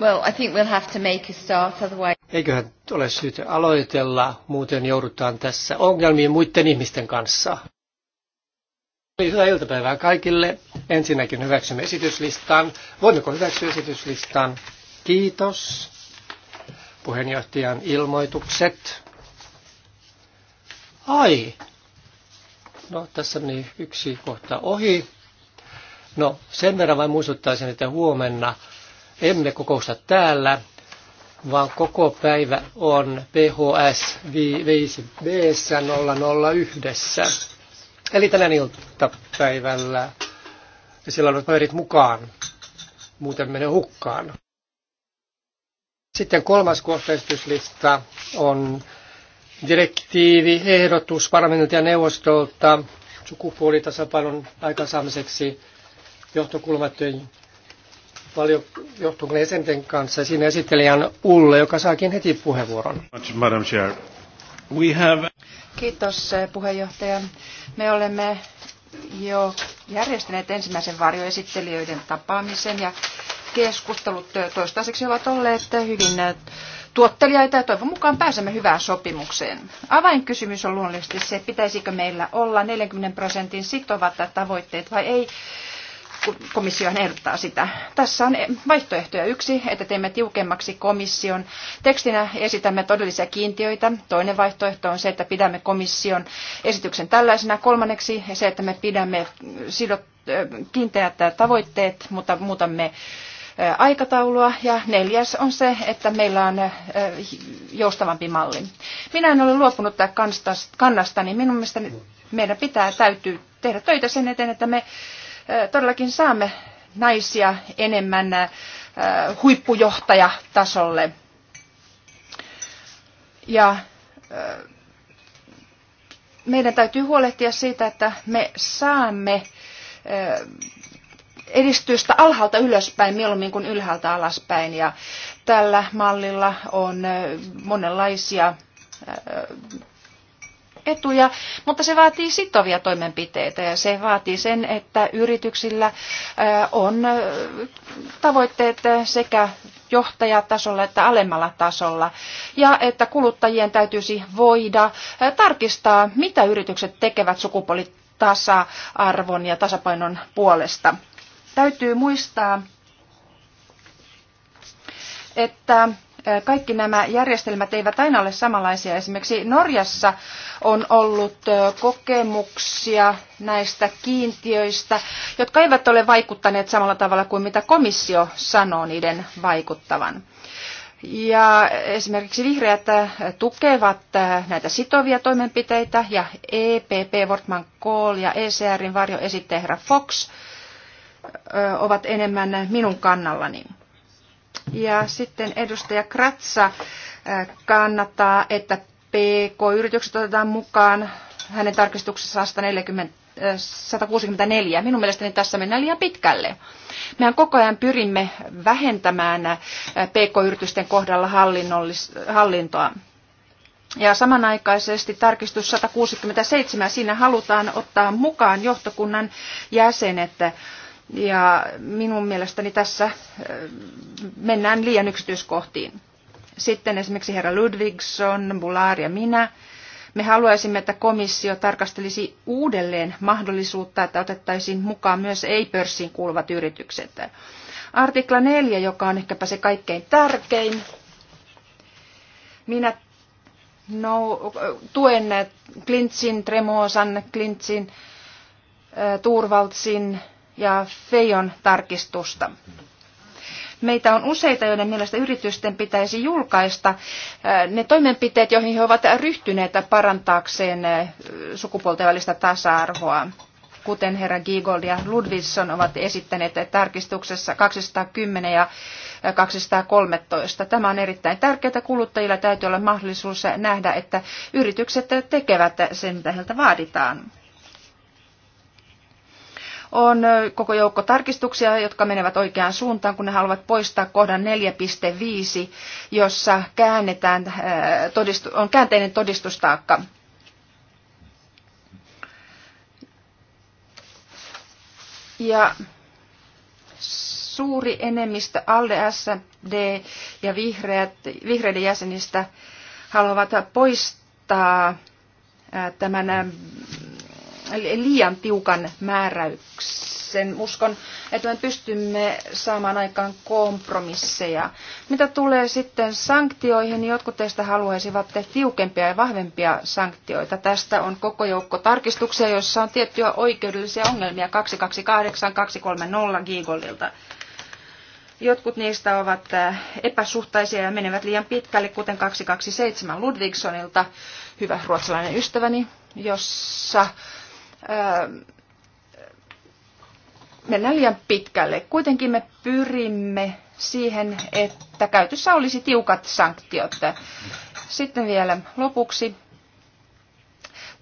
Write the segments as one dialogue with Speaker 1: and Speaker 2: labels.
Speaker 1: Well, I think we'll have to make a start, otherwise...
Speaker 2: Eiköhän ole syytä aloitella, muuten joudutaan tässä ongelmiin muiden ihmisten kanssa. Hyvää iltapäivää kaikille. Ensinnäkin hyväksymme esityslistan. Voimmeko hyväksyä esityslistan? Kiitos. Puheenjohtajan ilmoitukset. Ai. No, tässä meni yksi kohta ohi. No sen verran vain muistuttaisin, että huomenna emme kokousta täällä, vaan koko päivä on PHS 5B 001. Eli tänään iltapäivällä. Ja siellä on paperit mukaan. Muuten menee hukkaan. Sitten kolmas kohteistuslista on direktiivi, ehdotus parlamentilta ja neuvostolta sukupuolitasapainon aikaansaamiseksi johtokulmat, paljon johtokunnan jäsenten kanssa siinä esittelijän Ulle, joka saakin heti puheenvuoron.
Speaker 3: Kiitos eh, puheenjohtaja. Me olemme jo järjestäneet ensimmäisen varjoesittelijöiden tapaamisen ja keskustelut eh, toistaiseksi ovat olleet eh, hyvin tuottelijaita ja toivon mukaan pääsemme hyvään sopimukseen. Avainkysymys on luonnollisesti se, pitäisikö meillä olla 40 prosentin sitovat tavoitteet vai ei, komissiohan ehdottaa sitä. Tässä on vaihtoehtoja yksi, että teemme tiukemmaksi komission. Tekstinä esitämme todellisia kiintiöitä. Toinen vaihtoehto on se, että pidämme komission esityksen tällaisena. Kolmanneksi se, että me pidämme sidot, kiinteät tavoitteet, mutta muutamme aikataulua ja neljäs on se, että meillä on joustavampi malli. Minä en ole luopunut tästä kannasta, niin minun mielestäni meidän pitää täytyy tehdä töitä sen eteen, että me todellakin saamme naisia enemmän huippujohtajatasolle. Ja meidän täytyy huolehtia siitä, että me saamme edistystä alhaalta ylöspäin mieluummin kuin ylhäältä alaspäin. Ja tällä mallilla on monenlaisia etuja, mutta se vaatii sitovia toimenpiteitä ja se vaatii sen, että yrityksillä on tavoitteet sekä johtajatasolla että alemmalla tasolla. Ja että kuluttajien täytyisi voida tarkistaa, mitä yritykset tekevät sukupuolitasa-arvon ja tasapainon puolesta. Täytyy muistaa, että kaikki nämä järjestelmät eivät aina ole samanlaisia. Esimerkiksi Norjassa on ollut kokemuksia näistä kiintiöistä, jotka eivät ole vaikuttaneet samalla tavalla kuin mitä komissio sanoo niiden vaikuttavan. Ja esimerkiksi vihreät tukevat näitä sitovia toimenpiteitä ja EPP, Wortman Kohl ja ECRin varjoesittäjä Fox ovat enemmän minun kannallani. Ja sitten edustaja Kratsa äh, kannattaa, että PK-yritykset otetaan mukaan hänen tarkistuksessaan 140, 164. Minun mielestäni tässä mennään liian pitkälle. Mehän koko ajan pyrimme vähentämään äh, PK-yritysten kohdalla hallintoa. Ja samanaikaisesti tarkistus 167, siinä halutaan ottaa mukaan johtokunnan jäsenet ja minun mielestäni tässä mennään liian yksityiskohtiin. Sitten esimerkiksi herra Ludvigsson, Bulaar ja minä, me haluaisimme, että komissio tarkastelisi uudelleen mahdollisuutta, että otettaisiin mukaan myös ei-pörssiin kuuluvat yritykset. Artikla 4, joka on ehkäpä se kaikkein tärkein. Minä no, tuen Klintsin, Tremosan, Klintsin, Turvaltsin, ja feion tarkistusta. Meitä on useita, joiden mielestä yritysten pitäisi julkaista äh, ne toimenpiteet, joihin he ovat ryhtyneet parantaakseen äh, sukupuolten välistä tasa-arvoa, kuten herra Giegold ja Ludvigson ovat esittäneet tarkistuksessa 210 ja 213. Äh, Tämä on erittäin tärkeää. Kuluttajilla täytyy olla mahdollisuus nähdä, että yritykset tekevät sen, mitä heiltä vaaditaan on koko joukko tarkistuksia, jotka menevät oikeaan suuntaan, kun ne haluavat poistaa kohdan 4.5, jossa käännetään, on käänteinen todistustaakka. Ja suuri enemmistö ALDE, SD ja vihreät, vihreiden jäsenistä haluavat poistaa tämän liian tiukan määräyksen. Uskon, että me pystymme saamaan aikaan kompromisseja. Mitä tulee sitten sanktioihin, niin jotkut teistä haluaisivat tiukempia ja vahvempia sanktioita. Tästä on koko joukko tarkistuksia, joissa on tiettyjä oikeudellisia ongelmia 228 230 Giigolilta. Jotkut niistä ovat äh, epäsuhtaisia ja menevät liian pitkälle, kuten 227 Ludvigsonilta, hyvä ruotsalainen ystäväni, jossa Öö, mennä liian pitkälle. Kuitenkin me pyrimme siihen, että käytössä olisi tiukat sanktiot. Sitten vielä lopuksi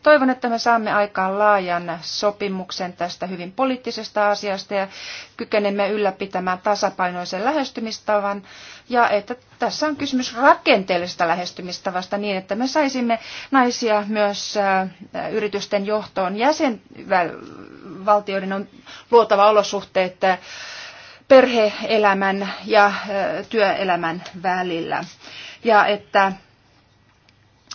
Speaker 3: Toivon, että me saamme aikaan laajan sopimuksen tästä hyvin poliittisesta asiasta ja kykenemme ylläpitämään tasapainoisen lähestymistavan. Ja että tässä on kysymys rakenteellisesta lähestymistavasta niin, että me saisimme naisia myös äh, yritysten johtoon. Jäsenvaltioiden on luotava olosuhteet äh, perheelämän ja äh, työelämän välillä. Ja että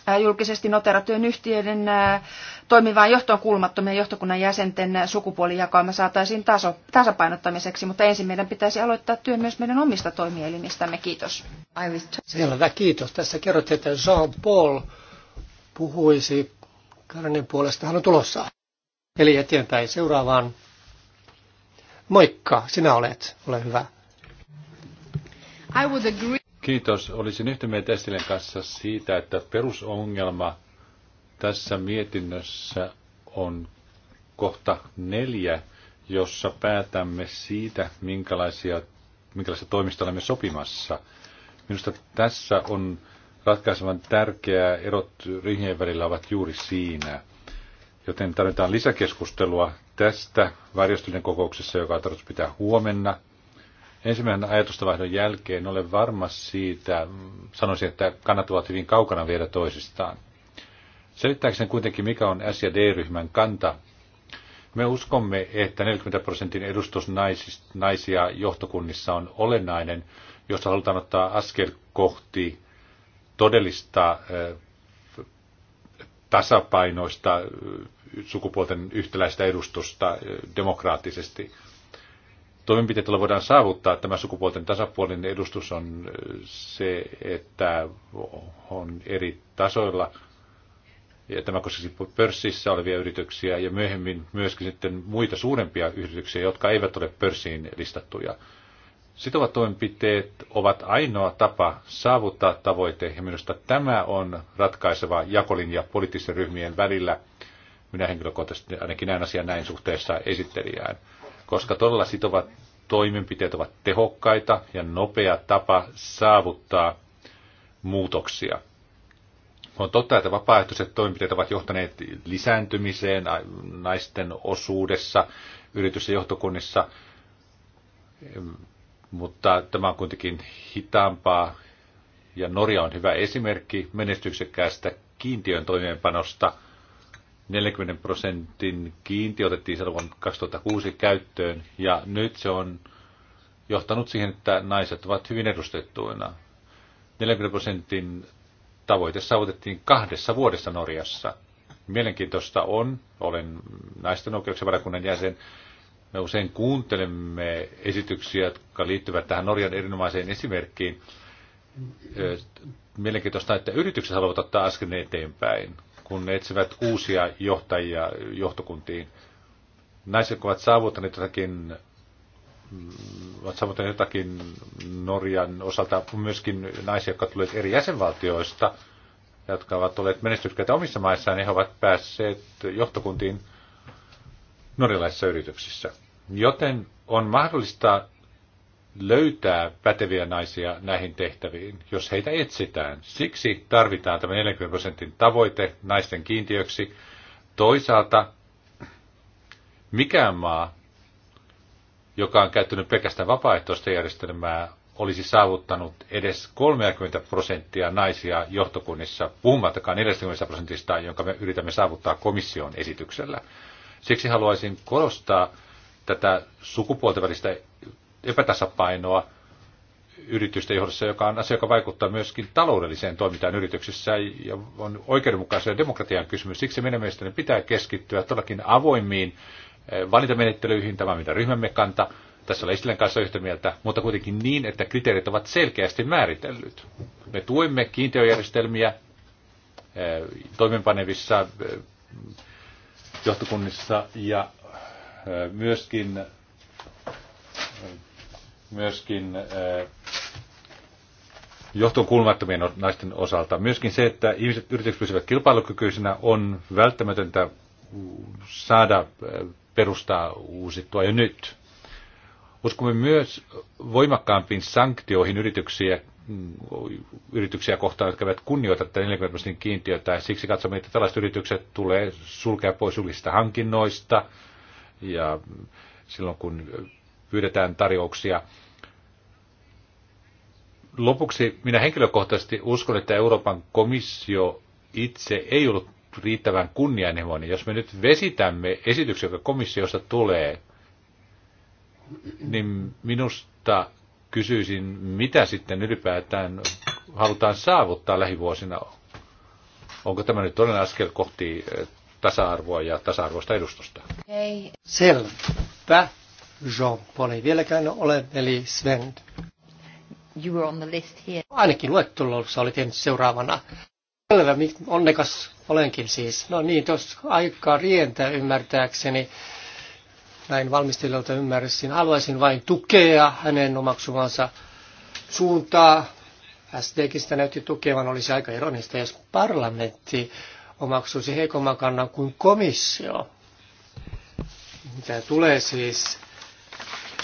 Speaker 3: Äh, julkisesti noterattujen yhtiöiden äh, toimivaan johtoon kuulumattomien johtokunnan jäsenten sukupuolijakauma saataisiin taso, tasapainottamiseksi, mutta ensin meidän pitäisi aloittaa työ myös meidän omista toimielimistämme. Kiitos.
Speaker 2: Selvä, kiitos. Tässä kerrottiin, että Jean-Paul puhuisi Karenin puolesta. Hän on tulossa. Eli eteenpäin
Speaker 4: seuraavaan.
Speaker 2: Moikka, sinä olet. Ole hyvä.
Speaker 1: I would agree.
Speaker 4: Kiitos. Olisin yhtä mieltä Estilen kanssa siitä, että perusongelma tässä mietinnössä on kohta neljä, jossa päätämme siitä, minkälaisia, minkälaisia toimista olemme sopimassa. Minusta tässä on ratkaisevan tärkeää, erot ryhmien välillä ovat juuri siinä. Joten tarvitaan lisäkeskustelua tästä varjostuneen kokouksessa, joka on tarkoitus pitää huomenna. Ensimmäisen ajatustavaihdon jälkeen olen varma siitä, sanoisin, että kannat ovat hyvin kaukana vielä toisistaan. Selittääkseni kuitenkin, mikä on S- ja D-ryhmän kanta. Me uskomme, että 40 prosentin edustus naisia johtokunnissa on olennainen, jos halutaan ottaa askel kohti todellista tasapainoista sukupuolten yhtäläistä edustusta demokraattisesti – toimenpiteet, joilla voidaan saavuttaa tämä sukupuolten tasapuolinen edustus, on se, että on eri tasoilla. Ja tämä koskisi pörssissä olevia yrityksiä ja myöhemmin myöskin sitten muita suurempia yrityksiä, jotka eivät ole pörssiin listattuja. Sitovat toimenpiteet ovat ainoa tapa saavuttaa tavoite, ja minusta tämä on ratkaiseva jakolinja poliittisten ryhmien välillä. Minä henkilökohtaisesti ainakin näen asian näin suhteessa esittelijään koska todella sitovat toimenpiteet ovat tehokkaita ja nopea tapa saavuttaa muutoksia. On totta, että vapaaehtoiset toimenpiteet ovat johtaneet lisääntymiseen naisten osuudessa yritys- ja johtokunnissa, mutta tämä on kuitenkin hitaampaa. Ja Norja on hyvä esimerkki menestyksekkäästä kiintiön toimeenpanosta – 40 prosentin kiinti otettiin silloin 2006 käyttöön ja nyt se on johtanut siihen, että naiset ovat hyvin edustettuina. 40 prosentin tavoite saavutettiin kahdessa vuodessa Norjassa. Mielenkiintoista on, olen naisten oikeuksien varakunnan jäsen, me usein kuuntelemme esityksiä, jotka liittyvät tähän Norjan erinomaiseen esimerkkiin. Mielenkiintoista, että yritykset haluavat ottaa askeleen eteenpäin kun ne etsivät uusia johtajia johtokuntiin. Naiset ovat saavuttaneet jotakin, mm, ovat saavuttaneet jotakin Norjan osalta, myöskin naisia, jotka tulevat eri jäsenvaltioista, jotka ovat olleet menestykkäitä omissa maissaan, niin he ovat päässeet johtokuntiin norjalaisissa yrityksissä. Joten on mahdollista löytää päteviä naisia näihin tehtäviin, jos heitä etsitään. Siksi tarvitaan tämä 40 prosentin tavoite naisten kiintiöksi. Toisaalta mikään maa, joka on käyttänyt pelkästään vapaaehtoista järjestelmää, olisi saavuttanut edes 30 prosenttia naisia johtokunnissa, puhumattakaan 40 prosentista, jonka me yritämme saavuttaa komission esityksellä. Siksi haluaisin korostaa tätä sukupuolten välistä epätasapainoa yritysten johdossa, joka on asia, joka vaikuttaa myöskin taloudelliseen toimintaan yrityksissä ja on oikeudenmukaisen ja demokratian kysymys. Siksi meidän mielestäni pitää keskittyä todellakin avoimiin eh, valintamenettelyihin, tämä mitä ryhmämme kanta. Tässä olen Istilän kanssa yhtä mieltä, mutta kuitenkin niin, että kriteerit ovat selkeästi määritellyt. Me tuemme kiinteöjärjestelmiä eh, toimenpanevissa eh, johtokunnissa ja myöskin myöskin eh, johtuu kulmattomien naisten osalta. Myöskin se, että ihmiset, yritykset pysyvät kilpailukykyisinä, on välttämätöntä saada eh, perustaa uusittua jo nyt. Uskomme myös voimakkaampiin sanktioihin yrityksiä, mm, yrityksiä kohtaan, jotka eivät kunnioita tätä 40 prosentin kiintiötä. Siksi katsomme, että tällaiset yritykset tulee sulkea pois julkisista hankinnoista ja silloin kun pyydetään tarjouksia. Lopuksi minä henkilökohtaisesti uskon, että Euroopan komissio itse ei ollut riittävän kunnianhimoinen. Jos me nyt vesitämme esityksen, joka komissiosta tulee, niin minusta kysyisin, mitä sitten ylipäätään halutaan saavuttaa lähivuosina. Onko tämä nyt toinen askel kohti eh, tasa-arvoa ja tasa-arvoista edustusta?
Speaker 1: Ei.
Speaker 2: Selvä. Jean-Paul ei vieläkään ole, eli Sven.
Speaker 1: You were on the list here.
Speaker 2: No, ainakin luettelossa oli tehnyt seuraavana. Selvä, onnekas olenkin siis. No niin, tuossa aikaa rientää ymmärtääkseni. Näin valmistelijoilta ymmärsin. Haluaisin vain tukea hänen omaksumansa suuntaa. SDKistä näytti tukevan, olisi aika ironista, jos parlamentti omaksuisi heikomman kannan kuin komissio. Mitä tulee siis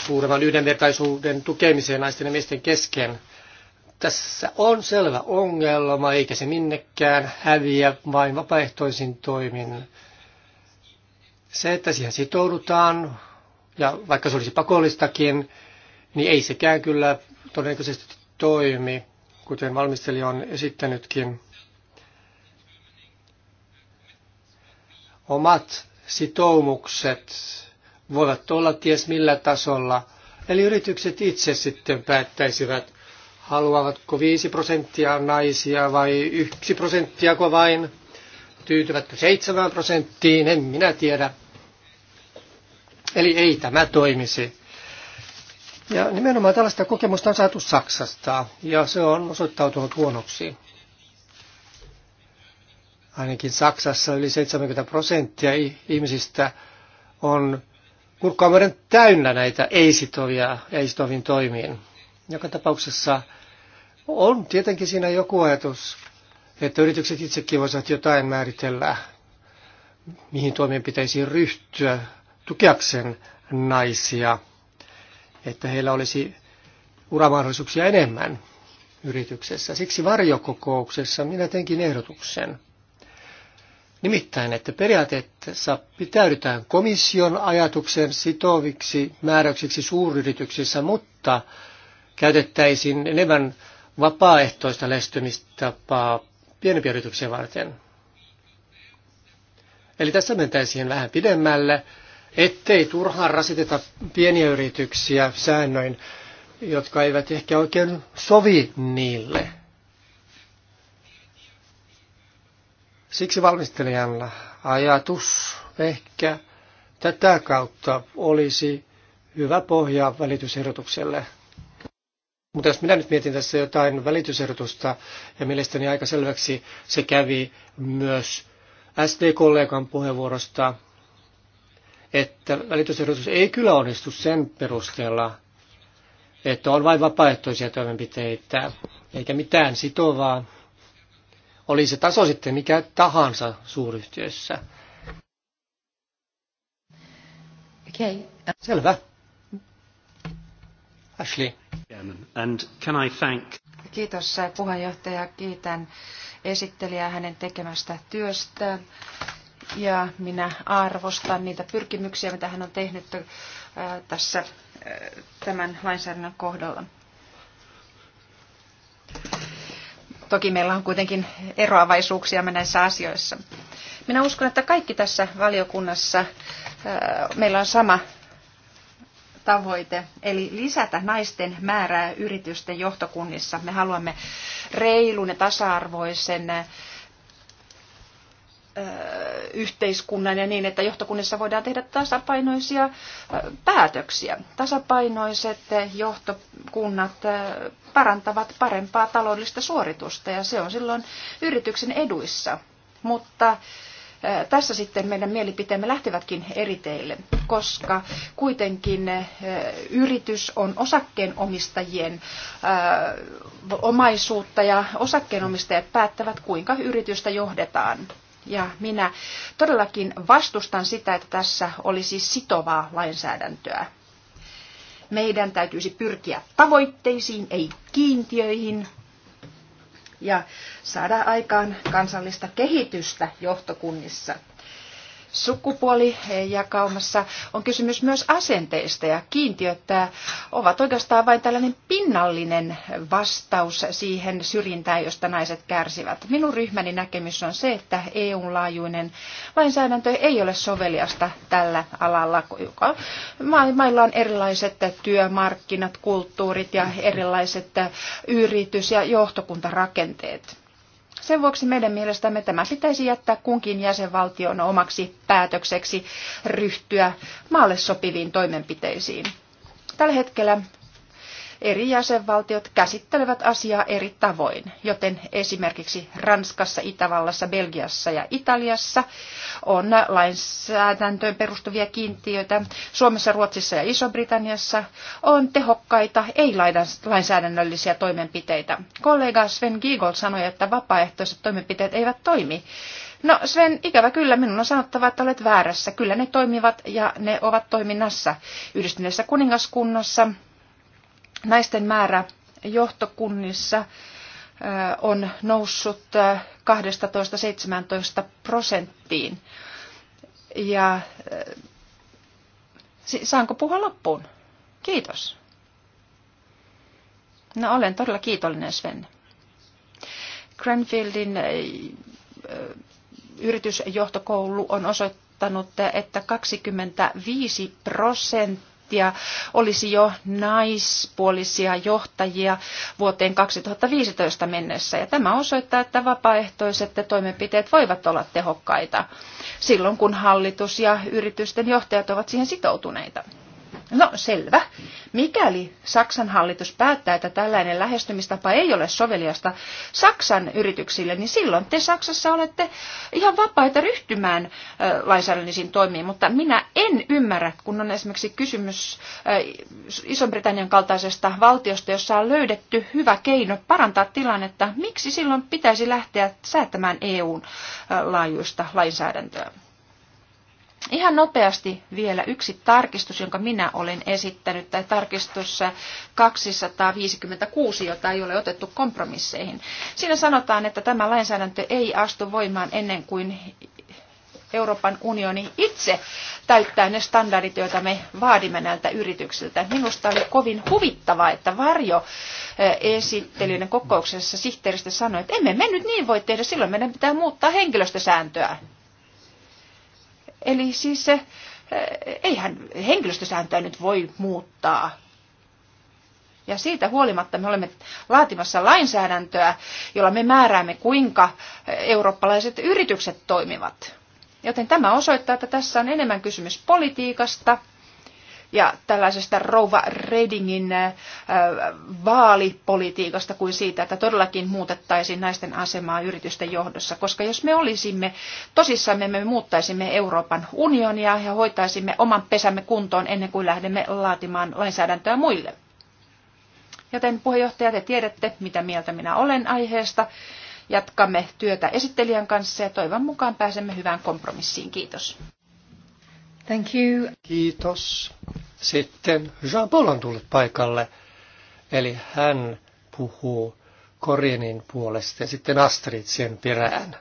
Speaker 2: suuremman yhdenvertaisuuden tukemiseen naisten ja miesten kesken. Tässä on selvä ongelma, eikä se minnekään häviä vain vapaaehtoisin toimin. Se, että siihen sitoudutaan, ja vaikka se olisi pakollistakin, niin ei sekään kyllä todennäköisesti toimi, kuten valmistelija on esittänytkin. Omat sitoumukset voivat olla ties millä tasolla. Eli yritykset itse sitten päättäisivät, haluavatko 5 prosenttia naisia vai 1 prosenttiako vain, tyytyvätkö 7 prosenttiin, en minä tiedä. Eli ei tämä toimisi. Ja nimenomaan tällaista kokemusta on saatu Saksasta, ja se on osoittautunut huonoksi. Ainakin Saksassa yli 70 prosenttia ihmisistä on purkkaamoiden täynnä näitä ei-sitovia, ei-sitoviin toimiin. Joka tapauksessa on tietenkin siinä joku ajatus, että yritykset itsekin voisivat jotain määritellä, mihin pitäisi ryhtyä tukeakseen naisia, että heillä olisi uramahdollisuuksia enemmän yrityksessä. Siksi varjokokouksessa minä tenkin ehdotuksen – Nimittäin, että periaatteessa pitäydytään komission ajatuksen sitoviksi määräyksiksi suuryrityksissä, mutta käytettäisiin enemmän vapaaehtoista lähestymistapaa pienempiä yrityksiä varten. Eli tässä mentäisiin vähän pidemmälle, ettei turhaan rasiteta pieniä yrityksiä säännöin, jotka eivät ehkä oikein sovi niille. Siksi valmistelijalla ajatus ehkä tätä kautta olisi hyvä pohja välitysehdotukselle. Mutta jos minä nyt mietin tässä jotain välitysehdotusta, ja mielestäni aika selväksi se kävi myös SD-kollegan puheenvuorosta, että välitysehdotus ei kyllä onnistu sen perusteella, että on vain vapaaehtoisia toimenpiteitä, eikä mitään sitovaa oli se taso sitten mikä tahansa suuryhtiössä.
Speaker 1: Okay. Selvä.
Speaker 2: Ashley. And can I thank...
Speaker 3: Kiitos äh, puheenjohtaja. Kiitän esittelijää hänen tekemästä työstä. Ja minä arvostan niitä pyrkimyksiä, mitä hän on tehnyt äh, tässä äh, tämän lainsäädännön kohdalla. Toki meillä on kuitenkin eroavaisuuksia näissä asioissa. Minä uskon, että kaikki tässä valiokunnassa meillä on sama tavoite, eli lisätä naisten määrää yritysten johtokunnissa. Me haluamme reilun ja tasa-arvoisen yhteiskunnan ja niin, että johtokunnissa voidaan tehdä tasapainoisia päätöksiä. Tasapainoiset johtokunnat parantavat parempaa taloudellista suoritusta ja se on silloin yrityksen eduissa. Mutta tässä sitten meidän mielipiteemme lähtevätkin eri teille, koska kuitenkin yritys on osakkeenomistajien omaisuutta ja osakkeenomistajat päättävät, kuinka yritystä johdetaan. Ja minä todellakin vastustan sitä, että tässä olisi sitovaa lainsäädäntöä. Meidän täytyisi pyrkiä tavoitteisiin, ei kiintiöihin, ja saada aikaan kansallista kehitystä johtokunnissa – sukupuolijakaumassa on kysymys myös asenteista ja kiintiöt äh, ovat oikeastaan vain tällainen pinnallinen vastaus siihen syrjintään, josta naiset kärsivät. Minun ryhmäni näkemys on se, että EUn laajuinen lainsäädäntö ei ole soveliasta tällä alalla, joka mailla on erilaiset työmarkkinat, kulttuurit ja erilaiset äh, yritys- ja johtokuntarakenteet. Sen vuoksi meidän mielestämme tämä pitäisi jättää kunkin jäsenvaltion omaksi päätökseksi ryhtyä maalle sopiviin toimenpiteisiin. Tällä hetkellä eri jäsenvaltiot käsittelevät asiaa eri tavoin, joten esimerkiksi Ranskassa, Itävallassa, Belgiassa ja Italiassa on lainsäädäntöön perustuvia kiintiöitä. Suomessa, Ruotsissa ja Iso-Britanniassa on tehokkaita ei-lainsäädännöllisiä toimenpiteitä. Kollega Sven Giegold sanoi, että vapaaehtoiset toimenpiteet eivät toimi. No Sven, ikävä kyllä, minun on sanottava, että olet väärässä. Kyllä ne toimivat ja ne ovat toiminnassa yhdistyneessä kuningaskunnassa, Naisten määrä johtokunnissa on noussut 12-17 prosenttiin. Ja saanko puhua loppuun? Kiitos. No olen todella kiitollinen Sven. Cranfieldin yritysjohtokoulu on osoittanut, että 25 prosenttia prosenttia olisi jo naispuolisia johtajia vuoteen 2015 mennessä. Ja tämä osoittaa, että vapaaehtoiset toimenpiteet voivat olla tehokkaita silloin, kun hallitus ja yritysten johtajat ovat siihen sitoutuneita. No selvä. Mikäli Saksan hallitus päättää, että tällainen lähestymistapa ei ole soveliasta Saksan yrityksille, niin silloin te Saksassa olette ihan vapaita ryhtymään lainsäädännöllisiin toimiin. Mutta minä en ymmärrä, kun on esimerkiksi kysymys Ison-Britannian kaltaisesta valtiosta, jossa on löydetty hyvä keino parantaa tilannetta, miksi silloin pitäisi lähteä säätämään EUn laajuista lainsäädäntöä. Ihan nopeasti vielä yksi tarkistus, jonka minä olen esittänyt, tai tarkistus 256, jota ei ole otettu kompromisseihin. Siinä sanotaan, että tämä lainsäädäntö ei astu voimaan ennen kuin Euroopan unioni itse täyttää ne standardit, joita me vaadimme näiltä yrityksiltä. Minusta oli kovin huvittavaa, että Varjo esittelyiden kokouksessa sihteeristä sanoi, että emme me nyt niin voi tehdä, silloin meidän pitää muuttaa henkilöstösääntöä. Eli siis se, eh, eihän henkilöstösääntöä nyt voi muuttaa. Ja siitä huolimatta me olemme laatimassa lainsäädäntöä, jolla me määräämme, kuinka eh, eurooppalaiset yritykset toimivat. Joten tämä osoittaa, että tässä on enemmän kysymys politiikasta – ja tällaisesta Rova Redingin äh, vaalipolitiikasta kuin siitä, että todellakin muutettaisiin naisten asemaa yritysten johdossa. Koska jos me olisimme tosissamme, me muuttaisimme Euroopan unionia ja hoitaisimme oman pesämme kuntoon ennen kuin lähdemme laatimaan lainsäädäntöä muille. Joten puheenjohtaja, te tiedätte, mitä mieltä minä olen aiheesta. Jatkamme työtä esittelijän kanssa ja toivon mukaan pääsemme hyvään kompromissiin. Kiitos.
Speaker 2: Thank you. Kiitos. Sitten Jean-Paul on tullut paikalle, eli hän puhuu Korinin puolesta ja sitten Astrid sen perään.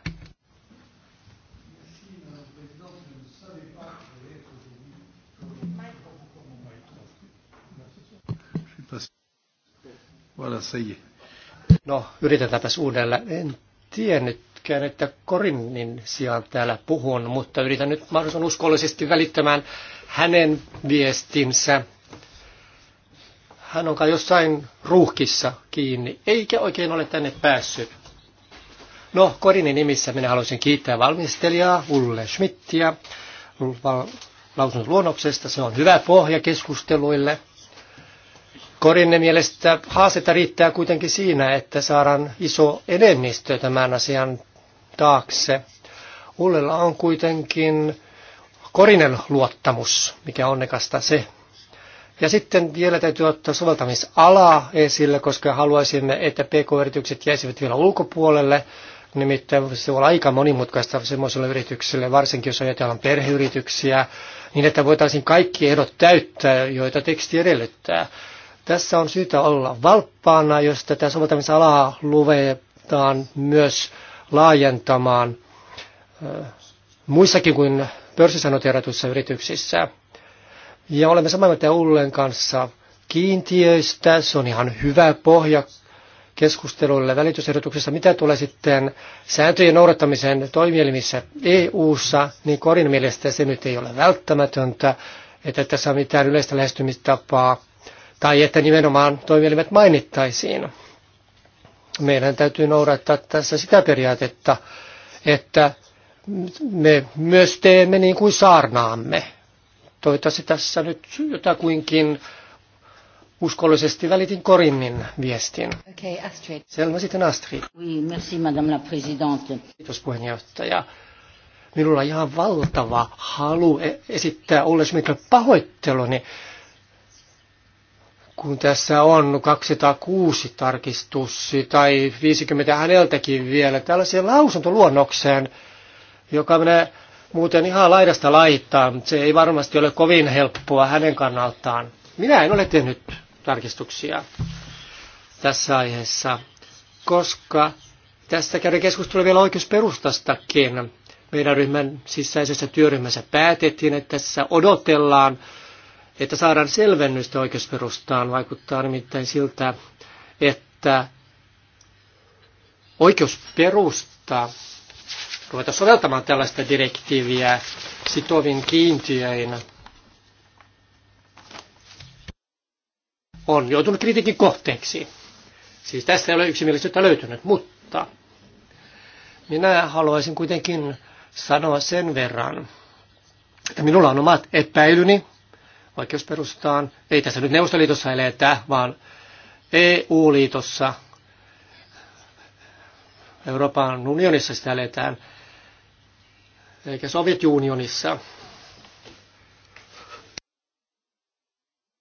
Speaker 2: No, yritetäänpäs uudelleen. En tiennyt pitkään, että Korinnin sijaan täällä puhun, mutta yritän nyt mahdollisimman uskollisesti välittämään hänen viestinsä. Hän onkaan jossain ruuhkissa kiinni, eikä oikein ole tänne päässyt. No, Korinin nimissä minä haluaisin kiittää valmistelijaa Ulle Schmidtia lausunnon luonnoksesta. Se on hyvä pohja keskusteluille. Korinne mielestä haasetta riittää kuitenkin siinä, että saadaan iso enemmistö tämän asian taakse. Ullella on kuitenkin korinen luottamus, mikä onnekasta se. Ja sitten vielä täytyy ottaa soveltamisala esille, koska haluaisimme, että pk-yritykset jäisivät vielä ulkopuolelle. Nimittäin se voi olla aika monimutkaista semmoiselle yritykselle, varsinkin jos ajatellaan perheyrityksiä, niin että voitaisiin kaikki ehdot täyttää, joita teksti edellyttää. Tässä on syytä olla valppaana, jos tätä soveltamisalaa luvetaan myös laajentamaan muissakin kuin pörssisanoteeratuissa yrityksissä. Ja olemme samaa mieltä Ullen kanssa kiintiöistä. Se on ihan hyvä pohja keskusteluille välitysehdotuksessa. Mitä tulee sitten sääntöjen noudattamiseen toimielimissä EU-ssa, niin korin mielestä se nyt ei ole välttämätöntä, että tässä on mitään yleistä lähestymistapaa, tai että nimenomaan toimielimet mainittaisiin meidän täytyy noudattaa tässä sitä periaatetta, että me myös teemme niin kuin saarnaamme. Toivottavasti tässä nyt jotakuinkin uskollisesti välitin Korinnin viestin. Okay, Astrid. Selma sitten Astrid. Oui, merci, madame la présidente. Kiitos puheenjohtaja. Minulla on ihan valtava halu e- esittää Olle Smithille pahoitteluni. Niin kun tässä on 206 tarkistus tai 50 häneltäkin vielä tällaiseen lausuntoluonnokseen, joka menee muuten ihan laidasta mutta Se ei varmasti ole kovin helppoa hänen kannaltaan. Minä en ole tehnyt tarkistuksia tässä aiheessa, koska tästä käydään keskustelua vielä oikeusperustastakin. Meidän ryhmän sisäisessä työryhmässä päätettiin, että tässä odotellaan että saadaan selvennystä oikeusperustaan. Vaikuttaa nimittäin siltä, että oikeusperusta ruveta soveltamaan tällaista direktiiviä sitovin kiintiöinä on joutunut kritiikin kohteeksi. Siis tästä ei ole yksimielisyyttä löytynyt, mutta minä haluaisin kuitenkin sanoa sen verran, että minulla on omat epäilyni oikeusperustaan. Ei tässä nyt Neuvostoliitossa eletä, vaan EU-liitossa, Euroopan unionissa sitä eletään, eikä Soviet-unionissa.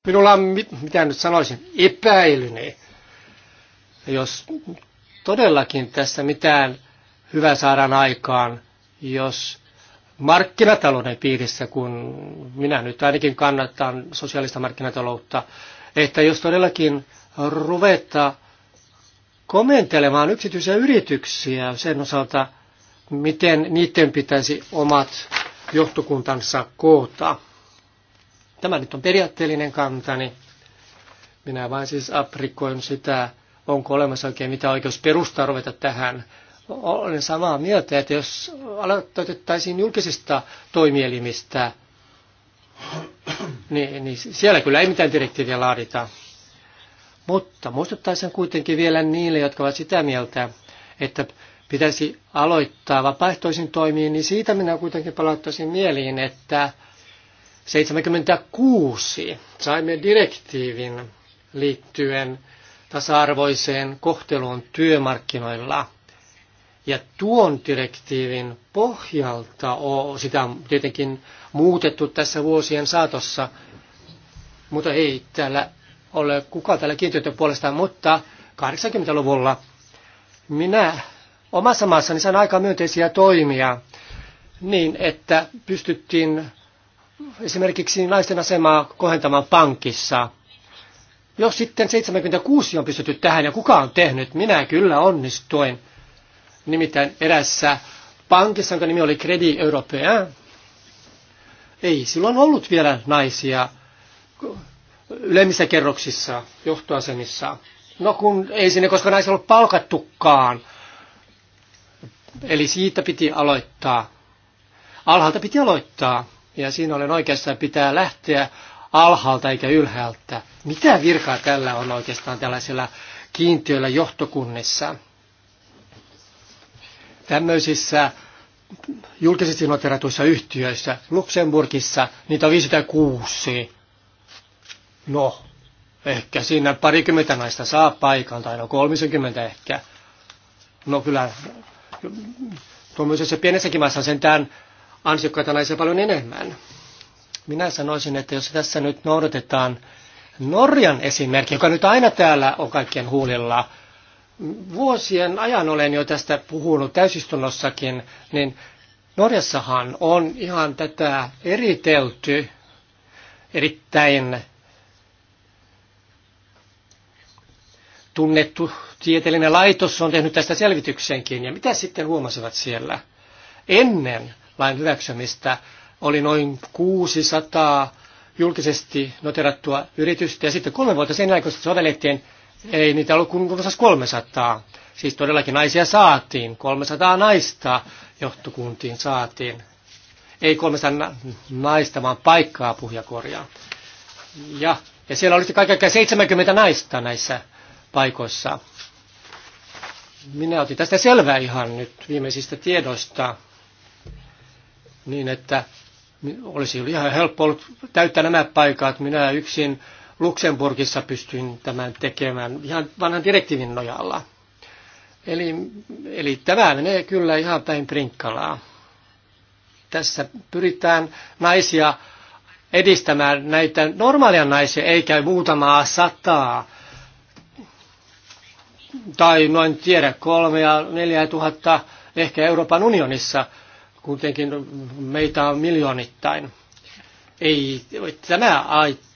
Speaker 2: Minulla on, mit, mitä nyt sanoisin, epäilyni, jos todellakin tässä mitään hyvää saadaan aikaan, jos markkinatalouden piirissä, kun minä nyt ainakin kannatan sosiaalista markkinataloutta, että jos todellakin ruveta komentelemaan yksityisiä yrityksiä sen osalta, miten niiden pitäisi omat johtokuntansa koota. Tämä nyt on periaatteellinen kantani. Minä vain siis aprikoin sitä, onko olemassa oikein mitä oikeus perustaa ruveta tähän olen samaa mieltä, että jos aloitettaisiin julkisista toimielimistä, niin, niin siellä kyllä ei mitään direktiiviä laadita. Mutta muistuttaisin kuitenkin vielä niille, jotka ovat sitä mieltä, että pitäisi aloittaa vapaaehtoisin toimiin, niin siitä minä kuitenkin palauttaisin mieliin, että 76 saimme direktiivin liittyen tasa-arvoiseen kohteluun työmarkkinoilla – ja tuon direktiivin pohjalta on, sitä on tietenkin muutettu tässä vuosien saatossa, mutta ei täällä ole kukaan täällä kiintiöiden puolesta, mutta 80-luvulla minä omassa maassani sain aika myönteisiä toimia niin, että pystyttiin esimerkiksi naisten asemaa kohentamaan pankissa. Jos sitten 76 on pystytty tähän ja kuka on tehnyt, minä kyllä onnistuin – Nimittäin erässä pankissa, jonka nimi oli Credit Européen, ei silloin ollut vielä naisia ylemmissä kerroksissa johtoasemissa. No kun ei sinne koska naisia ollut palkattukaan. Eli siitä piti aloittaa. Alhaalta piti aloittaa. Ja siinä olen oikeastaan pitää lähteä alhaalta eikä ylhäältä. Mitä virkaa tällä on oikeastaan tällaisella kiintiöllä johtokunnissa? Tämmöisissä julkisesti noteratuissa yhtiöissä, Luxemburgissa, niitä on 56. No, ehkä siinä parikymmentä naista saa paikan, tai no 30 ehkä. No kyllä, tuommoisessa pienessäkin maassa on sentään ansiokkaita naisia paljon enemmän. Minä sanoisin, että jos tässä nyt noudatetaan Norjan esimerkki, joka nyt aina täällä on kaikkien huulilla, Vuosien ajan olen jo tästä puhunut täysistunnossakin, niin Norjassahan on ihan tätä eritelty erittäin tunnettu tieteellinen laitos on tehnyt tästä selvityksenkin. Ja mitä sitten huomasivat siellä? Ennen lain hyväksymistä oli noin 600 julkisesti noterattua yritystä ja sitten kolme vuotta sen jälkeen sovellettiin ei niitä ollut kuin 300. Siis todellakin naisia saatiin. 300 naista johtokuntiin saatiin. Ei 300 naista, vaan paikkaa puhjakorjaa. Ja, ja siellä oli kaikkiaan 70 naista näissä paikoissa. Minä otin tästä selvää ihan nyt viimeisistä tiedoista, niin että olisi ihan helppo ollut täyttää nämä paikat. Minä yksin Luxemburgissa pystyin tämän tekemään ihan vanhan direktiivin nojalla. Eli, eli tämä menee kyllä ihan päin prinkkalaa. Tässä pyritään naisia edistämään näitä normaalia naisia, eikä muutamaa sataa tai noin tiedä ja neljä tuhatta ehkä Euroopan unionissa, kuitenkin meitä on miljoonittain. Ei tämä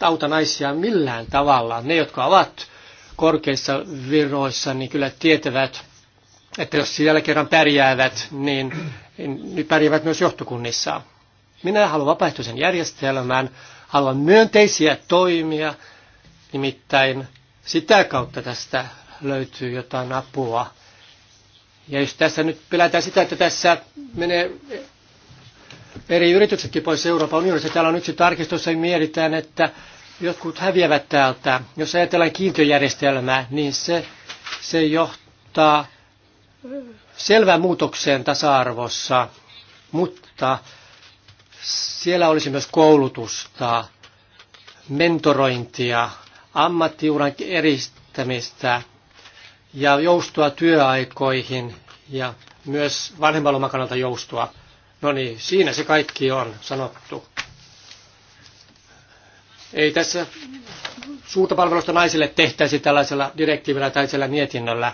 Speaker 2: auta naisia millään tavalla. Ne, jotka ovat korkeissa viroissa, niin kyllä tietävät, että jos siellä kerran pärjäävät, niin ne niin pärjäävät myös johtokunnissa. Minä haluan vapaaehtoisen järjestelmän, haluan myönteisiä toimia, nimittäin sitä kautta tästä löytyy jotain apua. Ja jos tässä nyt pelätään sitä, että tässä menee eri yrityksetkin pois Euroopan unionista. Täällä on yksi tarkistus, ja mietitään, että jotkut häviävät täältä. Jos ajatellaan kiintiöjärjestelmää, niin se, se johtaa selvään muutokseen tasa-arvossa, mutta siellä olisi myös koulutusta, mentorointia, ammattiuran eristämistä ja joustoa työaikoihin ja myös vanhemman kannalta joustoa. No niin, siinä se kaikki on sanottu. Ei tässä suurta palvelusta naisille tehtäisi tällaisella direktiivillä tai tällaisella mietinnöllä.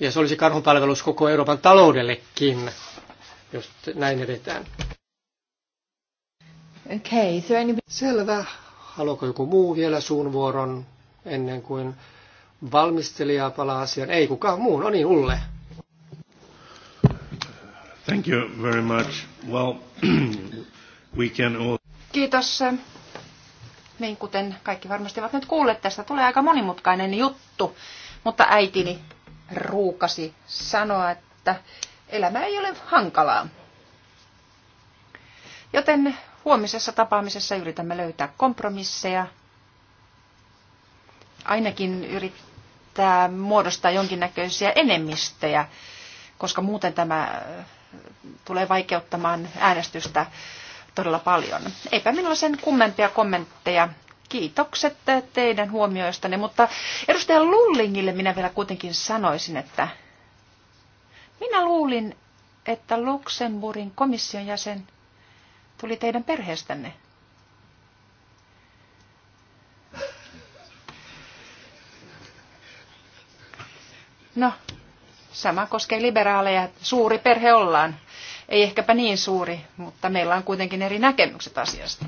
Speaker 2: Ja se olisi karhunpalvelus koko Euroopan taloudellekin, jos näin edetään. Okay, so any... Selvä. Haluaako joku muu vielä suun vuoron ennen kuin valmistelija palaa asiaan? Ei kukaan muu, no niin, Ulle.
Speaker 1: Thank you very much. Well, we can all...
Speaker 3: Kiitos. Niin kuten kaikki varmasti ovat nyt kuulleet, tästä tulee aika monimutkainen juttu, mutta äitini ruukasi sanoa, että elämä ei ole hankalaa. Joten huomisessa tapaamisessa yritämme löytää kompromisseja, ainakin yrittää muodostaa jonkinnäköisiä enemmistöjä, koska muuten tämä tulee vaikeuttamaan äänestystä todella paljon. Eipä minulla sen kummempia kommentteja. Kiitokset teidän huomioistanne, mutta edustaja Lullingille minä vielä kuitenkin sanoisin, että minä luulin, että Luxemburgin komission jäsen tuli teidän perheestänne. No, Sama koskee liberaaleja. Suuri perhe ollaan. Ei ehkäpä niin suuri, mutta meillä on kuitenkin eri näkemykset asiasta.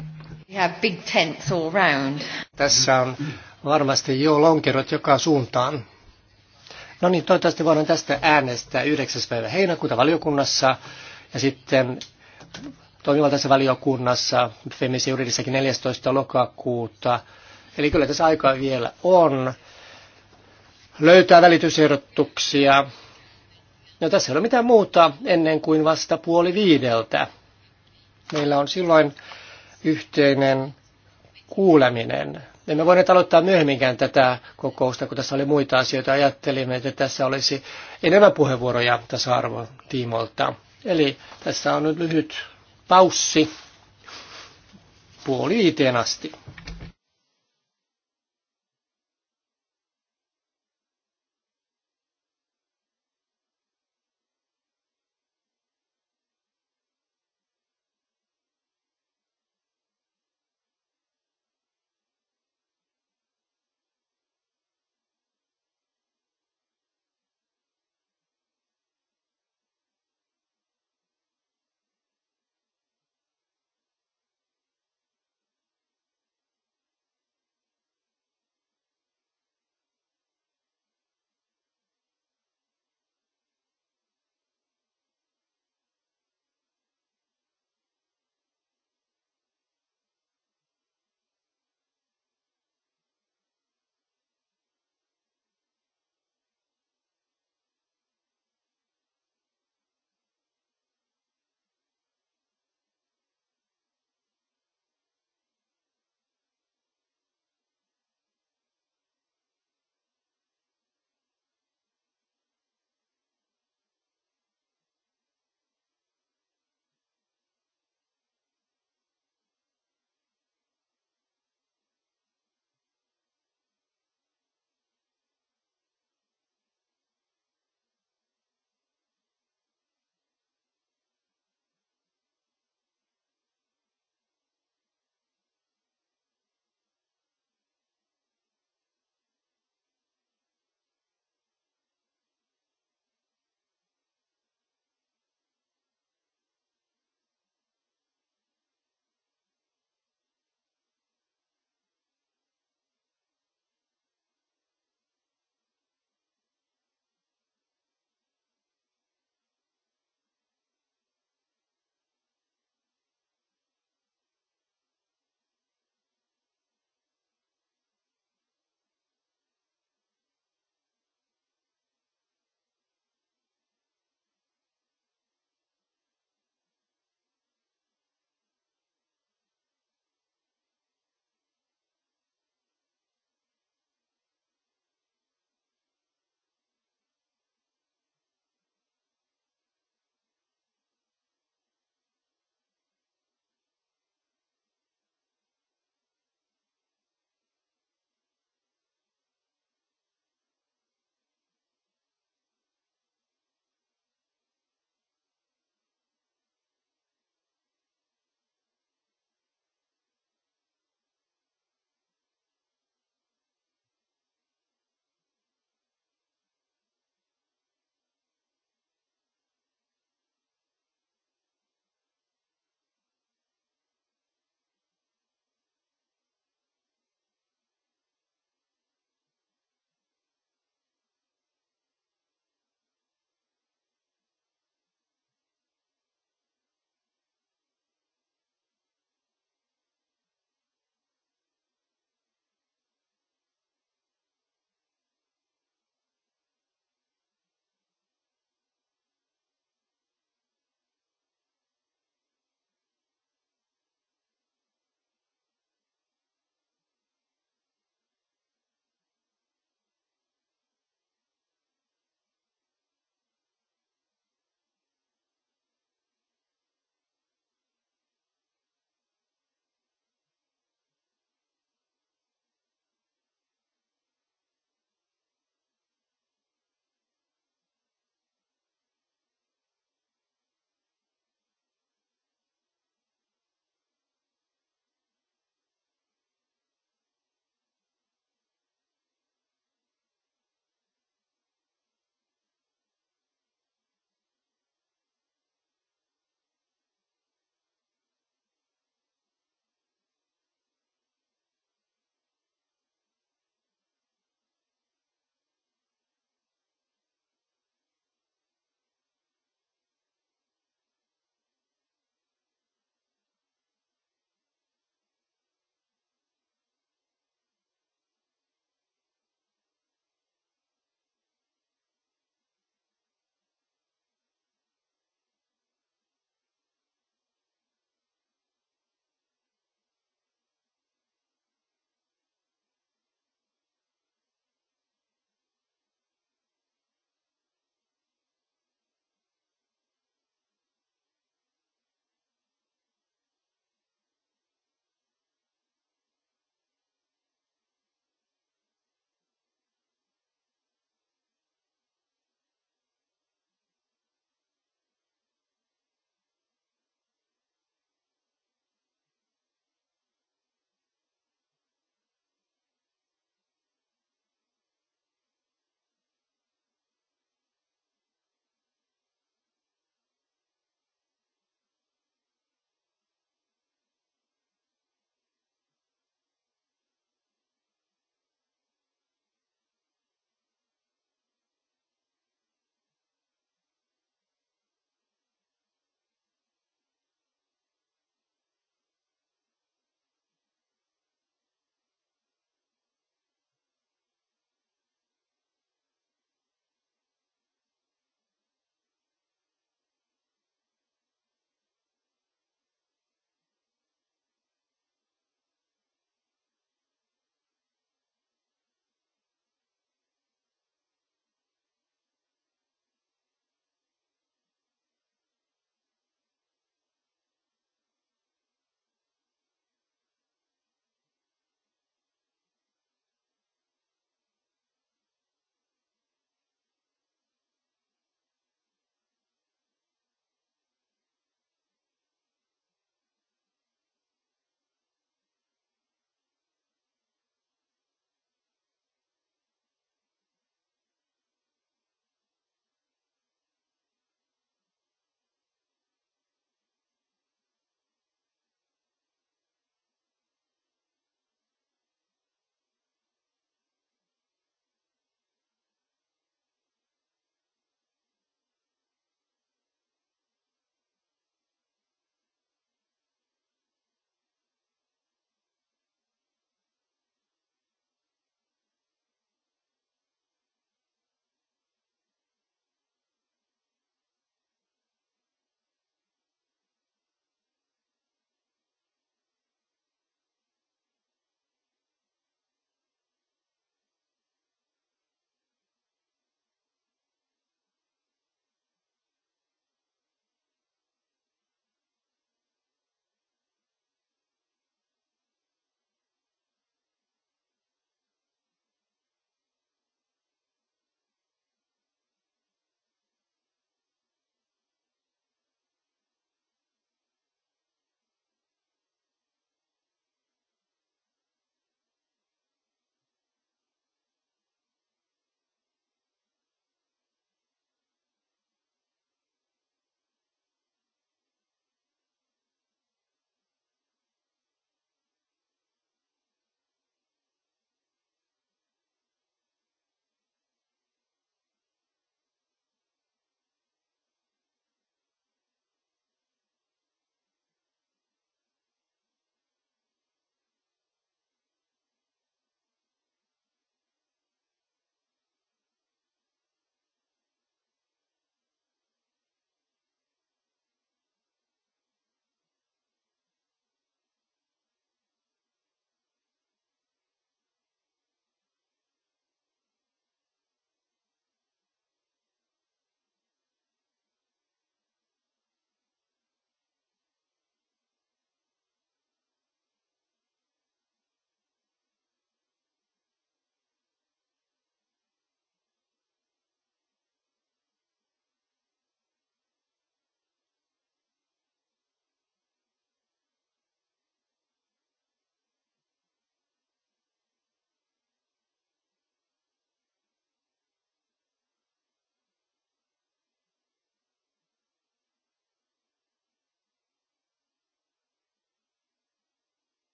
Speaker 2: have big tents all round. Tässä on varmasti jo lonkerot joka suuntaan. No niin, toivottavasti voidaan tästä äänestää 9. päivä heinäkuuta valiokunnassa ja sitten toimivaltaisessa valiokunnassa Femisi juridissakin 14. lokakuuta. Eli kyllä tässä aikaa vielä on löytää välitysehdotuksia No tässä ei ole mitään muuta ennen kuin vasta puoli viideltä. Meillä on silloin yhteinen kuuleminen. Emme voineet aloittaa myöhemminkään tätä kokousta, kun tässä oli muita asioita. Ajattelimme, että tässä olisi enemmän puheenvuoroja tasa-arvon tiimolta. Eli tässä on nyt lyhyt paussi puoli viiteen asti.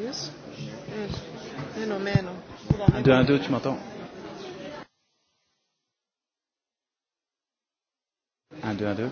Speaker 1: Yes. Meno, meno. Un, deux, un, deux, tu m'entends Un, deux, un, deux.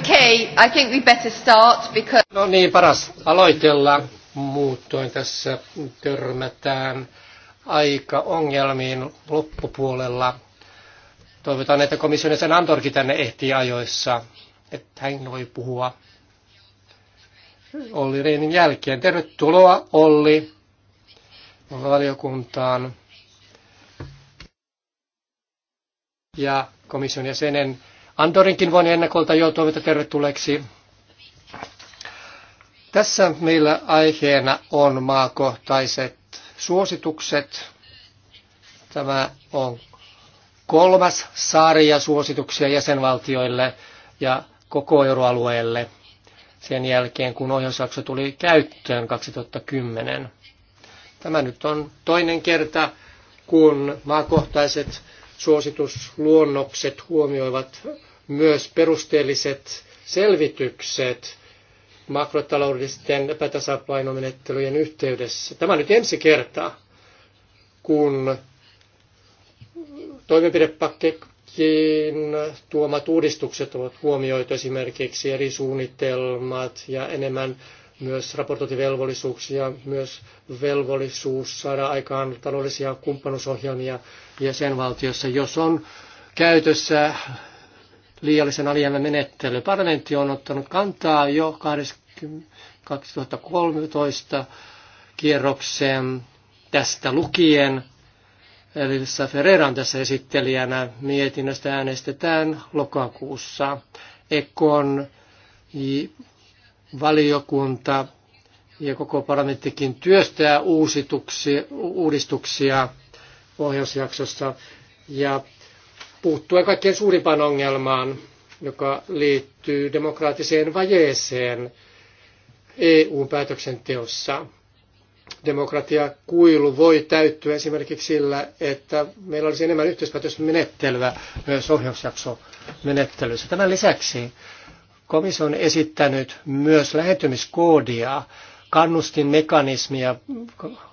Speaker 1: Okay, I think we better start because...
Speaker 2: No niin, paras aloitella. Muutoin tässä törmätään aika ongelmiin loppupuolella. Toivotaan, että komission sen Antorki tänne ehtii ajoissa, että hän voi puhua Olli Reinin jälkeen. Tervetuloa Olli valiokuntaan. Ja komission jäsenen Andorinkin voin ennakolta jo toivota tervetulleeksi. Tässä meillä aiheena on maakohtaiset suositukset. Tämä on kolmas sarja suosituksia jäsenvaltioille ja koko euroalueelle sen jälkeen, kun ohjausjakso tuli käyttöön 2010. Tämä nyt on toinen kerta, kun maakohtaiset suositusluonnokset huomioivat myös perusteelliset selvitykset makrotaloudellisten epätasapainomenettelyjen yhteydessä. Tämä on nyt ensi kerta, kun toimenpidepakettiin tuomat uudistukset ovat huomioitu esimerkiksi eri suunnitelmat ja enemmän myös raportointivelvollisuuksia, myös velvollisuus saada aikaan taloudellisia kumppanuusohjelmia jäsenvaltiossa, jos on käytössä liiallisen alijäämän menettely. Parlamentti on ottanut kantaa jo 2013 kierrokseen tästä lukien. Elisa on tässä esittelijänä mietinnöstä äänestetään lokakuussa. Ekon valiokunta ja koko parlamenttikin työstää uusituksi, uudistuksia ohjausjaksossa ja puuttuen kaikkein suurimpaan ongelmaan, joka liittyy demokraattiseen vajeeseen EU-päätöksenteossa. Demokratiakuilu voi täyttyä esimerkiksi sillä, että meillä olisi enemmän yhteispäätösmenettelyä myös ohjausjaksomenettelyssä. Tämän lisäksi komissio on esittänyt myös lähentymiskoodia, kannustinmekanismia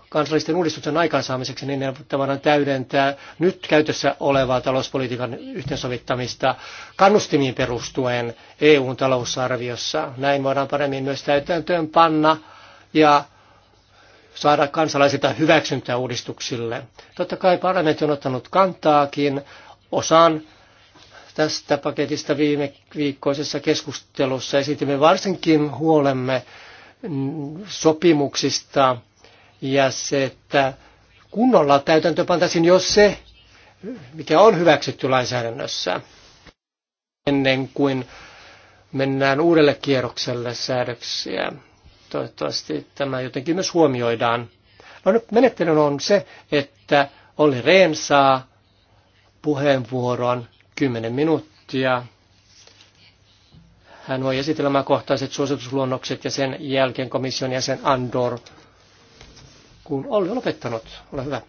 Speaker 2: kansallisten uudistuksen aikaansaamiseksi, niin ne tavallaan täydentää nyt käytössä olevaa talouspolitiikan yhteensovittamista kannustimiin perustuen EUn talousarviossa. Näin voidaan paremmin myös täytäntöön panna ja saada kansalaisilta hyväksyntää uudistuksille. Totta kai parlamentti on ottanut kantaakin osan tästä paketista viime viikkoisessa keskustelussa. Esitimme varsinkin huolemme sopimuksista ja se, että kunnolla täytäntö pantaisiin, jo se, mikä on hyväksytty lainsäädännössä, ennen kuin mennään uudelle kierrokselle säädöksiä. Toivottavasti tämä jotenkin myös huomioidaan. No nyt menettelyn on se, että oli Rehn saa puheenvuoron 10 minuuttia. Hän voi esitellä kohtaiset suositusluonnokset ja sen jälkeen komission jäsen Andor kun Olli lopettanut. Ole hyvä.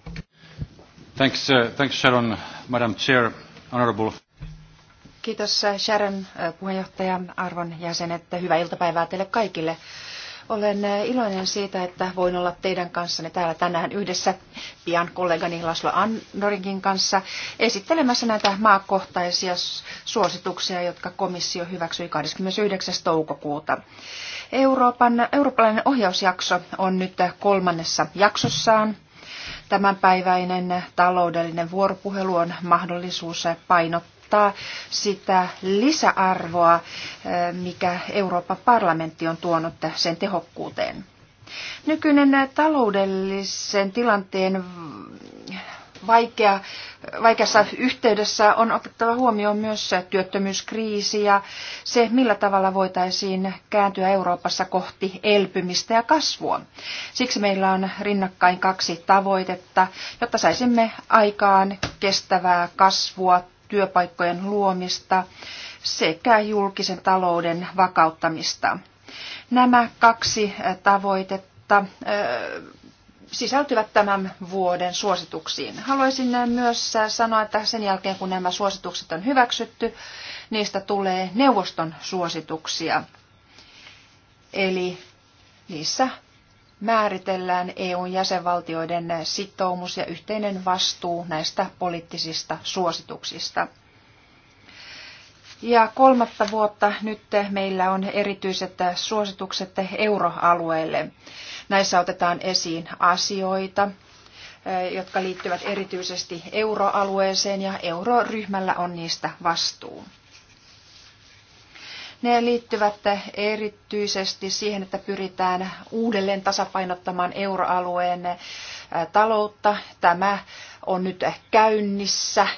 Speaker 5: Thanks, uh, thanks Sharon, Madam Chair, Honorable.
Speaker 3: Kiitos uh, Sharon, uh, puheenjohtaja, arvon jäsenet. Hyvää iltapäivää teille kaikille. Olen uh, iloinen siitä, että voin olla teidän kanssanne täällä tänään yhdessä pian kollegani Laslo Andorinkin kanssa esittelemässä näitä maakohtaisia suosituksia, jotka komissio hyväksyi 29. toukokuuta. Euroopan, eurooppalainen ohjausjakso on nyt kolmannessa jaksossaan. Tämänpäiväinen taloudellinen vuoropuhelu on mahdollisuus painottaa sitä lisäarvoa, eh, mikä Euroopan parlamentti on tuonut sen tehokkuuteen. Nykyinen taloudellisen tilanteen vaikea, vaikeassa yhteydessä on otettava huomioon myös työttömyyskriisi ja se, millä tavalla voitaisiin kääntyä Euroopassa kohti elpymistä ja kasvua. Siksi meillä on rinnakkain kaksi tavoitetta, jotta saisimme aikaan kestävää kasvua, työpaikkojen luomista sekä julkisen talouden vakauttamista. Nämä kaksi tavoitetta sisältyvät tämän vuoden suosituksiin. Haluaisin myös sanoa, että sen jälkeen kun nämä suositukset on hyväksytty, niistä tulee neuvoston suosituksia. Eli niissä määritellään EUn jäsenvaltioiden sitoumus ja yhteinen vastuu näistä poliittisista suosituksista. Ja kolmatta vuotta nyt meillä on erityiset suositukset euroalueelle. Näissä otetaan esiin asioita, jotka liittyvät erityisesti euroalueeseen ja euroryhmällä on niistä vastuu. Ne liittyvät erityisesti siihen, että pyritään uudelleen tasapainottamaan euroalueen taloutta. Tämä on nyt käynnissä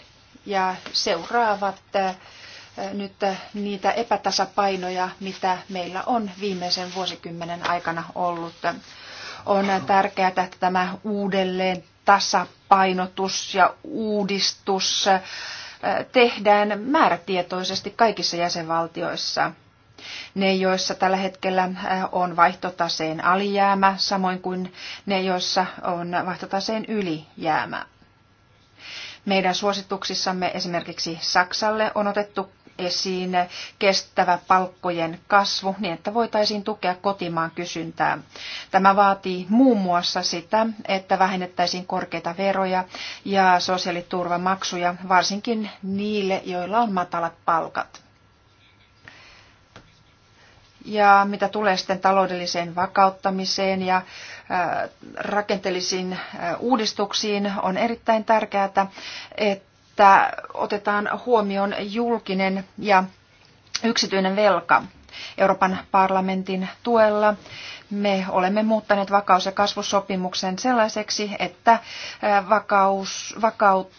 Speaker 3: ja seuraavat nyt niitä epätasapainoja, mitä meillä on viimeisen vuosikymmenen aikana ollut. On tärkeää, että tämä uudelleen tasapainotus ja uudistus tehdään määrätietoisesti kaikissa jäsenvaltioissa. Ne, joissa tällä hetkellä on vaihtotaseen alijäämä, samoin kuin ne, joissa on vaihtotaseen ylijäämä. Meidän suosituksissamme esimerkiksi Saksalle on otettu esiin kestävä palkkojen kasvu niin, että voitaisiin tukea kotimaan kysyntää. Tämä vaatii muun muassa sitä, että vähennettäisiin korkeita veroja ja sosiaaliturvamaksuja, varsinkin niille, joilla on matalat palkat. Ja mitä tulee sitten taloudelliseen vakauttamiseen ja rakenteellisiin uudistuksiin, on erittäin tärkeää, että että otetaan huomioon julkinen ja yksityinen velka. Euroopan parlamentin tuella me olemme muuttaneet vakaus- ja kasvusopimuksen sellaiseksi, että, vakaus, vakaut,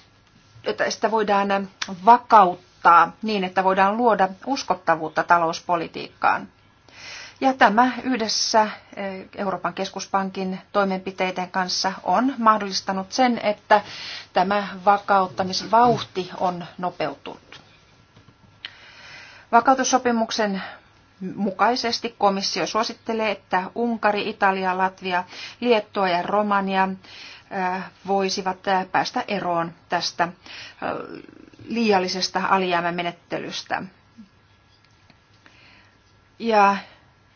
Speaker 3: että sitä voidaan vakauttaa niin, että voidaan luoda uskottavuutta talouspolitiikkaan. Ja tämä yhdessä eh, Euroopan keskuspankin toimenpiteiden kanssa on mahdollistanut sen, että tämä vakauttamisvauhti on nopeutunut. Vakautussopimuksen mukaisesti komissio suosittelee, että Unkari, Italia, Latvia, Liettua ja Romania eh, voisivat eh, päästä eroon tästä liiallisesta alijäämämenettelystä. Ja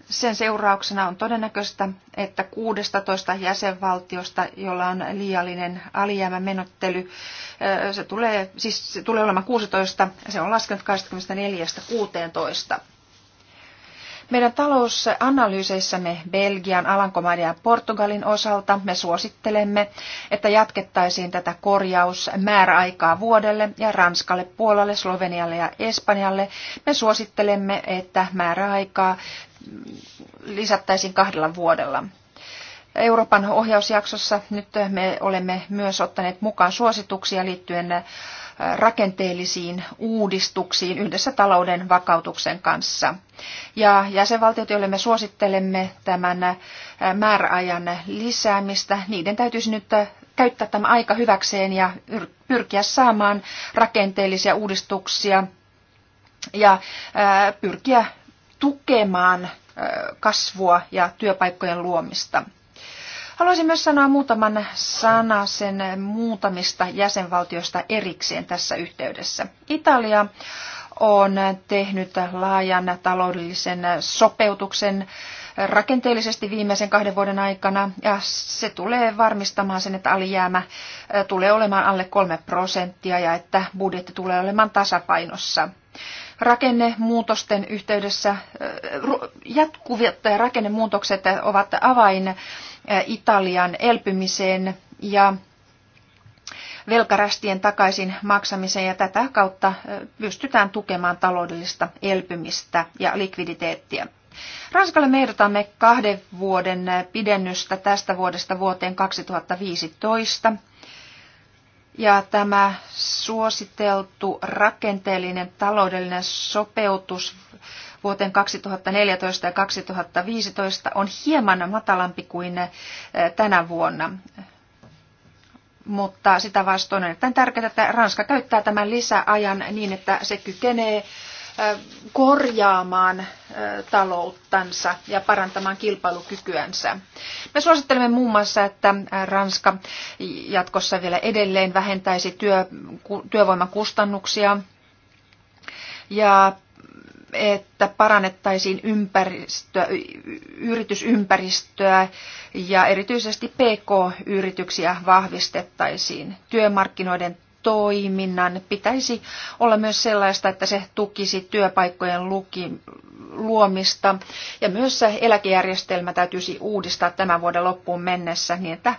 Speaker 3: sen seurauksena on todennäköistä, että 16 jäsenvaltiosta, jolla on liiallinen alijäämämenottely, se tulee, siis se tulee olemaan 16, se on laskenut 24-16. Meidän talousanalyyseissämme Belgian, Alankomaiden ja Portugalin osalta me suosittelemme, että jatkettaisiin tätä korjausmääräaikaa vuodelle ja Ranskalle, Puolalle, Slovenialle ja Espanjalle. Me suosittelemme, että määräaikaa lisättäisiin kahdella vuodella. Euroopan ohjausjaksossa nyt me olemme myös ottaneet mukaan suosituksia liittyen äh, rakenteellisiin uudistuksiin yhdessä talouden vakautuksen kanssa. Ja jäsenvaltiot, joille me suosittelemme tämän äh, määräajan lisäämistä, niiden täytyisi nyt äh, käyttää tämä aika hyväkseen ja pyrkiä saamaan rakenteellisia uudistuksia ja pyrkiä tukemaan kasvua ja työpaikkojen luomista. Haluaisin myös sanoa muutaman sana sen muutamista jäsenvaltioista erikseen tässä yhteydessä. Italia on tehnyt laajan taloudellisen sopeutuksen rakenteellisesti viimeisen kahden vuoden aikana ja se tulee varmistamaan sen, että alijäämä tulee olemaan alle kolme prosenttia ja että budjetti tulee olemaan tasapainossa rakennemuutosten yhteydessä, äh, jatkuvat rakennemuutokset ovat avain äh, Italian elpymiseen ja velkarästien takaisin maksamiseen ja tätä kautta äh, pystytään tukemaan taloudellista elpymistä ja likviditeettiä. Ranskalle me ehdotamme kahden vuoden pidennystä tästä vuodesta vuoteen 2015 ja tämä suositeltu rakenteellinen taloudellinen sopeutus vuoteen 2014 ja 2015 on hieman matalampi kuin eh, tänä vuonna. Mutta sitä vastoin on erittäin tärkeää, että Ranska käyttää tämän lisäajan niin, että se kykenee korjaamaan talouttansa ja parantamaan kilpailukykyänsä. Me suosittelemme muun muassa, että Ranska jatkossa vielä edelleen vähentäisi työ, työvoimakustannuksia ja että parannettaisiin ympäristöä, yritysympäristöä ja erityisesti PK-yrityksiä vahvistettaisiin. Työmarkkinoiden toiminnan pitäisi olla myös sellaista, että se tukisi työpaikkojen luki, luomista. Ja myös eläkejärjestelmä täytyisi uudistaa tämän vuoden loppuun mennessä niin, että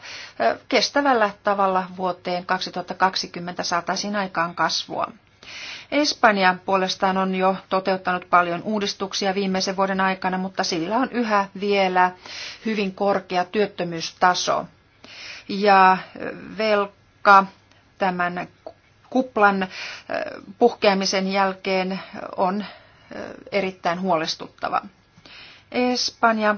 Speaker 3: kestävällä tavalla vuoteen 2020 saataisiin aikaan kasvua. Espanja puolestaan on jo toteuttanut paljon uudistuksia viimeisen vuoden aikana, mutta sillä on yhä vielä hyvin korkea työttömyystaso. Ja velka tämän kuplan äh, puhkeamisen jälkeen on äh, erittäin huolestuttava. Espanja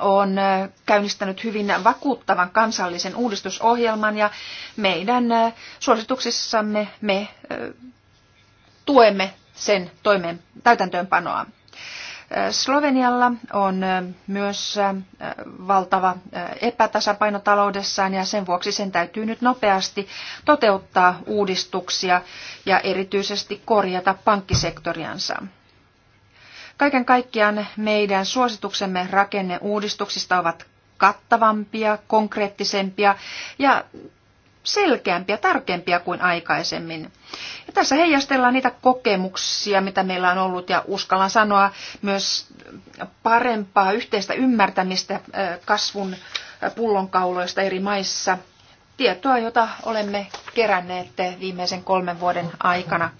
Speaker 3: on äh, käynnistänyt hyvin vakuuttavan kansallisen uudistusohjelman ja meidän suosituksissamme me tuemme sen toimeen täytäntöönpanoa. Slovenialla on myös valtava epätasapaino taloudessaan ja sen vuoksi sen täytyy nyt nopeasti toteuttaa uudistuksia ja erityisesti korjata pankkisektoriansa. Kaiken kaikkiaan meidän suosituksemme rakenneuudistuksista ovat kattavampia, konkreettisempia ja selkeämpiä, tarkempia kuin aikaisemmin. Ja tässä heijastellaan niitä kokemuksia, mitä meillä on ollut, ja uskallan sanoa myös parempaa yhteistä ymmärtämistä kasvun pullonkauloista eri maissa. Tietoa, jota olemme keränneet viimeisen kolmen vuoden aikana.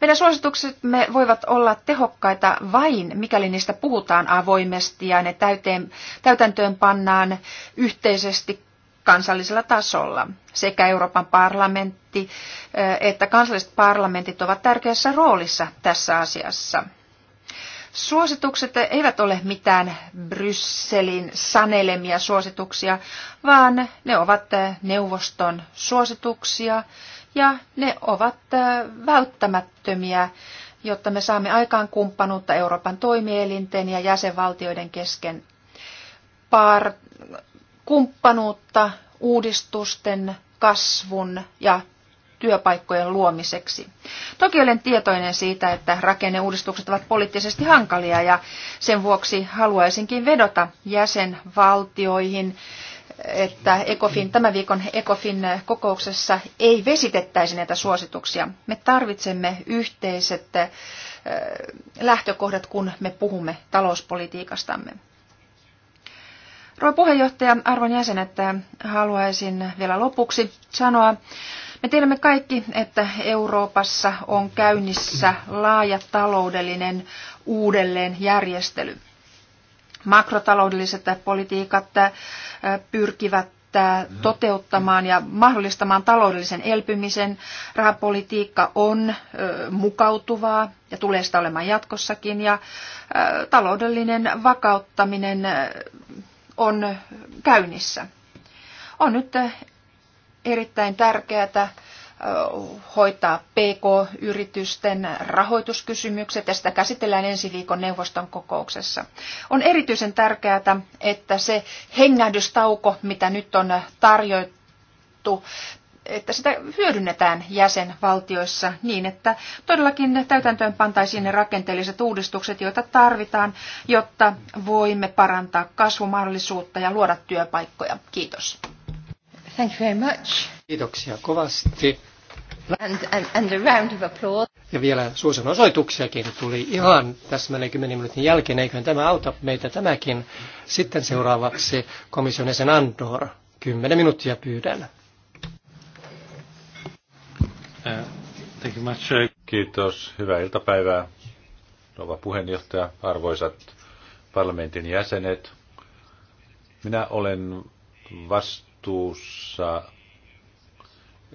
Speaker 3: Meidän suosituksemme voivat olla tehokkaita vain, mikäli niistä puhutaan avoimesti ja ne täyteen, täytäntöön pannaan yhteisesti kansallisella tasolla. Sekä Euroopan parlamentti että kansalliset parlamentit ovat tärkeässä roolissa tässä asiassa. Suositukset eivät ole mitään Brysselin sanelemia suosituksia, vaan ne ovat neuvoston suosituksia ja ne ovat välttämättömiä, jotta me saamme aikaan kumppanuutta Euroopan toimielinten ja jäsenvaltioiden kesken. Par- kumppanuutta uudistusten, kasvun ja työpaikkojen luomiseksi. Toki olen tietoinen siitä, että rakenneuudistukset ovat poliittisesti hankalia ja sen vuoksi haluaisinkin vedota jäsenvaltioihin, että ECOFIN, tämän viikon ECOFIN kokouksessa ei vesitettäisi näitä suosituksia. Me tarvitsemme yhteiset eh, lähtökohdat, kun me puhumme talouspolitiikastamme. Rouva puheenjohtaja, arvon jäsen, että haluaisin vielä lopuksi sanoa, me tiedämme kaikki, että Euroopassa on käynnissä laaja taloudellinen uudelleenjärjestely. Makrotaloudelliset politiikat äh, pyrkivät äh, toteuttamaan ja mahdollistamaan taloudellisen elpymisen. Rahapolitiikka on äh, mukautuvaa ja tulee sitä olemaan jatkossakin ja taloudellinen vakauttaminen on käynnissä. On nyt erittäin tärkeää hoitaa PK-yritysten rahoituskysymykset ja sitä käsitellään ensi viikon neuvoston kokouksessa. On erityisen tärkeää, että se hengähdystauko, mitä nyt on tarjottu että sitä hyödynnetään jäsenvaltioissa niin, että todellakin täytäntöön pantaisiin ne rakenteelliset uudistukset, joita tarvitaan, jotta voimme parantaa kasvumahdollisuutta ja luoda työpaikkoja. Kiitos. Thank you very much.
Speaker 2: Kiitoksia kovasti.
Speaker 1: And, and, and a round of applause.
Speaker 2: Ja vielä suosion osoituksiakin tuli ihan täsmälleen 10 minuutin jälkeen, eiköhän tämä auta meitä tämäkin. Sitten seuraavaksi komission jäsen Andor. 10 minuuttia pyydän
Speaker 4: thank you much. Kiitos. Hyvää iltapäivää, rouva puheenjohtaja, arvoisat parlamentin jäsenet. Minä olen vastuussa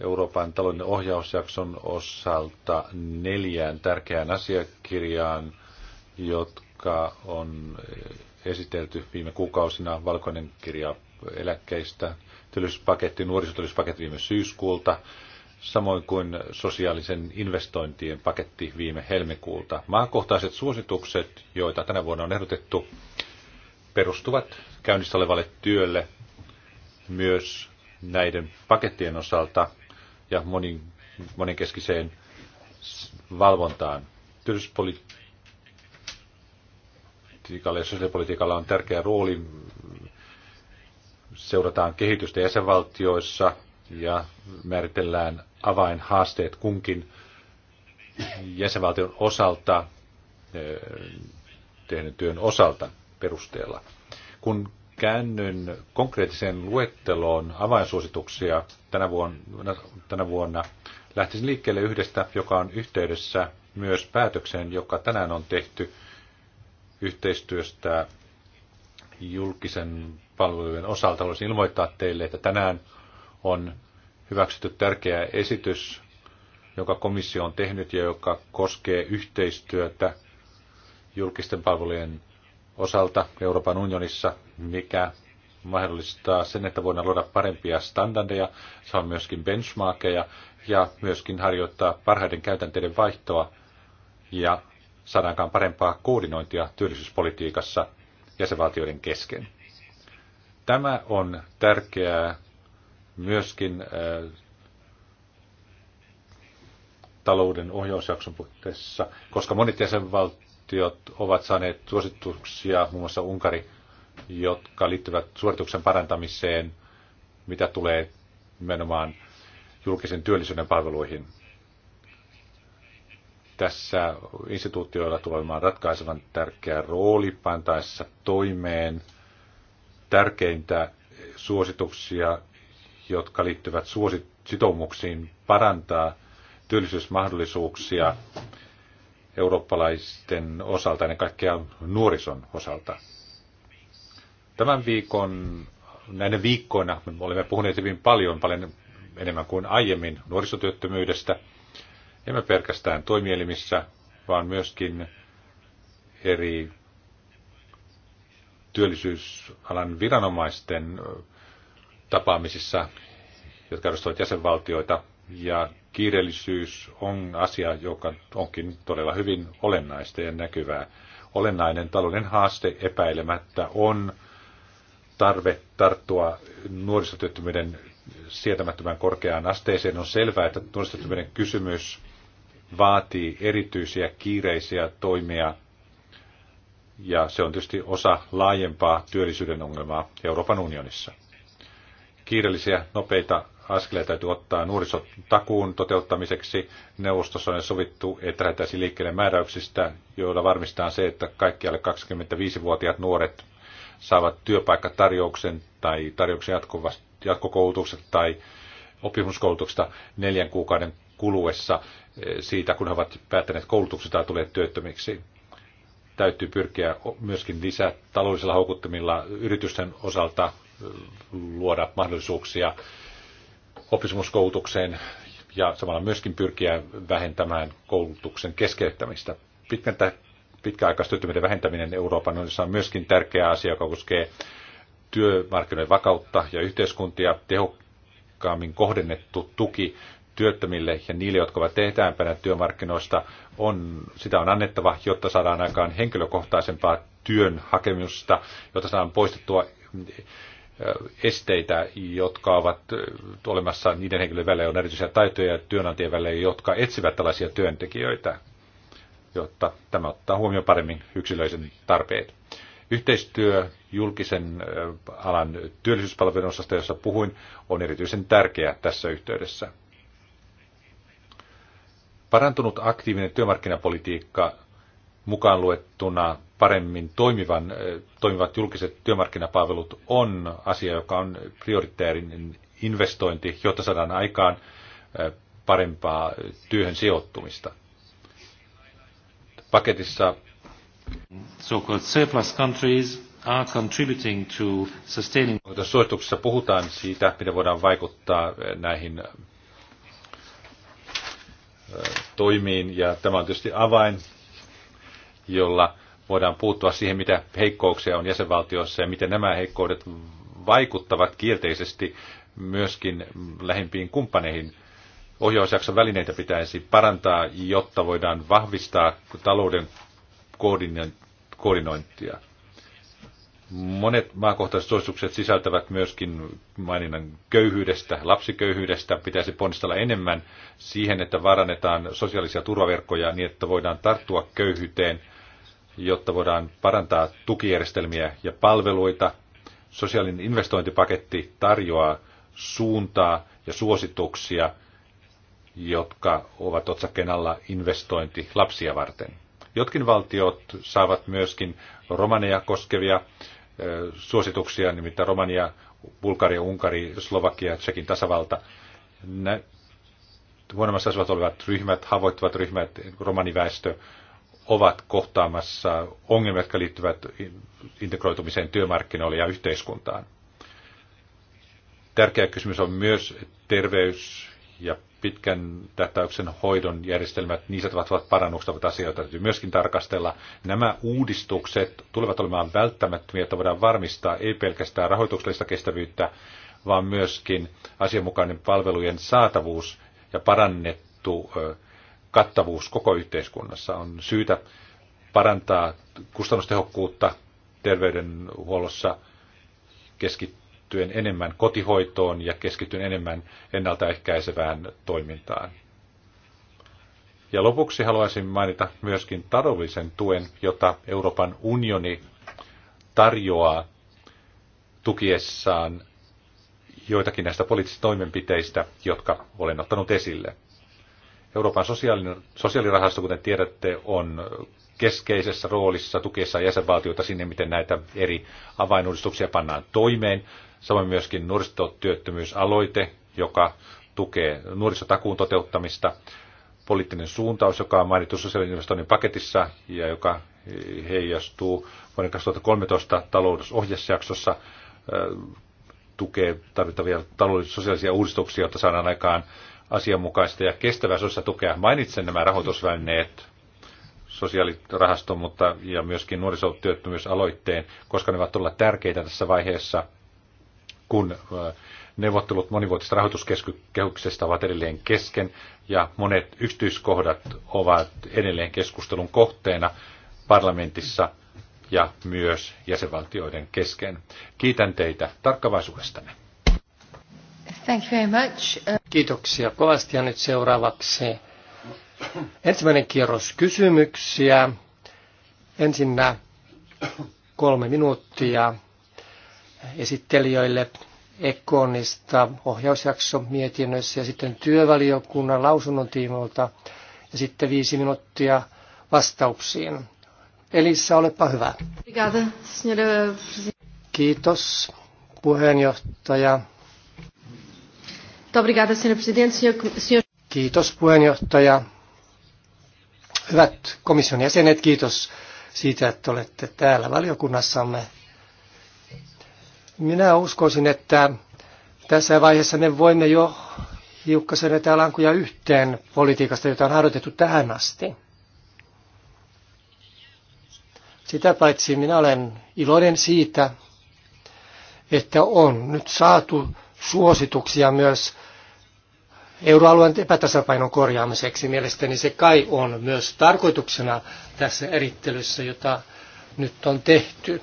Speaker 4: Euroopan talouden ohjausjakson osalta neljään tärkeään asiakirjaan, jotka on esitelty viime kuukausina. Valkoinen kirja eläkkeistä, työllisyyspaketti, nuorisotyöllisyyspaketti viime syyskuulta, samoin kuin sosiaalisen investointien paketti viime helmikuulta. Maakohtaiset suositukset, joita tänä vuonna on ehdotettu, perustuvat käynnissä olevalle työlle myös näiden pakettien osalta ja monin, monenkeskiseen valvontaan. Työllisyyspolitiikalla ja sosiaalipolitiikalla on tärkeä rooli. Seurataan kehitystä jäsenvaltioissa, ja määritellään avainhaasteet kunkin jäsenvaltion osalta, eh, tehnyt työn osalta perusteella. Kun käännyn konkreettiseen luetteloon avainsuosituksia tänä vuonna, tänä vuonna, lähtisin liikkeelle yhdestä, joka on yhteydessä myös päätökseen, joka tänään on tehty yhteistyöstä julkisen palvelujen osalta. Haluaisin ilmoittaa teille, että tänään on hyväksytty tärkeä esitys, joka komissio on tehnyt ja joka koskee yhteistyötä julkisten palvelujen osalta Euroopan unionissa, mikä mahdollistaa sen, että voidaan luoda parempia standardeja, saa myöskin benchmarkeja ja myöskin harjoittaa parhaiden käytänteiden vaihtoa ja saadaankaan parempaa koordinointia työllisyyspolitiikassa jäsenvaltioiden kesken. Tämä on tärkeää myöskin äh, talouden ohjausjakson puitteissa, koska monet jäsenvaltiot ovat saaneet suosituksia, muun muassa Unkari, jotka liittyvät suorituksen parantamiseen, mitä tulee nimenomaan julkisen työllisyyden palveluihin. Tässä instituutioilla tulee olemaan ratkaisevan tärkeä rooli pantaessa toimeen tärkeintä suosituksia, jotka liittyvät suosit- sitoumuksiin parantaa työllisyysmahdollisuuksia eurooppalaisten osalta, ennen kaikkea nuorison osalta. Tämän viikon, näinä viikkoina me olemme puhuneet hyvin paljon, paljon enemmän kuin aiemmin nuorisotyöttömyydestä, emme pelkästään toimielimissä, vaan myöskin eri työllisyysalan viranomaisten tapaamisissa, jotka edustavat jäsenvaltioita. Ja kiireellisyys on asia, joka onkin todella hyvin olennaista ja näkyvää. Olennainen talouden haaste epäilemättä on tarve tarttua nuorisotyöttömyyden sietämättömän korkeaan asteeseen. On selvää, että nuorisotyöttömyyden kysymys vaatii erityisiä kiireisiä toimia ja se on tietysti osa laajempaa työllisyyden ongelmaa Euroopan unionissa. Kiireellisiä, nopeita askeleita täytyy ottaa nuorisotakuun toteuttamiseksi. Neuvostossa on sovittu, että lähdetään liikkeelle määräyksistä, joilla varmistetaan se, että kaikki alle 25-vuotiaat nuoret saavat työpaikkatarjouksen tai tarjouksen jatkokoulutuksesta tai oppimuskoulutuksesta neljän kuukauden kuluessa eh, siitä, kun he ovat päättäneet koulutuksen tai tulleet työttömiksi. Täytyy pyrkiä myöskin lisää taloudellisella houkuttamilla yritysten osalta luoda mahdollisuuksia oppisopimuskoulutukseen ja samalla myöskin pyrkiä vähentämään koulutuksen keskeyttämistä. pitkäaikaistyöttömyyden vähentäminen Euroopan unionissa on myöskin tärkeä asia, joka koskee työmarkkinoiden vakautta ja yhteiskuntia, tehokkaammin kohdennettu tuki työttömille ja niille, jotka ovat tehtäänpänä työmarkkinoista, on, sitä on annettava, jotta saadaan aikaan henkilökohtaisempaa työn hakemusta, jotta saadaan poistettua esteitä, jotka ovat olemassa niiden henkilöiden välillä, on erityisiä taitoja ja työnantajien välillä, jotka etsivät tällaisia työntekijöitä, jotta tämä ottaa huomioon paremmin yksilöisen tarpeet. Yhteistyö julkisen alan työllisyyspalvelun osasta, jossa puhuin, on erityisen tärkeä tässä yhteydessä. Parantunut aktiivinen työmarkkinapolitiikka mukaan luettuna paremmin toimivan, toimivat julkiset työmarkkinapalvelut on asia, joka on prioriteerinen investointi, jotta saadaan aikaan parempaa työhön sijoittumista. Paketissa Suosituksessa puhutaan siitä, miten voidaan vaikuttaa näihin toimiin, ja tämä on tietysti avain, jolla voidaan puuttua siihen, mitä heikkouksia on jäsenvaltiossa ja miten nämä heikkoudet vaikuttavat kielteisesti myöskin lähimpiin kumppaneihin. Ohjausjakson välineitä pitäisi parantaa, jotta voidaan vahvistaa talouden koordinointia. Monet maakohtaiset suositukset sisältävät myöskin maininnan köyhyydestä, lapsiköyhyydestä. Pitäisi ponnistella enemmän siihen, että varannetaan sosiaalisia turvaverkkoja niin, että voidaan tarttua köyhyyteen – jotta voidaan parantaa tukijärjestelmiä ja palveluita. Sosiaalinen investointipaketti tarjoaa suuntaa ja suosituksia, jotka ovat otsakkeen alla investointi lapsia varten. Jotkin valtiot saavat myöskin romaneja koskevia suosituksia, nimittäin Romania, Bulgaria, Unkari, Slovakia, Tsekin tasavalta. Nä, huonommassa asuvat olevat ryhmät, havoittuvat ryhmät, romaniväestö, ovat kohtaamassa ongelmia, jotka liittyvät integroitumiseen työmarkkinoille ja yhteiskuntaan. Tärkeä kysymys on myös terveys ja pitkän tähtäyksen hoidon järjestelmät, niissä tapahtuvat parannukset ovat asioita, täytyy myöskin tarkastella. Nämä uudistukset tulevat olemaan välttämättömiä, että voidaan varmistaa ei pelkästään rahoituksellista kestävyyttä, vaan myöskin asianmukainen palvelujen saatavuus ja parannettu kattavuus koko yhteiskunnassa. On syytä parantaa kustannustehokkuutta terveydenhuollossa keskittyen enemmän kotihoitoon ja keskittyen enemmän ennaltaehkäisevään toimintaan. Ja lopuksi haluaisin mainita myöskin taloudellisen tuen, jota Euroopan unioni tarjoaa tukiessaan joitakin näistä poliittisista toimenpiteistä, jotka olen ottanut esille. Euroopan sosiaalirahasto, kuten tiedätte, on keskeisessä roolissa tukiessa jäsenvaltioita sinne, miten näitä eri avainuudistuksia pannaan toimeen. Samoin myöskin nuorisotyöttömyysaloite, joka tukee nuorisotakuun toteuttamista. Poliittinen suuntaus, joka on mainittu sosiaalinvestoinnin paketissa ja joka heijastuu vuoden 2013 talousohjausjaksossa, tukee tarvittavia taloudellisia sosiaalisia uudistuksia, jotta saadaan aikaan asianmukaista ja kestävää sosiaalista tukea. Mainitsen nämä rahoitusvälineet, sosiaalirahaston mutta, ja myöskin nuorisotyöttömyysaloitteen, koska ne ovat olla tärkeitä tässä vaiheessa, kun neuvottelut monivuotisesta rahoituskehyksestä ovat edelleen kesken ja monet yksityiskohdat ovat edelleen keskustelun kohteena parlamentissa ja myös jäsenvaltioiden kesken. Kiitän teitä tarkkavaisuudestanne.
Speaker 1: Thank you very much.
Speaker 4: Kiitoksia kovasti ja nyt seuraavaksi
Speaker 2: ensimmäinen kierros kysymyksiä. Ensinnä kolme minuuttia esittelijöille Ekonista ohjausjakso mietinnössä ja sitten työvaliokunnan lausunnon tiimoilta ja sitten viisi minuuttia vastauksiin. Elissa, olepa hyvä. Kiitos puheenjohtaja. Kiitos puheenjohtaja. Hyvät komission jäsenet, kiitos siitä, että olette täällä valiokunnassamme. Minä uskoisin, että tässä vaiheessa me voimme jo hiukkasen vetää lankuja yhteen politiikasta, jota on harjoitettu tähän asti. Sitä paitsi minä olen iloinen siitä, että on nyt saatu suosituksia myös euroalueen epätasapainon korjaamiseksi. Mielestäni se kai on myös tarkoituksena tässä erittelyssä, jota nyt on tehty.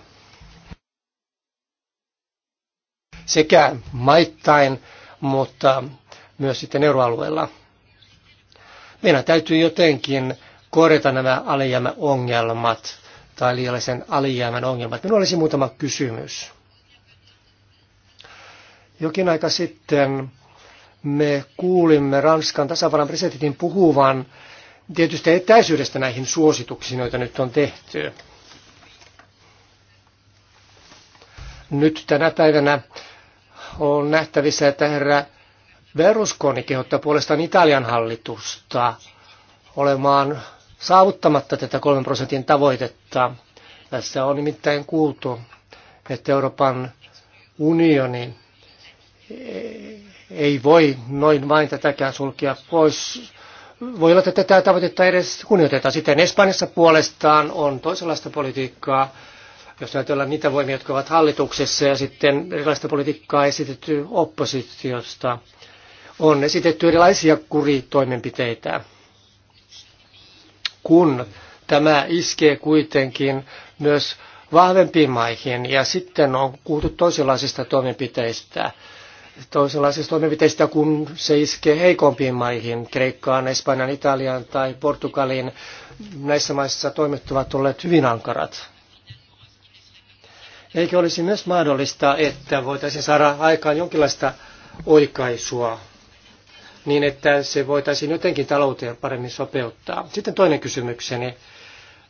Speaker 2: Sekä maittain, mutta myös sitten euroalueella. Meidän täytyy jotenkin korjata nämä alijäämäongelmat tai liiallisen alijäämän ongelmat. Minulla olisi muutama kysymys. Jokin aika sitten me kuulimme Ranskan tasavallan presidentin puhuvan tietystä etäisyydestä näihin suosituksiin, joita nyt on tehty. Nyt tänä päivänä on nähtävissä, että herra Berlusconi kehottaa puolestaan Italian hallitusta olemaan saavuttamatta tätä kolmen prosentin tavoitetta. Tässä on nimittäin kuultu, että Euroopan unioni ei voi noin vain tätäkään sulkea pois. Voi olla, että tätä tavoitetta edes kunnioitetaan. Sitten Espanjassa puolestaan on toisenlaista politiikkaa, jos ajatellaan niitä voimia, jotka ovat hallituksessa, ja sitten erilaista politiikkaa esitetty oppositiosta. On esitetty erilaisia kuritoimenpiteitä. Kun tämä iskee kuitenkin myös vahvempiin maihin, ja sitten on kuultu toisenlaisista toimenpiteistä – toisenlaisista toimenpiteistä, kun se iskee heikompiin maihin, Kreikkaan, Espanjan, Italian tai Portugaliin. Näissä maissa toimet ovat olleet hyvin ankarat. Eikö olisi myös mahdollista, että voitaisiin saada aikaan jonkinlaista oikaisua niin, että se voitaisiin jotenkin talouteen paremmin sopeuttaa? Sitten toinen kysymykseni.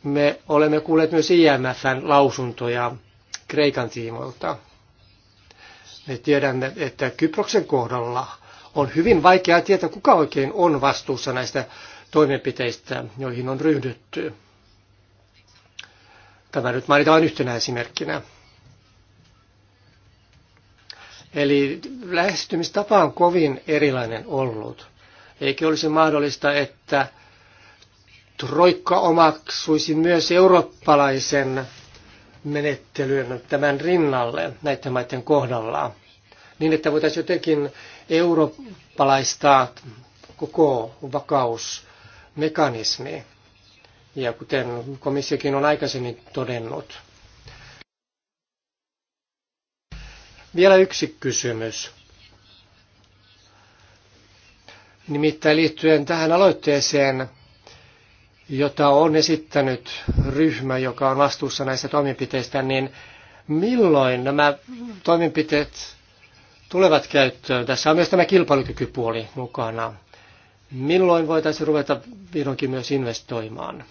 Speaker 2: Me olemme kuulleet myös IMFn lausuntoja Kreikan tiimoilta. Me tiedämme, että Kyproksen kohdalla on hyvin vaikea tietää, kuka oikein on vastuussa näistä toimenpiteistä, joihin on ryhdytty. Tämä nyt mainitaan yhtenä esimerkkinä. Eli lähestymistapa on kovin erilainen ollut. Eikö olisi mahdollista, että Troikka omaksuisi myös eurooppalaisen menettelyyn tämän rinnalle näiden maiden kohdalla, niin että voitaisiin jotenkin eurooppalaistaa koko vakausmekanismi. Ja kuten komissiokin on aikaisemmin todennut. Vielä yksi kysymys. Nimittäin liittyen tähän aloitteeseen, jota on esittänyt ryhmä, joka on vastuussa näistä toimenpiteistä, niin milloin nämä toimenpiteet tulevat käyttöön? Tässä on myös tämä kilpailukykypuoli mukana. Milloin voitaisiin ruveta vihdoinkin myös investoimaan?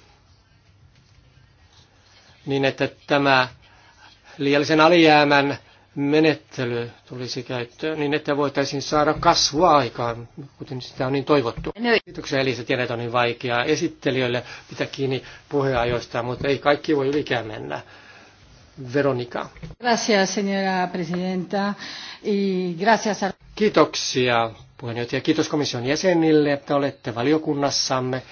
Speaker 2: Niin, että tämä liiallisen alijäämän menettely tulisi käyttöön, niin että voitaisiin saada kasvua aikaan, kuten sitä on niin toivottu. Kiitoksia Elisa, tiedät on niin vaikeaa esittelijöille pitää kiinni puheenajoista, mutta ei kaikki voi ylikään mennä. Veronika.
Speaker 1: Gracias, señora presidenta. Y gracias a...
Speaker 2: Kiitoksia puheenjohtaja. Kiitos komission jäsenille, että olette valiokunnassamme.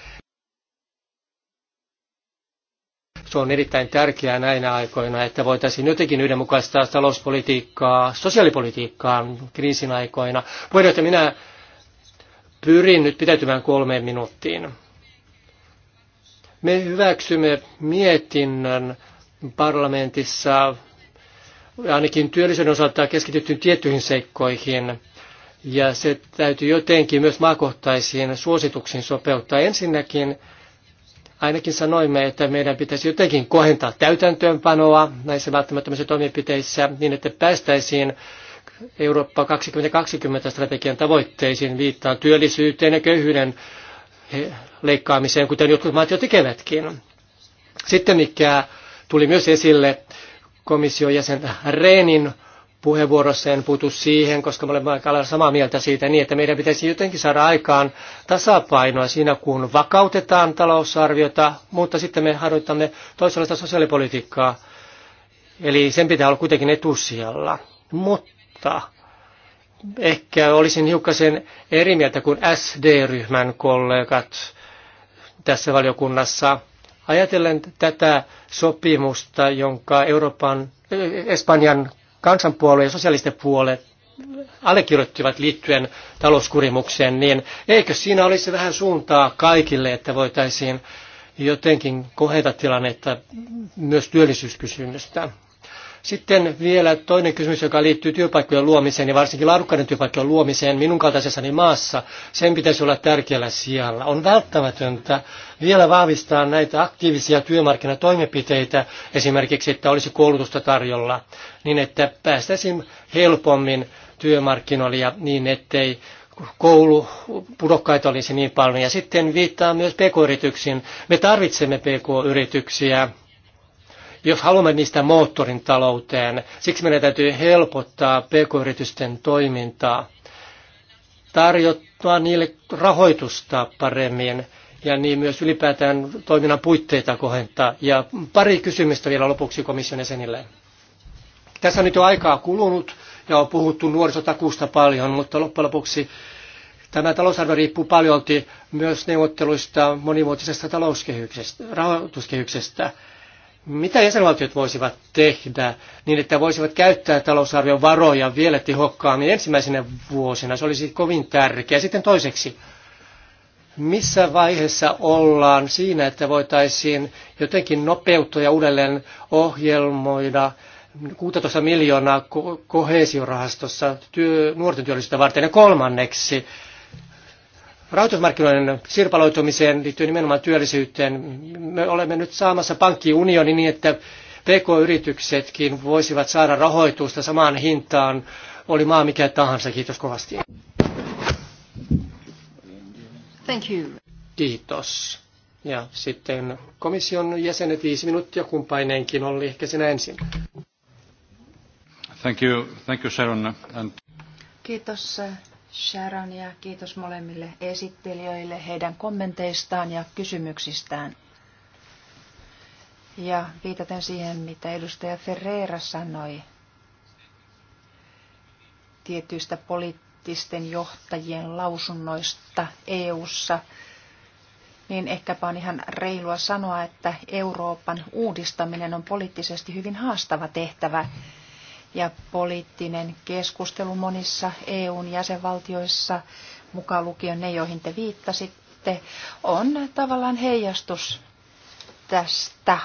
Speaker 2: Se on erittäin tärkeää näinä aikoina, että voitaisiin jotenkin yhdenmukaistaa talouspolitiikkaa, sosiaalipolitiikkaa kriisin aikoina. että minä pyrin nyt pitäytymään kolmeen minuuttiin. Me hyväksymme mietinnön parlamentissa, ainakin työllisyyden osalta keskityttyyn tiettyihin seikkoihin, ja se täytyy jotenkin myös maakohtaisiin suosituksiin sopeuttaa. Ensinnäkin ainakin sanoimme, että meidän pitäisi jotenkin kohentaa täytäntöönpanoa näissä välttämättömissä toimenpiteissä niin, että päästäisiin Eurooppa 2020 strategian tavoitteisiin viittaan työllisyyteen ja köyhyyden leikkaamiseen, kuten jotkut maat jo tekevätkin. Sitten mikä tuli myös esille komission jäsen Reenin puheenvuorossa en puutu siihen, koska me olemme aika samaa mieltä siitä niin, että meidän pitäisi jotenkin saada aikaan tasapainoa siinä, kun vakautetaan talousarviota, mutta sitten me harjoitamme toisenlaista sosiaalipolitiikkaa. Eli sen pitää olla kuitenkin etusijalla. Mutta ehkä olisin hiukkasen eri mieltä kuin SD-ryhmän kollegat tässä valiokunnassa. Ajatellen tätä sopimusta, jonka Euroopan, Espanjan kansanpuolue ja sosiaalisten puolue allekirjoittivat liittyen talouskurimukseen, niin eikö siinä olisi vähän suuntaa kaikille, että voitaisiin jotenkin kohdata tilannetta myös työllisyyskysymystä? Sitten vielä toinen kysymys, joka liittyy työpaikkojen luomiseen ja varsinkin laadukkaiden työpaikkojen luomiseen minun kaltaisessani maassa. Sen pitäisi olla tärkeällä sijalla. On välttämätöntä vielä vahvistaa näitä aktiivisia työmarkkinatoimenpiteitä, esimerkiksi että olisi koulutusta tarjolla, niin että päästäisiin helpommin työmarkkinoille ja niin, ettei koulupudokkaita olisi niin paljon. Ja sitten viittaa myös pk-yrityksiin. Me tarvitsemme pk-yrityksiä jos haluamme niistä moottorin talouteen. Siksi meidän täytyy helpottaa pk-yritysten toimintaa, tarjottaa niille rahoitusta paremmin ja niin myös ylipäätään toiminnan puitteita kohentaa. Ja pari kysymystä vielä lopuksi komission jäsenille. Tässä on nyt jo aikaa kulunut ja on puhuttu nuorisotakuusta paljon, mutta loppujen lopuksi Tämä talousarvio riippuu paljon myös neuvotteluista monivuotisesta talouskehyksestä, rahoituskehyksestä. Mitä jäsenvaltiot voisivat tehdä niin, että voisivat käyttää talousarvion varoja vielä tehokkaammin ensimmäisenä vuosina? Se olisi kovin tärkeää. Sitten toiseksi, missä vaiheessa ollaan siinä, että voitaisiin jotenkin nopeuttaa ja uudelleen ohjelmoida 16 miljoonaa kohesiorahastossa työ, nuorten työllisyyttä varten ja kolmanneksi rahoitusmarkkinoiden sirpaloitumiseen liittyen nimenomaan työllisyyteen. Me olemme nyt saamassa pankkiunioni niin, että PK-yrityksetkin voisivat saada rahoitusta samaan hintaan, oli maa mikä tahansa. Kiitos kovasti. Thank you. Kiitos. Ja sitten komission jäsenet viisi minuuttia kumpainenkin oli ehkä sinä ensin.
Speaker 5: Thank you, thank you Sharon. And...
Speaker 3: Kiitos Sharon ja kiitos molemmille esittelijöille heidän kommenteistaan ja kysymyksistään. Ja viitaten siihen, mitä edustaja Ferreira sanoi tietyistä poliittisten johtajien lausunnoista EU:ssa, niin ehkäpä on ihan reilua sanoa, että Euroopan uudistaminen on poliittisesti hyvin haastava tehtävä. Mm ja poliittinen keskustelu monissa EUn jäsenvaltioissa, mukaan lukien ne, joihin te viittasitte, on tavallaan heijastus tästä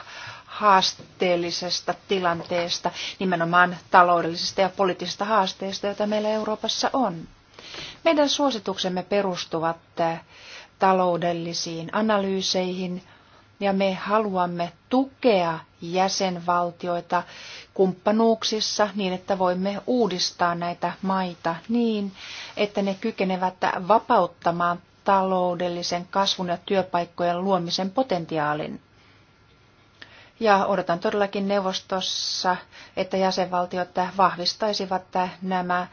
Speaker 3: haasteellisesta tilanteesta, nimenomaan taloudellisista ja poliittisista haasteista, joita meillä Euroopassa on. Meidän suosituksemme perustuvat taloudellisiin analyyseihin – ja me haluamme tukea jäsenvaltioita kumppanuuksissa niin, että voimme uudistaa näitä maita niin, että ne kykenevät vapauttamaan taloudellisen kasvun ja työpaikkojen luomisen potentiaalin. Ja odotan todellakin neuvostossa, että jäsenvaltiot vahvistaisivat nämä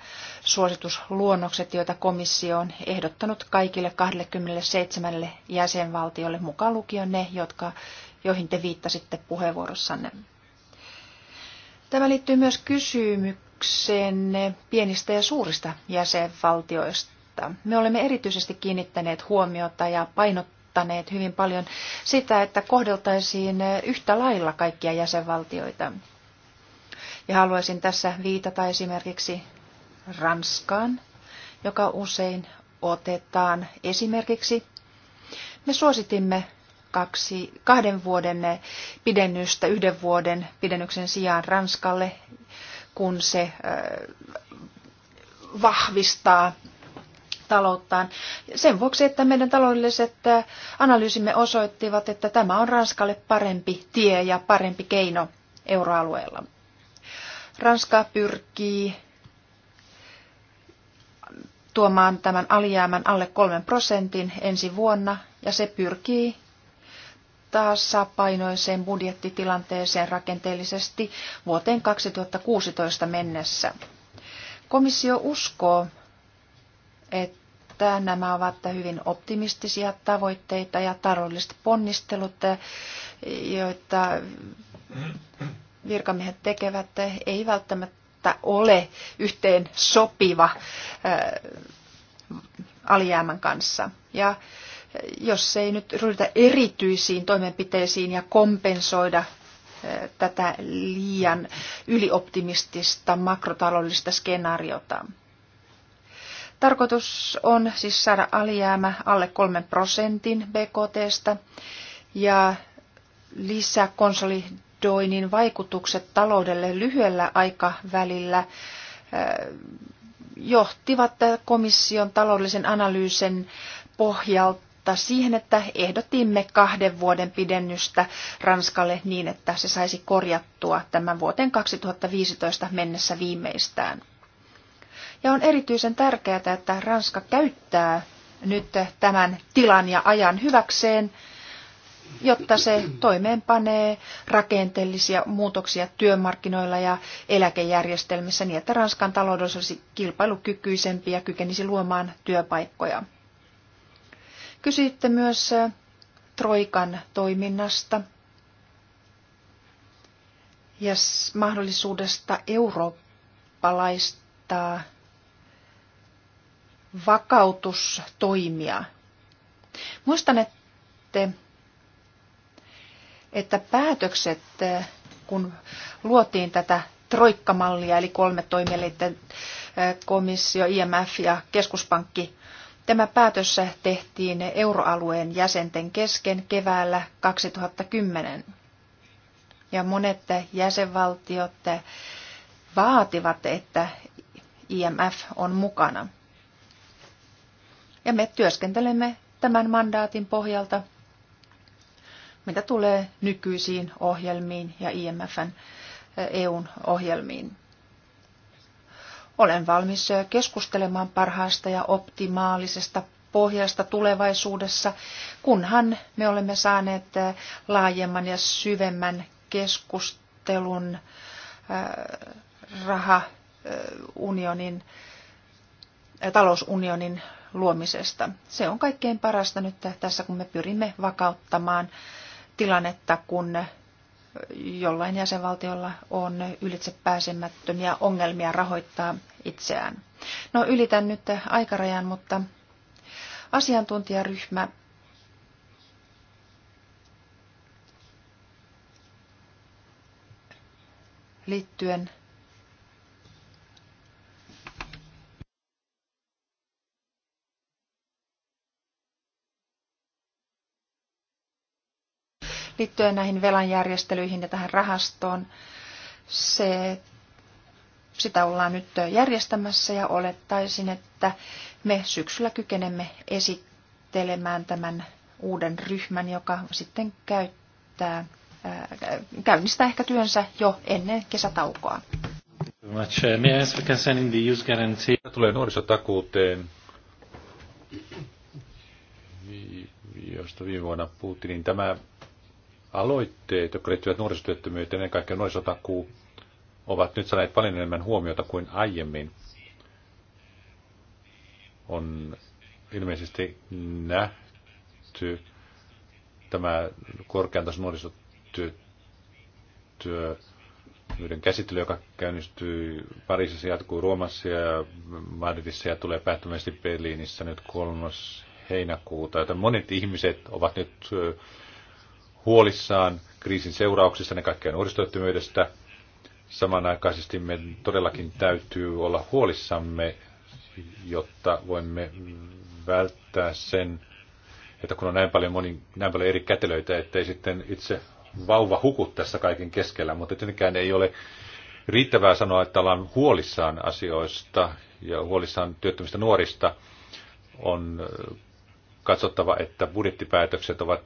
Speaker 3: suositusluonnokset, joita komissio on ehdottanut kaikille 27 jäsenvaltiolle, mukaan lukion ne, jotka, joihin te viittasitte puheenvuorossanne. Tämä liittyy myös kysymykseen pienistä ja suurista jäsenvaltioista. Me olemme erityisesti kiinnittäneet huomiota ja painottaneet odottaneet hyvin paljon sitä, että kohdeltaisiin yhtä lailla kaikkia jäsenvaltioita. Ja haluaisin tässä viitata esimerkiksi Ranskaan, joka usein otetaan esimerkiksi. Me suositimme kaksi, kahden vuoden pidennystä yhden vuoden pidennyksen sijaan Ranskalle, kun se vahvistaa talouttaan sen vuoksi, että meidän taloudelliset analyysimme osoittivat, että tämä on Ranskalle parempi tie ja parempi keino euroalueella. Ranska pyrkii tuomaan tämän alijäämän alle kolmen prosentin ensi vuonna ja se pyrkii tasapainoiseen budjettitilanteeseen rakenteellisesti vuoteen 2016 mennessä. Komissio uskoo, että nämä ovat hyvin optimistisia tavoitteita ja taloudelliset ponnistelut, joita virkamiehet tekevät, ei välttämättä ole yhteen sopiva alijäämän kanssa. Ja jos ei nyt ryhdytä erityisiin toimenpiteisiin ja kompensoida tätä liian ylioptimistista makrotaloudellista skenaariota. Tarkoitus on siis saada alijäämä alle 3 prosentin BKTstä ja lisäkonsolidoinnin vaikutukset taloudelle lyhyellä aikavälillä äh, johtivat komission taloudellisen analyysin pohjalta siihen, että ehdotimme kahden vuoden pidennystä Ranskalle niin, että se saisi korjattua tämän vuoteen 2015 mennessä viimeistään. Ja on erityisen tärkeää, että Ranska käyttää nyt tämän tilan ja ajan hyväkseen, jotta se toimeenpanee rakenteellisia muutoksia työmarkkinoilla ja eläkejärjestelmissä niin, että Ranskan taloudessa olisi kilpailukykyisempi ja kykenisi luomaan työpaikkoja. Kysyitte myös äh, Troikan toiminnasta ja mahdollisuudesta eurooppalaistaa vakautustoimia. Muistan, että, että päätökset, kun luotiin tätä troikkamallia, eli kolme toimielinten komissio, IMF ja keskuspankki, Tämä päätös tehtiin euroalueen jäsenten kesken keväällä 2010. Ja monet jäsenvaltiot vaativat, että IMF on mukana. Ja me työskentelemme tämän mandaatin pohjalta, mitä tulee nykyisiin ohjelmiin ja IMFn eh, EUn ohjelmiin. Olen valmis eh, keskustelemaan parhaasta ja optimaalisesta pohjasta tulevaisuudessa, kunhan me olemme saaneet eh, laajemman ja syvemmän keskustelun rahaunionin talousunionin luomisesta. Se on kaikkein parasta nyt tässä, kun me pyrimme vakauttamaan tilannetta, kun jollain jäsenvaltiolla on ylitsepääsemättömiä ongelmia rahoittaa itseään. No ylitän nyt aikarajan, mutta asiantuntijaryhmä liittyen liittyen näihin velanjärjestelyihin ja tähän rahastoon. Se, sitä ollaan nyt järjestämässä ja olettaisin, että me syksyllä kykenemme esittelemään tämän uuden ryhmän, joka sitten käyttää, äh, käynnistää ehkä työnsä jo ennen kesätaukoa.
Speaker 4: Tulee nuorisotakuuteen, josta viime vuonna puhuttiin, niin tämä aloitteet, jotka liittyvät nuorisotyöttömyyteen, ennen kaikkea nuorisotakuu, ovat nyt saaneet paljon enemmän huomiota kuin aiemmin. On ilmeisesti nähty tämä korkean tason nuorisotyöttömyyden käsittely, joka käynnistyy Pariisissa, jatkuu Ruomassa ja Madridissa ja tulee päättömästi Berliinissä nyt kolmas heinäkuuta, joten monet ihmiset ovat nyt huolissaan kriisin seurauksista, ne kaikkea nuorisotyöttömyydestä. Samanaikaisesti me todellakin täytyy olla huolissamme, jotta voimme välttää sen, että kun on näin paljon, moni, näin paljon eri kätelöitä, ettei sitten itse vauva huku tässä kaiken keskellä, mutta tietenkään ei ole riittävää sanoa, että ollaan huolissaan asioista ja huolissaan työttömistä nuorista. On katsottava, että budjettipäätökset ovat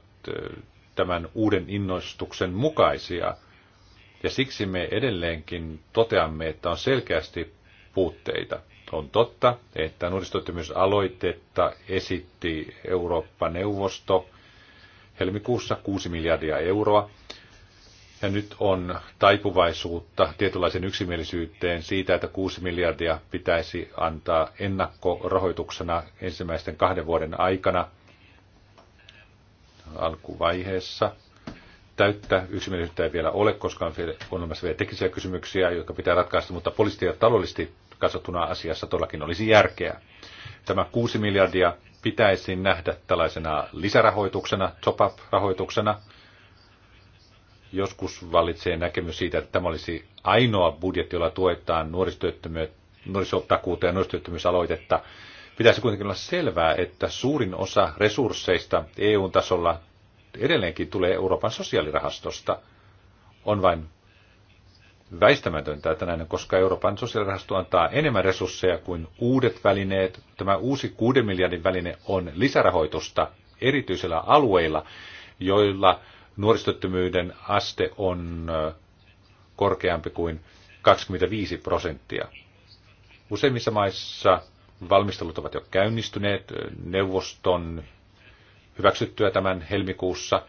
Speaker 4: tämän uuden innostuksen mukaisia. Ja siksi me edelleenkin toteamme, että on selkeästi puutteita. On totta, että nuorisotyöttömyysaloitetta esitti Eurooppa-neuvosto helmikuussa 6 miljardia euroa. Ja nyt on taipuvaisuutta tietynlaisen yksimielisyyteen siitä, että 6 miljardia pitäisi antaa ennakkorahoituksena ensimmäisten kahden vuoden aikana – alkuvaiheessa. Täyttä yksimielisyyttä ei vielä ole, koska on, on olemassa vielä teknisiä kysymyksiä, jotka pitää ratkaista, mutta poliisti ja taloudellisesti katsottuna asiassa todellakin olisi järkeä. Tämä 6 miljardia pitäisi nähdä tällaisena lisärahoituksena, top-up-rahoituksena. Joskus valitsee näkemys siitä, että tämä olisi ainoa budjetti, jolla tuetaan nuorisotakuuta ja nuorisotyöttömyysaloitetta. Pitäisi kuitenkin olla selvää, että suurin osa resursseista EU-tasolla edelleenkin tulee Euroopan sosiaalirahastosta. On vain väistämätöntä, että näin, koska Euroopan sosiaalirahasto antaa enemmän resursseja kuin uudet välineet. Tämä uusi 6 miljardin väline on lisärahoitusta erityisillä alueilla, joilla nuoristottomyyden aste on korkeampi kuin 25 prosenttia. Useimmissa maissa Valmistelut ovat jo käynnistyneet. Neuvoston hyväksyttyä tämän helmikuussa.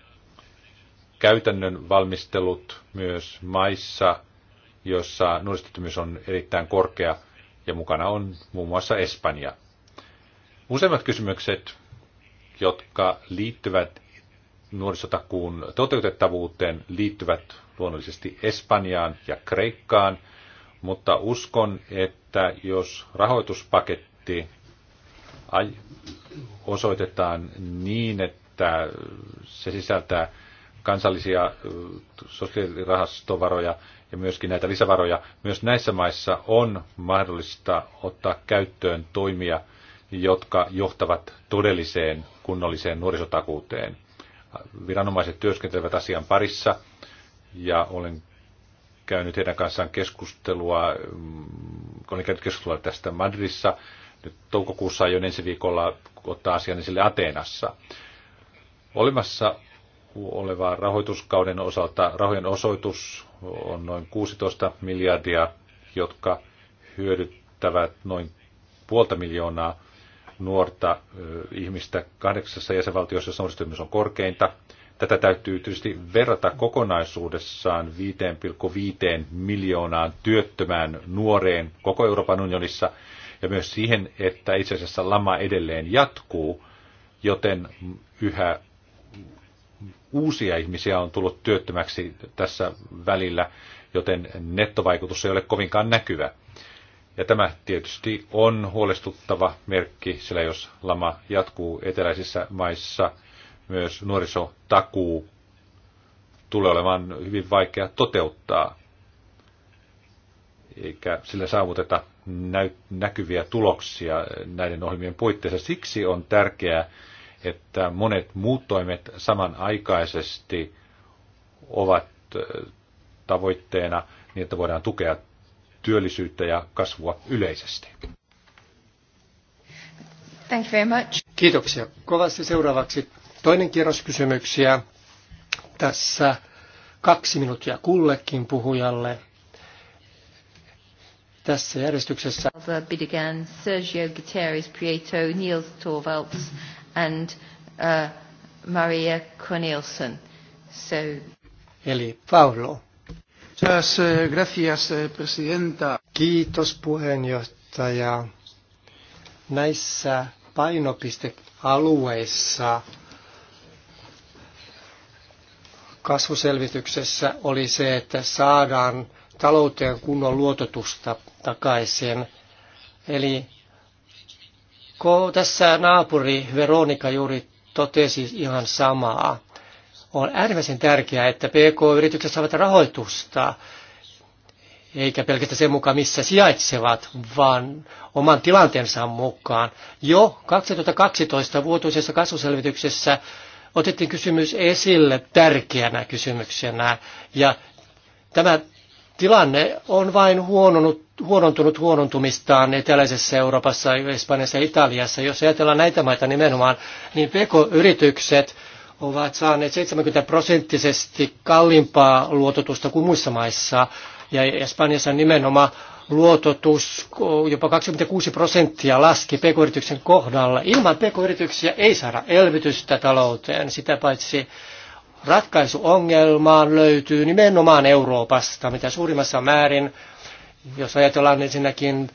Speaker 4: Käytännön valmistelut myös maissa, joissa nuorisotyöttömyys on erittäin korkea, ja mukana on muun muassa Espanja. Useimmat kysymykset, jotka liittyvät nuorisotakuun toteutettavuuteen, liittyvät luonnollisesti Espanjaan ja Kreikkaan, mutta uskon, että jos rahoituspaketti budjetti osoitetaan niin, että se sisältää kansallisia sosiaalirahastovaroja ja myöskin näitä lisävaroja. Myös näissä maissa on mahdollista ottaa käyttöön toimia, jotka johtavat todelliseen kunnolliseen nuorisotakuuteen. Viranomaiset työskentelevät asian parissa ja olen käynyt heidän kanssaan keskustelua, mm, olen käynyt keskustelua tästä Madridissa nyt toukokuussa jo ensi viikolla ottaa asian esille Ateenassa. Olemassa oleva rahoituskauden osalta rahojen osoitus on noin 16 miljardia, jotka hyödyttävät noin puolta miljoonaa nuorta ihmistä kahdeksassa jäsenvaltiossa, jossa nuorisotyöttömyys on korkeinta. Tätä täytyy tietysti verrata kokonaisuudessaan 5,5 miljoonaan työttömään nuoreen koko Euroopan unionissa, ja myös siihen, että itse asiassa lama edelleen jatkuu, joten yhä uusia ihmisiä on tullut työttömäksi tässä välillä, joten nettovaikutus ei ole kovinkaan näkyvä. Ja tämä tietysti on huolestuttava merkki, sillä jos lama jatkuu eteläisissä maissa, myös nuorisotakuu tulee olemaan hyvin vaikea toteuttaa eikä sillä saavuteta näkyviä tuloksia näiden ohjelmien puitteissa. Siksi on tärkeää, että monet muut toimet samanaikaisesti ovat tavoitteena niin, että voidaan tukea työllisyyttä ja kasvua yleisesti.
Speaker 1: Thank you very much.
Speaker 4: Kiitoksia
Speaker 2: kovasti. Seuraavaksi toinen kierros kysymyksiä. Tässä kaksi minuuttia kullekin puhujalle tässä järjestyksessä.
Speaker 1: began Sergio Guterres Prieto, Niels Torvalds and uh, Maria Cornelson. So.
Speaker 2: Eli Paulo. Muchas eh, gracias, eh, presidenta. Kiitos puheenjohtaja. Näissä painopistealueissa kasvuselvityksessä oli se, että saadaan talouteen kunnon luototusta takaisin. Eli kun tässä naapuri Veronika juuri totesi ihan samaa, on äärimmäisen tärkeää, että PK-yritykset saavat rahoitusta, eikä pelkästään sen mukaan, missä sijaitsevat, vaan oman tilanteensa mukaan. Jo 2012 vuotuisessa kasvuselvityksessä otettiin kysymys esille tärkeänä kysymyksenä, ja tämä tilanne on vain huononut, huonontunut huonontumistaan eteläisessä Euroopassa, Espanjassa ja Italiassa. Jos ajatellaan näitä maita nimenomaan, niin PK-yritykset ovat saaneet 70 prosenttisesti kalliimpaa luototusta kuin muissa maissa. Ja Espanjassa nimenomaan luototus jopa 26 prosenttia laski pk-yrityksen kohdalla. Ilman pk-yrityksiä ei saada elvytystä talouteen. Sitä paitsi ratkaisu ongelmaan löytyy nimenomaan Euroopasta, mitä suurimmassa määrin, jos ajatellaan ensinnäkin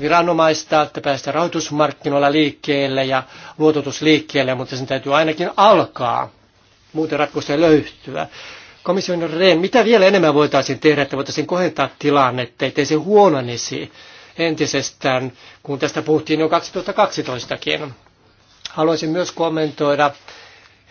Speaker 2: viranomaista, että päästä rahoitusmarkkinoilla liikkeelle ja luototusliikkeelle, mutta sen täytyy ainakin alkaa. Muuten ratkaisuja ei löytyä. Komission Rehn, mitä vielä enemmän voitaisiin tehdä, että voitaisiin kohentaa tilannetta, ettei se huononisi entisestään, kun tästä puhuttiin jo 2012kin. Haluaisin myös kommentoida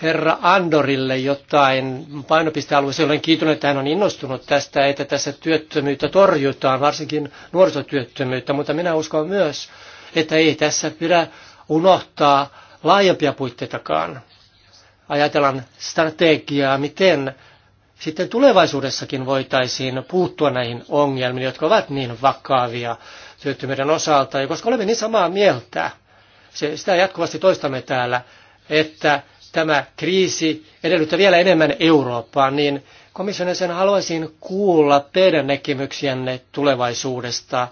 Speaker 2: herra Andorille jotain painopistealueeseen. Olen kiitollinen, että hän on innostunut tästä, että tässä työttömyyttä torjutaan, varsinkin nuorisotyöttömyyttä, mutta minä uskon myös, että ei tässä pidä unohtaa laajempia puitteitakaan. Ajatellaan strategiaa, miten sitten tulevaisuudessakin voitaisiin puuttua näihin ongelmiin, jotka ovat niin vakavia työttömyyden osalta. Ja koska olemme niin samaa mieltä, se, sitä jatkuvasti toistamme täällä, että tämä kriisi edellyttää vielä enemmän Eurooppaa, niin komission sen haluaisin kuulla teidän näkemyksiänne tulevaisuudesta.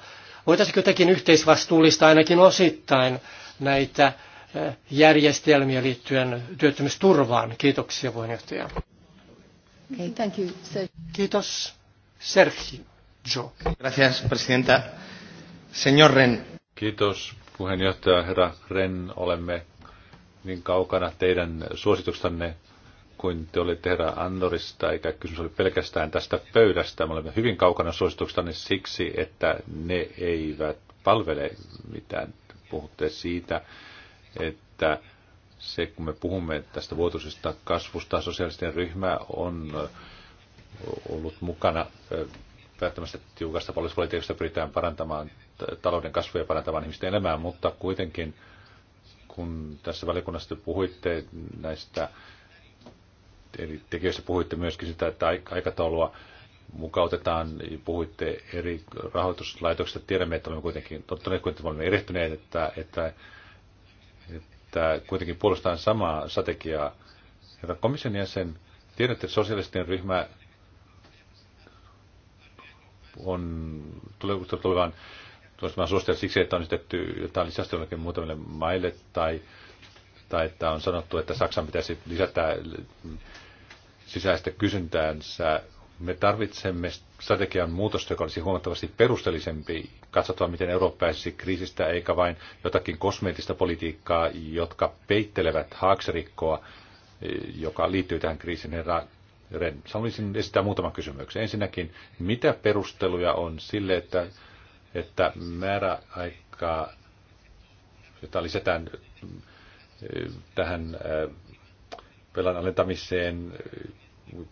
Speaker 2: Voitaisiinko jotenkin yhteisvastuullista ainakin osittain näitä eh, järjestelmiä liittyen työttömyysturvaan? Kiitoksia puheenjohtaja.
Speaker 1: Okay, thank you, sir. Kiitos.
Speaker 2: Sergio. Gracias, presidenta. Señor
Speaker 4: Ren. Kiitos puheenjohtaja herra Ren. Olemme niin kaukana teidän suositukstanne kuin te olitte herra Andorista, eikä kysymys oli pelkästään tästä pöydästä. Me olemme hyvin kaukana suosituksestanne siksi, että ne eivät palvele mitään. Puhutte siitä, että se, kun me puhumme tästä vuotuisesta kasvusta, sosiaalisten ryhmä on ollut mukana päättämässä tiukasta poliisipolitiikasta, pyritään parantamaan talouden kasvua ja parantamaan ihmisten elämää, mutta kuitenkin kun tässä valiokunnassa puhuitte näistä, eli tekijöissä puhuitte myöskin sitä, että aikataulua mukautetaan, puhuitte eri rahoituslaitoksista, tiedämme, että olemme kuitenkin, tottuneet, kun olemme erehtyneet, että, että, että kuitenkin puolustetaan samaa strategiaa. Herra komission jäsen, tiedätte, että sosialistinen ryhmä on tulevan mä suosittelen siksi, että on esitetty jotain lisästä jollekin muutamille maille tai, tai että on sanottu, että Saksan pitäisi lisätä sisäistä kysyntäänsä. Me tarvitsemme strategian muutosta, joka olisi huomattavasti perustellisempi, katsotaan miten Eurooppa pääsisi kriisistä, eikä vain jotakin kosmeettista politiikkaa, jotka peittelevät haaksirikkoa, joka liittyy tähän kriisin Ren, Sanoisin esittää muutaman kysymyksen. Ensinnäkin, mitä perusteluja on sille, että että määräaikaa, jota lisätään eh, tähän eh, velan alentamiseen, eh,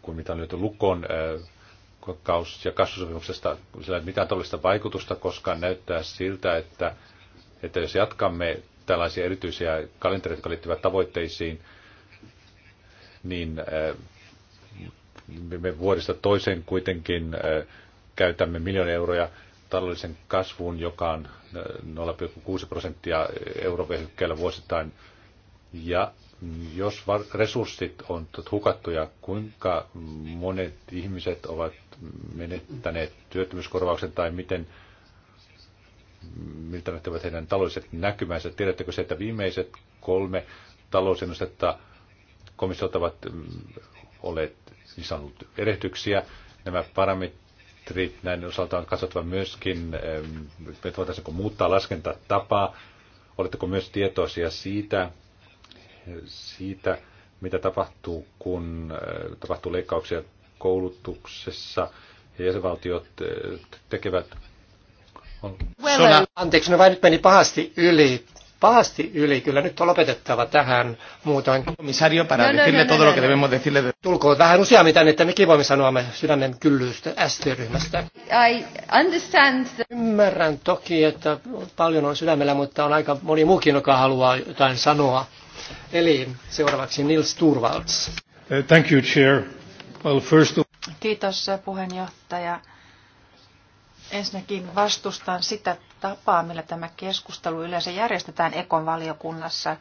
Speaker 4: kun mitä on löyty lukon kaus- ja kasvusopimuksesta, sillä ei ole mitään todellista vaikutusta, koska näyttää siltä, että, että jos jatkamme tällaisia erityisiä kalentereita, jotka liittyvät tavoitteisiin, niin me vuodesta toiseen kuitenkin käytämme miljoonia euroja taloudellisen kasvun, joka on 0,6 äh, prosenttia eurovehykkeellä vuosittain. Ja jos resurssit on hukattu ja kuinka monet ihmiset ovat menettäneet työttömyyskorvauksen tai miten miltä näyttävät heidän taloudelliset näkymänsä. Tiedättekö se, että viimeiset kolme talousennustetta komissiolta ovat mm, olleet niin sanotut erehtyksiä. Nämä parametrit parametrit näin osaltaan katsottava myöskin, me voitaisiinko muuttaa laskentatapaa. Oletteko myös tietoisia siitä, siitä mitä tapahtuu, kun eh, tapahtuu leikkauksia koulutuksessa ja jäsenvaltiot eh, tekevät... On...
Speaker 2: Anteeksi, no vain nyt meni pahasti yli pahasti yli. Kyllä nyt on lopetettava tähän muutoin. komisario para no, no, decirle no, no, todo no, lo que no. debemos decirle. De... Tulkoon vähän useammin että mekin voimme sanoa me sydämen kyllyystä ST-ryhmästä. I understand. The... Ymmärrän toki, että paljon on sydämellä, mutta on aika moni muukin, joka haluaa jotain sanoa. Eli seuraavaksi Nils Turvalds.
Speaker 1: Uh, thank you, Chair. Well, first of...
Speaker 3: Kiitos puheenjohtaja. Ensinnäkin vastustan sitä tapaa, millä tämä keskustelu yleensä järjestetään Ekon valiokunnassa.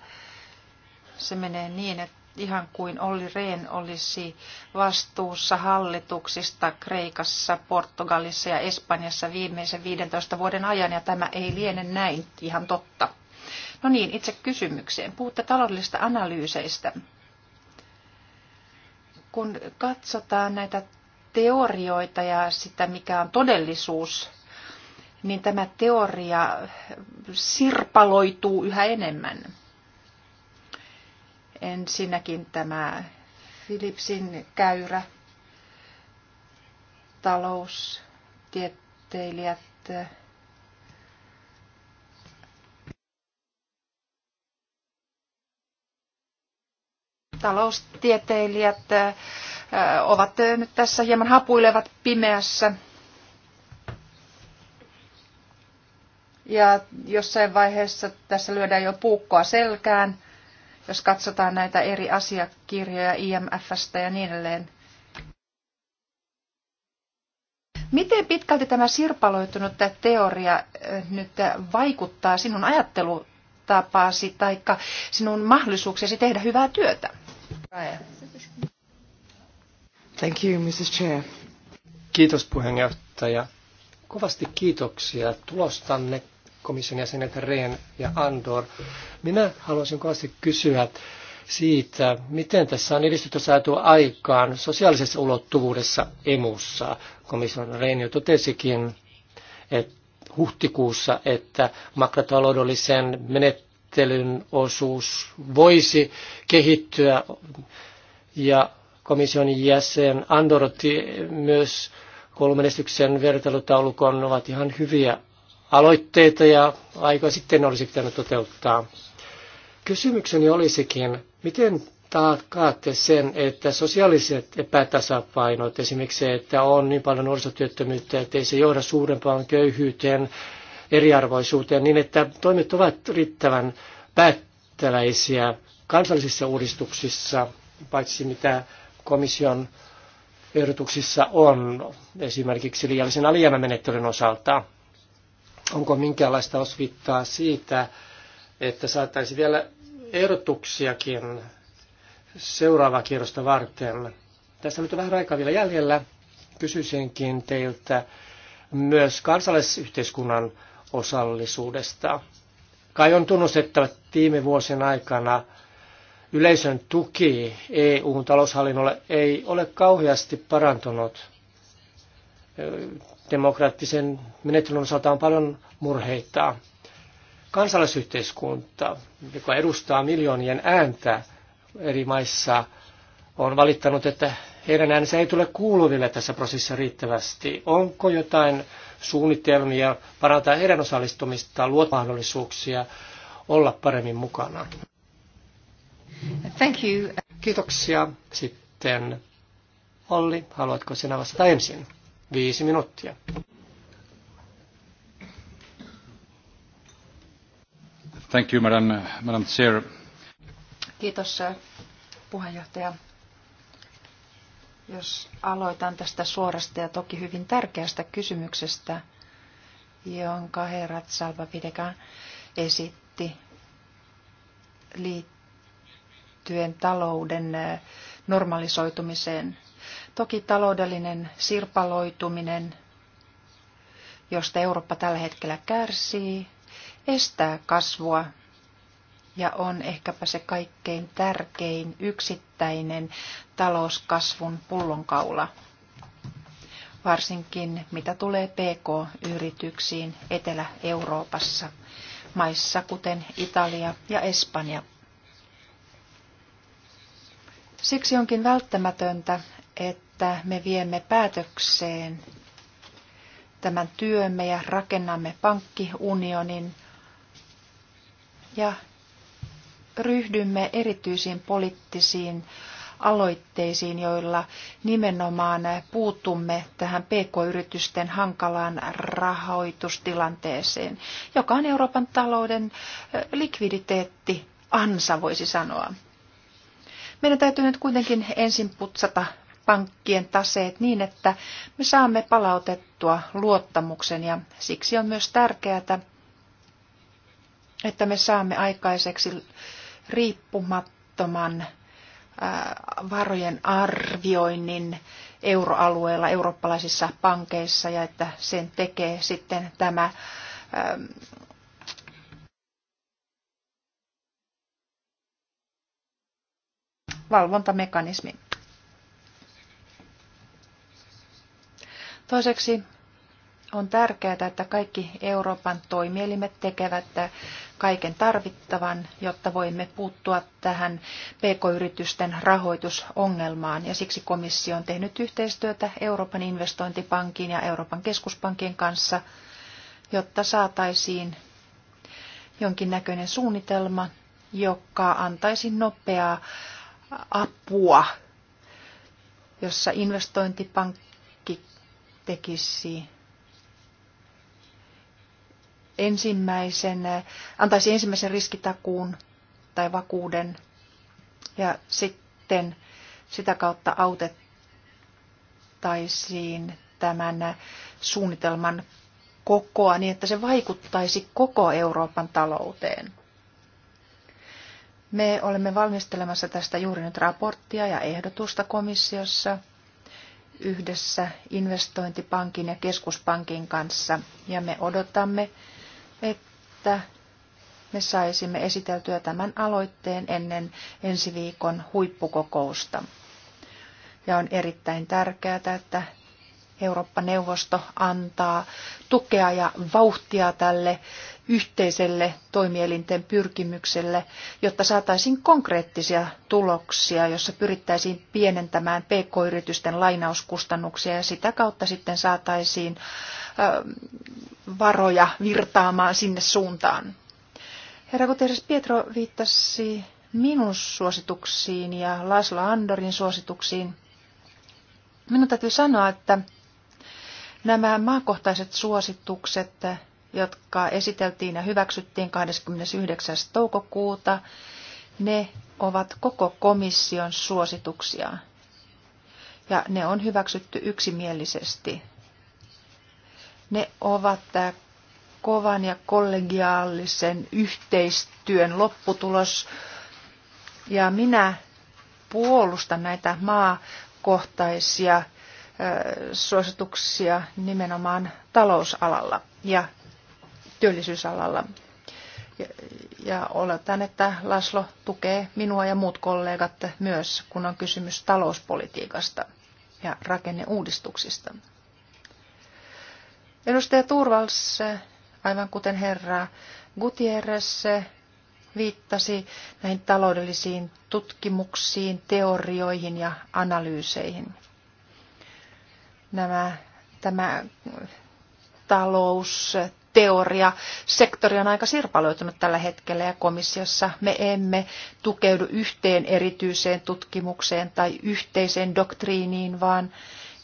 Speaker 3: Se menee niin, että ihan kuin Olli Rehn olisi vastuussa hallituksista Kreikassa, Portugalissa ja Espanjassa viimeisen 15 vuoden ajan, ja tämä ei liene näin ihan totta. No niin, itse kysymykseen. Puhutte taloudellista analyyseistä. Kun katsotaan näitä teorioita ja sitä, mikä on todellisuus, niin tämä teoria sirpaloituu yhä enemmän. Ensinnäkin tämä Philipsin käyrä, taloustieteilijät, taloustieteilijät ovat nyt tässä hieman hapuilevat pimeässä Ja jossain vaiheessa tässä lyödään jo puukkoa selkään, jos katsotaan näitä eri asiakirjoja IMFstä ja niin edelleen. Miten pitkälti tämä sirpaloitunut teoria eh, nyt vaikuttaa sinun ajattelutapaasi tai sinun mahdollisuuksiasi tehdä hyvää työtä?
Speaker 2: Thank you, Mrs. Chair. Kiitos puheenjohtaja. Kovasti kiitoksia tulostanne komission jäsenet Rehn ja Andor. Minä haluaisin kovasti kysyä siitä, miten tässä on edistystä saatu aikaan sosiaalisessa ulottuvuudessa emussa. Komission Rehn jo totesikin että huhtikuussa, että makrotaloudellisen menettelyn osuus voisi kehittyä ja komission jäsen Andor myös koulumenestyksen vertailutaulukon ovat ihan hyviä aloitteita ja aika sitten olisi pitänyt toteuttaa. Kysymykseni olisikin, miten takaatte sen, että sosiaaliset epätasapainot, esimerkiksi se, että on niin paljon nuorisotyöttömyyttä, että ei se johda suurempaan köyhyyteen, eriarvoisuuteen, niin että toimet ovat riittävän päättäväisiä kansallisissa uudistuksissa, paitsi mitä komission ehdotuksissa on, esimerkiksi liiallisen alijäämämenettelyn osalta. Onko minkäänlaista osvittaa siitä, että saataisiin vielä ehdotuksiakin seuraavaa kierrosta varten? Tässä nyt on vähän aikaa vielä jäljellä. Kysyisinkin teiltä myös kansalaisyhteiskunnan osallisuudesta. Kai on tunnustettava viime vuosien aikana yleisön tuki eu taloushallinnolle ei ole kauheasti parantunut demokraattisen menettelyn osalta on paljon murheita. Kansalaisyhteiskunta, joka edustaa miljoonien ääntä eri maissa, on valittanut, että heidän äänensä ei tule kuuluville tässä prosessissa riittävästi. Onko jotain suunnitelmia parantaa heidän osallistumista, luotmahdollisuuksia olla paremmin mukana? Thank you. Kiitoksia. Sitten Olli, haluatko sinä vastata ensin? Viisi minuuttia.
Speaker 5: Thank you, Madam, Madam Chair.
Speaker 3: Kiitos eh, puheenjohtaja. Jos aloitan tästä suorasta ja toki hyvin tärkeästä kysymyksestä, jonka herrat Salva Pidekan esitti liittyen talouden eh, normalisoitumiseen. Toki taloudellinen sirpaloituminen, josta Eurooppa tällä hetkellä kärsii, estää kasvua ja on ehkäpä se kaikkein tärkein yksittäinen talouskasvun pullonkaula, varsinkin mitä tulee PK-yrityksiin Etelä-Euroopassa, maissa kuten Italia ja Espanja. Siksi onkin välttämätöntä, että me viemme päätökseen tämän työmme ja rakennamme pankkiunionin ja ryhdymme erityisiin poliittisiin aloitteisiin, joilla nimenomaan puutumme tähän pk-yritysten hankalaan rahoitustilanteeseen, joka on Euroopan talouden likviditeetti ansa, voisi sanoa. Meidän täytyy nyt kuitenkin ensin putsata pankkien taseet niin, että me saamme palautettua luottamuksen ja siksi on myös tärkeää, että me saamme aikaiseksi riippumattoman varojen arvioinnin euroalueella, eurooppalaisissa pankeissa ja että sen tekee sitten tämä valvontamekanismi. Toiseksi on tärkeää, että kaikki Euroopan toimielimet tekevät kaiken tarvittavan, jotta voimme puuttua tähän pk-yritysten rahoitusongelmaan. Ja siksi komissio on tehnyt yhteistyötä Euroopan investointipankin ja Euroopan keskuspankin kanssa, jotta saataisiin jonkinnäköinen suunnitelma, joka antaisi nopeaa apua jossa investointipankki tekisi ensimmäisen, antaisi ensimmäisen riskitakuun tai vakuuden ja sitten sitä kautta autettaisiin tämän suunnitelman kokoa niin, että se vaikuttaisi koko Euroopan talouteen. Me olemme valmistelemassa tästä juuri nyt raporttia ja ehdotusta komissiossa – yhdessä investointipankin ja keskuspankin kanssa ja me odotamme, että me saisimme esiteltyä tämän aloitteen ennen ensi viikon huippukokousta. Ja on erittäin tärkeää, että Eurooppa-neuvosto antaa tukea ja vauhtia tälle yhteiselle toimielinten pyrkimykselle, jotta saataisiin konkreettisia tuloksia, jossa pyrittäisiin pienentämään pk-yritysten lainauskustannuksia ja sitä kautta sitten saataisiin varoja virtaamaan sinne suuntaan. Herra Kuteris Pietro viittasi minun suosituksiin ja Lasla Andorin suosituksiin. Minun täytyy sanoa, että Nämä maakohtaiset suositukset, jotka esiteltiin ja hyväksyttiin 29. toukokuuta, ne ovat koko komission suosituksia. Ja ne on hyväksytty yksimielisesti. Ne ovat kovan ja kollegiaalisen yhteistyön lopputulos. Ja minä puolustan näitä maakohtaisia suosituksia nimenomaan talousalalla ja työllisyysalalla. Ja, ja oletan, että Laslo tukee minua ja muut kollegat myös, kun on kysymys talouspolitiikasta ja rakenneuudistuksista. Edustaja Turvals, aivan kuten herra Gutierrez, viittasi näihin taloudellisiin tutkimuksiin, teorioihin ja analyyseihin nämä, tämä talousteoria. Sektori on aika sirpaloitunut tällä hetkellä ja komissiossa me emme tukeudu yhteen erityiseen tutkimukseen tai yhteiseen doktriiniin, vaan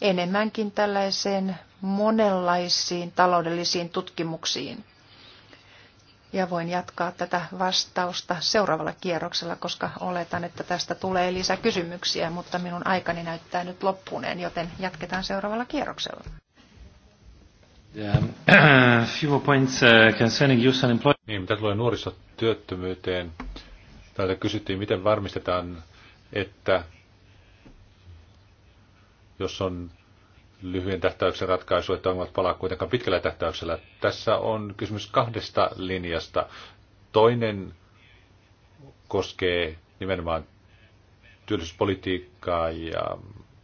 Speaker 3: enemmänkin tällaiseen monenlaisiin taloudellisiin tutkimuksiin ja voin jatkaa tätä vastausta seuraavalla kierroksella, koska oletan, että tästä tulee lisää kysymyksiä, mutta minun aikani näyttää nyt loppuneen, joten jatketaan seuraavalla kierroksella.
Speaker 4: Few points uh, Niin, mitä tulee nuorisotyöttömyyteen, täältä kysyttiin, miten varmistetaan, että jos on lyhyen tähtäyksen ratkaisu, että ongelmat palaa kuitenkaan pitkällä tähtäyksellä. Tässä on kysymys kahdesta linjasta. Toinen koskee nimenomaan työllisyyspolitiikkaa ja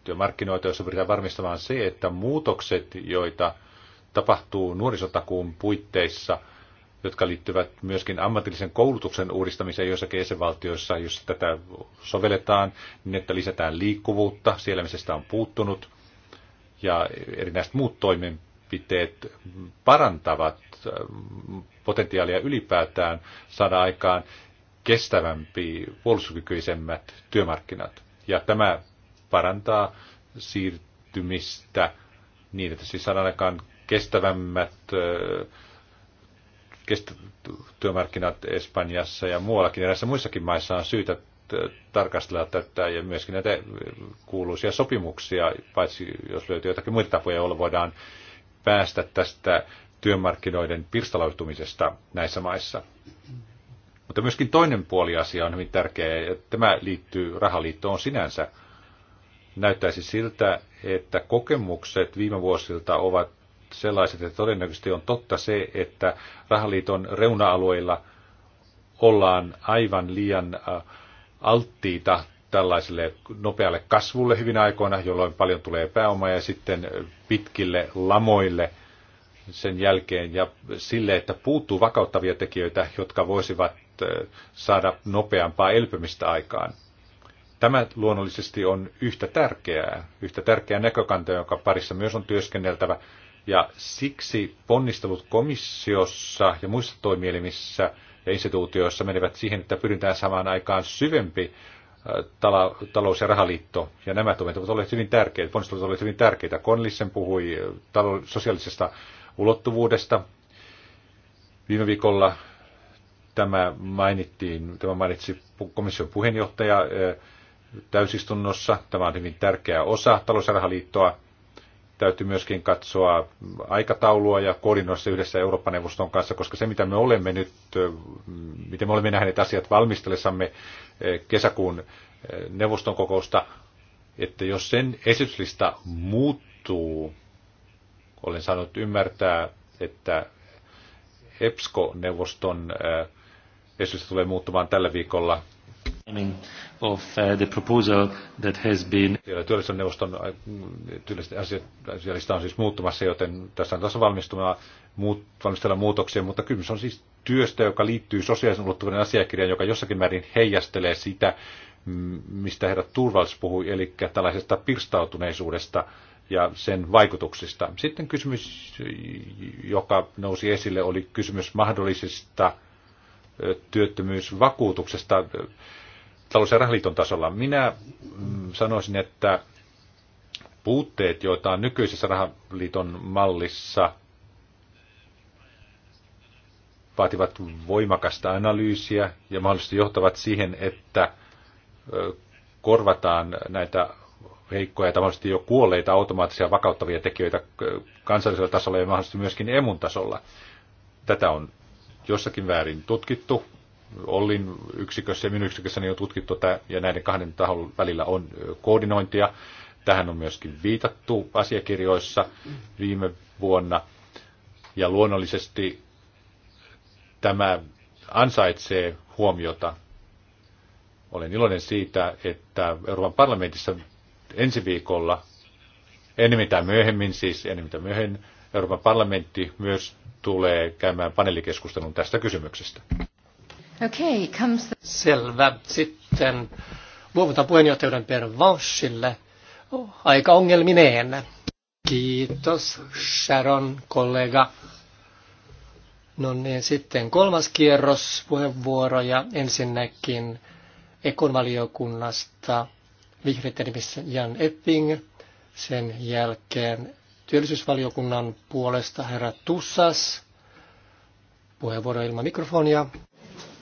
Speaker 4: työmarkkinoita, joissa pyritään varmistamaan se, että muutokset, joita tapahtuu nuorisotakuun puitteissa, jotka liittyvät myöskin ammatillisen koulutuksen uudistamiseen joissakin jäsenvaltioissa, jos tätä sovelletaan, niin että lisätään liikkuvuutta siellä, missä sitä on puuttunut, ja erinäiset muut toimenpiteet parantavat ähm, potentiaalia ylipäätään saada aikaan kestävämpi, puolustuskykyisemmät työmarkkinat. Ja tämä parantaa siirtymistä niin, että siis saadaan aikaan kestävämmät äh, kestä, työmarkkinat Espanjassa ja muuallakin. Eräissä muissakin maissa on syytä tarkastella tätä ja myöskin näitä kuuluisia sopimuksia, paitsi jos löytyy jotakin muita tapoja, joilla voidaan päästä tästä työmarkkinoiden pirstaloitumisesta näissä maissa. Mutta myöskin toinen puoli asia on hyvin tärkeä, ja tämä liittyy rahaliittoon sinänsä. Näyttäisi siltä, että kokemukset viime vuosilta ovat sellaiset, että todennäköisesti on totta se, että rahaliiton reuna-alueilla ollaan aivan liian äh, alttiita tällaiselle nopealle kasvulle hyvin aikoina, jolloin paljon tulee pääomaa ja sitten pitkille lamoille sen jälkeen ja sille, että puuttuu vakauttavia tekijöitä, jotka voisivat saada nopeampaa elpymistä aikaan. Tämä luonnollisesti on yhtä tärkeää, yhtä tärkeää näkökanta, jonka parissa myös on työskenneltävä, ja siksi ponnistelut komissiossa ja muissa toimielimissä – instituutioissa menevät siihen, että pyritään samaan aikaan syvempi äh, tala, talous- ja rahaliitto. Ja nämä toimet ovat olleet hyvin tärkeitä, ponnistelut olivat hyvin tärkeitä. Konlissen puhui äh, talou- sosiaalisesta ulottuvuudesta. Viime viikolla tämä mainittiin, tämä mainitsi komission puheenjohtaja äh, täysistunnossa. Tämä on hyvin tärkeä osa talous- ja rahaliittoa täytyy myöskin katsoa aikataulua ja koordinoissa yhdessä Eurooppa-neuvoston kanssa, koska se mitä me olemme nyt, mm, miten me olemme nähneet asiat valmistellessamme eh, kesäkuun eh, neuvoston kokousta, että jos sen esityslista muuttuu, olen saanut ymmärtää, että EPSCO-neuvoston eh, esitys tulee muuttumaan tällä viikolla Of uh, the proposal that has been... Työllisyysneuvoston äh, asialista on siis muuttumassa, joten tässä on tässä valmistuma, muut, valmistella muutoksia, mutta kysymys on siis työstä, joka liittyy sosiaalisen ulottuvuuden asiakirjaan, joka jossakin määrin heijastelee sitä, mistä herra Turvals puhui, eli tällaisesta pirstautuneisuudesta ja sen vaikutuksista. Sitten kysymys, joka nousi esille, oli kysymys mahdollisista työttömyysvakuutuksesta talous- ja rahaliiton tasolla. Minä mm, sanoisin, että puutteet, joita on nykyisessä rahaliiton mallissa, vaativat voimakasta analyysiä ja mahdollisesti johtavat siihen, että korvataan näitä heikkoja ja mahdollisesti jo kuolleita automaattisia vakauttavia tekijöitä kansallisella tasolla ja mahdollisesti myöskin emun tasolla. Tätä on jossakin väärin tutkittu Ollin yksikössä ja minun yksikössäni on tutkittu tätä, ja näiden kahden tahon välillä on koordinointia. Tähän on myöskin viitattu asiakirjoissa viime vuonna. Ja luonnollisesti tämä ansaitsee huomiota. Olen iloinen siitä, että Euroopan parlamentissa ensi viikolla, ennen mitä myöhemmin siis, ennen mitä myöhemmin, Euroopan parlamentti myös tulee käymään paneelikeskustelun tästä kysymyksestä.
Speaker 1: Okay, comes the...
Speaker 2: Selvä. Sitten luovutan puheenjohtajuuden per Valshille. Oh, aika ongelmineen. Kiitos Sharon, kollega. No niin, sitten kolmas kierros puheenvuoroja. Ensinnäkin ekonvaliokunnasta vihreiden Jan Epping. Sen jälkeen työllisyysvaliokunnan puolesta herra Tussas. Puheenvuoro ilman mikrofonia.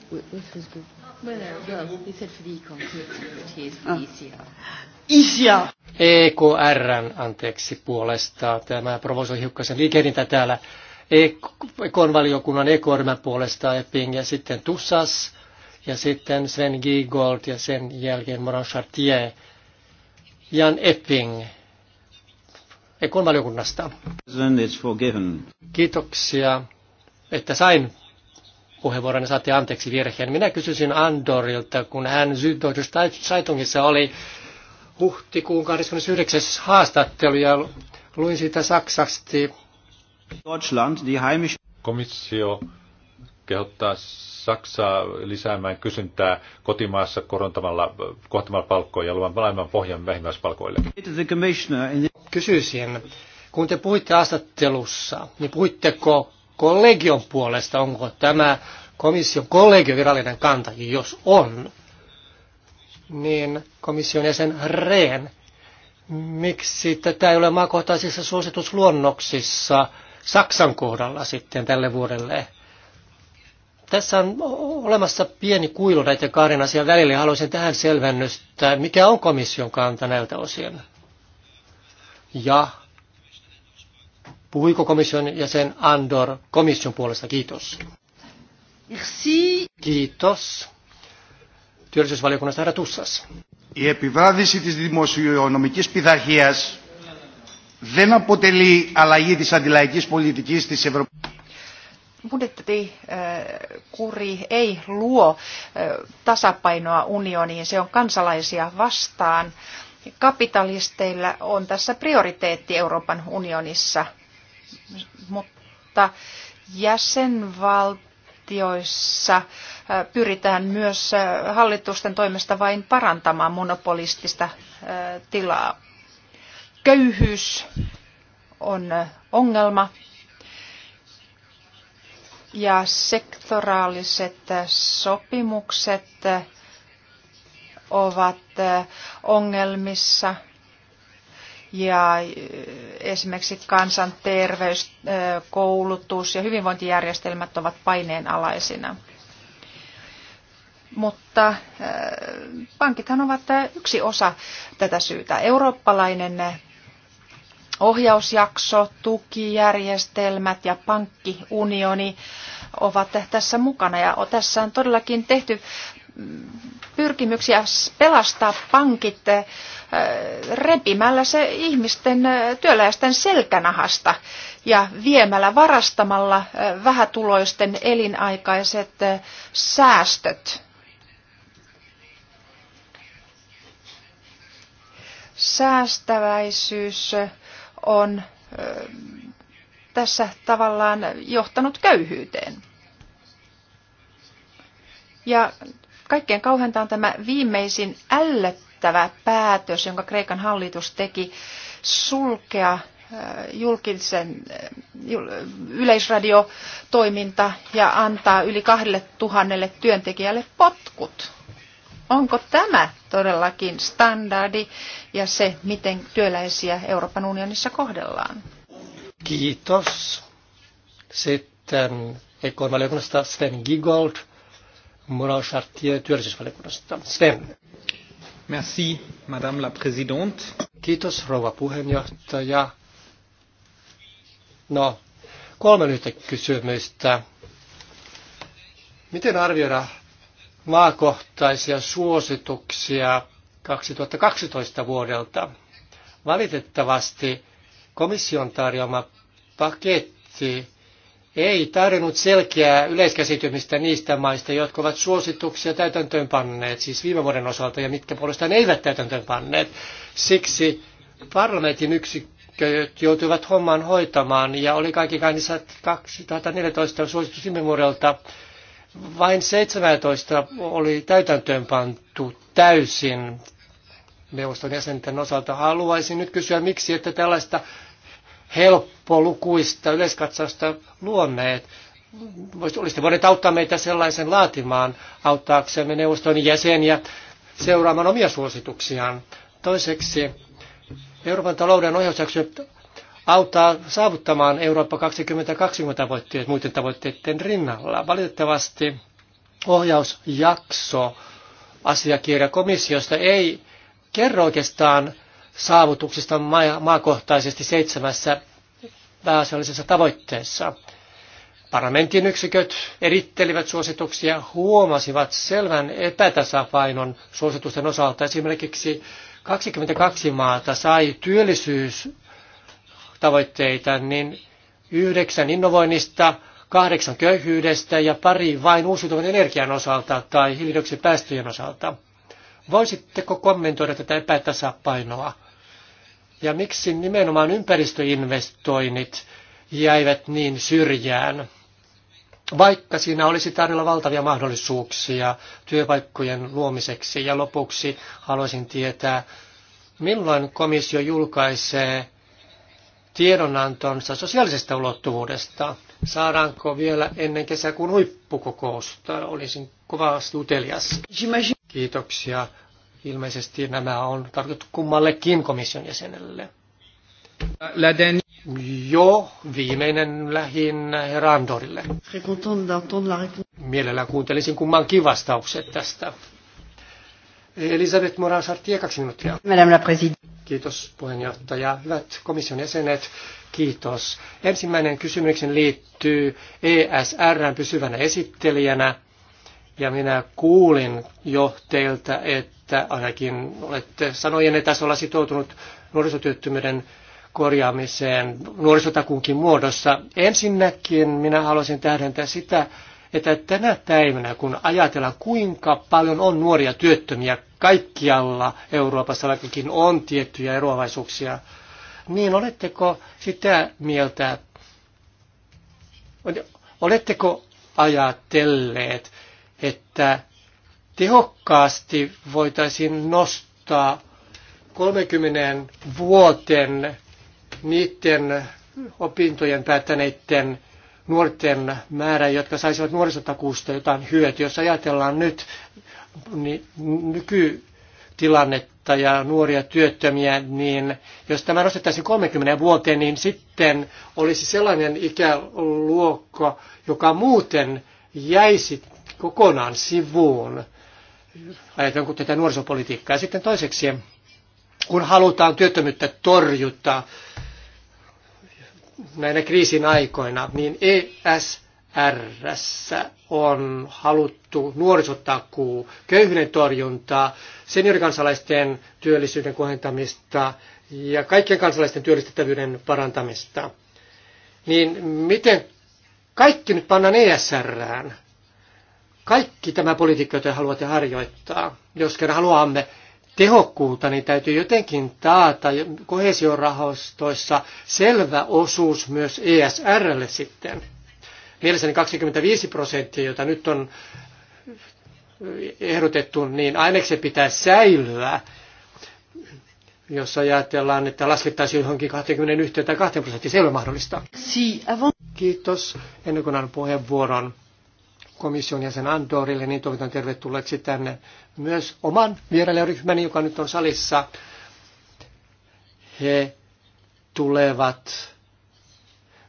Speaker 2: Isia
Speaker 1: was good? Uh, well, he said for the econ, is
Speaker 2: ah. E e e anteeksi, puolesta. Tämä provosoi hiukkasen liikehdintä täällä. Ekon valiokunnan EKRmän puolesta Epping ja sitten Tussas ja sitten Sven Giegold ja sen jälkeen Moran Chartier. Jan Epping, Ekon valiokunnasta. Kiitoksia, että sain puheenvuoron ja niin saatte anteeksi virheen. Minä kysyisin Andorilta, kun hän Süddeutsche oli huhtikuun 29. haastattelu ja luin siitä saksasti.
Speaker 4: Deutschland, die heimische... Komissio kehottaa Saksaa lisäämään kysyntää kotimaassa korontamalla, kohtamalla palkkoja ja luvan laajemman pohjan vähimmäispalkoille.
Speaker 2: Kysyisin, kun te puhuitte haastattelussa, niin puhuitteko kollegion puolesta, onko tämä komission kollegion virallinen kanta, jos on, niin komission jäsen reen? miksi tätä ei ole maakohtaisissa suositusluonnoksissa Saksan kohdalla sitten tälle vuodelle? Tässä on olemassa pieni kuilu näiden kahden asian välillä. Haluaisin tähän selvennystä, mikä on komission kanta näiltä osin. Ja Puhuiko komission jäsen Andor komission puolesta? Kiitos.
Speaker 1: Merci.
Speaker 2: Kiitos. Työllisyysvaliokunnasta herra Tussas. Η επιβράδυση της δημοσιονομικής
Speaker 4: πειθαρχίας δεν αποτελεί αλλαγή της αντιλαϊκής πολιτικής της Ευρωπαϊκής
Speaker 3: budjettikuri ei luo tasapainoa unioniin, se on kansalaisia vastaan. Kapitalisteilla on tässä prioriteetti Euroopan unionissa mutta jäsenvaltioissa pyritään myös hallitusten toimesta vain parantamaan monopolistista tilaa. Köyhyys on ongelma ja sektoraaliset sopimukset ovat ongelmissa – ja äh, esimerkiksi kansanterveys, äh, koulutus ja hyvinvointijärjestelmät ovat paineen alaisina. Mutta äh, pankithan ovat yksi osa tätä syytä. Eurooppalainen ohjausjakso, tukijärjestelmät ja pankkiunioni ovat tässä mukana. Ja tässä on todellakin tehty pyrkimyksiä pelastaa pankit repimällä se ihmisten työläisten selkänahasta ja viemällä varastamalla vähätuloisten elinaikaiset säästöt. Säästäväisyys on tässä tavallaan johtanut köyhyyteen. Ja Kaikkein kauheinta on tämä viimeisin ällöttävä päätös, jonka Kreikan hallitus teki sulkea julkisen yleisradiotoiminta ja antaa yli kahdelle tuhannelle työntekijälle potkut. Onko tämä todellakin standardi ja se, miten työläisiä Euroopan unionissa kohdellaan?
Speaker 2: Kiitos. Sitten ekonomivaliokunnasta Sven Gigold. Moral työllisyysvaliokunnasta. Sven. Merci, Madame la Présidente. Kiitos, rouva puheenjohtaja. No, kolme lyhyttä kysymystä. Miten arvioida maakohtaisia suosituksia 2012 vuodelta? Valitettavasti komission tarjoama paketti ei tarjonnut selkeää yleiskäsitymistä niistä maista, jotka ovat suosituksia täytäntöön panneet, siis viime vuoden osalta, ja mitkä puolestaan eivät täytäntöön panneet. Siksi parlamentin yksiköt joutuivat homman hoitamaan, ja oli kaikki kannissa 2014 suositus viime vuodelta. Vain 17 oli täytäntöön pantu täysin neuvoston jäsenten osalta. Haluaisin nyt kysyä, miksi, että tällaista lukuista yleiskatsausta luonneet. Olisitte voineet auttaa meitä sellaisen laatimaan, auttaaksemme neuvoston jäseniä seuraamaan omia suosituksiaan. Toiseksi Euroopan talouden ohjausjakso auttaa saavuttamaan Eurooppa 2020 tavoitteet muiden tavoitteiden rinnalla. Valitettavasti ohjausjakso asiakirja komissiosta ei kerro oikeastaan saavutuksista maakohtaisesti seitsemässä pääasiallisessa tavoitteessa. Parlamentin yksiköt erittelivät suosituksia huomasivat selvän epätasapainon suositusten osalta. Esimerkiksi 22 maata sai työllisyystavoitteita, niin yhdeksän innovoinnista, kahdeksan köyhyydestä ja pari vain uusiutuvan energian osalta tai hiilidioksidipäästöjen osalta. Voisitteko kommentoida tätä epätasapainoa? ja miksi nimenomaan ympäristöinvestoinnit jäivät niin syrjään, vaikka siinä olisi tarjolla valtavia mahdollisuuksia työpaikkojen luomiseksi. Ja lopuksi haluaisin tietää, milloin komissio julkaisee tiedonantonsa sosiaalisesta ulottuvuudesta. Saadaanko vielä ennen kesäkuun huippukokousta? Olisin kovasti utelias. Kiitoksia. Ilmeisesti nämä on tarkoitettu kummallekin komission jäsenelle. Läden. Jo, viimeinen lähin Randorille. Mielellään kuuntelisin kummankin vastaukset tästä. Elisabeth Moran-Sartie, kaksi
Speaker 1: minuuttia. Madame la
Speaker 2: Kiitos puheenjohtaja. Hyvät komission jäsenet, kiitos. Ensimmäinen kysymyksen liittyy ESRn pysyvänä esittelijänä ja minä kuulin jo teiltä, että ainakin olette sanojenne tasolla sitoutunut nuorisotyöttömyyden korjaamiseen nuorisotakunkin muodossa. Ensinnäkin minä haluaisin tähdentää sitä, että tänä päivänä, kun ajatellaan kuinka paljon on nuoria työttömiä kaikkialla Euroopassa, vaikkakin on tiettyjä eroavaisuuksia, niin oletteko sitä mieltä, oletteko ajatelleet, että tehokkaasti voitaisiin nostaa 30 vuoten niiden opintojen päättäneiden nuorten määrä, jotka saisivat nuorisotakuusta jotain hyötyä. Jos ajatellaan nyt niin nykytilannetta ja nuoria työttömiä, niin jos tämä nostettaisiin 30 vuoteen, niin sitten olisi sellainen ikäluokka, joka muuten jäisi kokonaan sivuun. Ajatellaan kun tätä nuorisopolitiikkaa. Sitten toiseksi, kun halutaan työttömyyttä torjuta näinä kriisin aikoina, niin ESR on haluttu nuorisotakuu, köyhyyden torjuntaa, seniorikansalaisten työllisyyden kohentamista ja kaikkien kansalaisten työllistettävyyden parantamista. Niin miten kaikki nyt pannaan ESRään? Kaikki tämä politiikka, jota haluatte harjoittaa, jos kerran haluamme tehokkuutta, niin täytyy jotenkin taata kohesiorahoistoissa selvä osuus myös ESRlle sitten. Mielestäni 25 prosenttia, jota nyt on ehdotettu, niin ainakin se pitää säilyä, jos ajatellaan, että laskettaisiin johonkin 21 tai 2 prosenttia, se ei ole mahdollista. Kiitos, ennen kuin annan puheenvuoron komission jäsen Andorille, niin toivotan tervetulleeksi tänne myös oman vierailijaryhmäni, joka nyt on salissa. He tulevat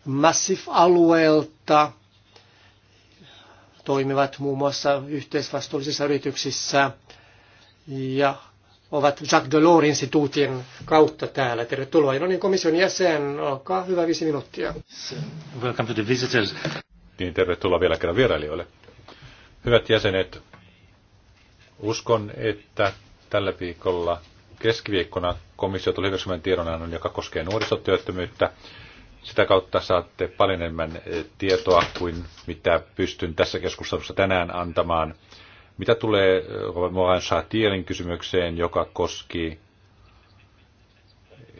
Speaker 2: Massif-alueelta, toimivat muun muassa yhteisvastuullisissa yrityksissä ja ovat Jacques Delors-instituutin kautta täällä. Tervetuloa. No niin, komission jäsen, olkaa hyvä viisi minuuttia.
Speaker 4: Welcome to the visitors niin tervetuloa vielä kerran vierailijoille. Hyvät jäsenet, uskon, että tällä viikolla keskiviikkona komissio tuli hyväksymään tiedonannon, joka koskee nuorisotyöttömyyttä. Sitä kautta saatte paljon enemmän eh, tietoa kuin mitä pystyn tässä keskustelussa tänään antamaan. Mitä tulee eh, Moran Chartierin kysymykseen, joka koski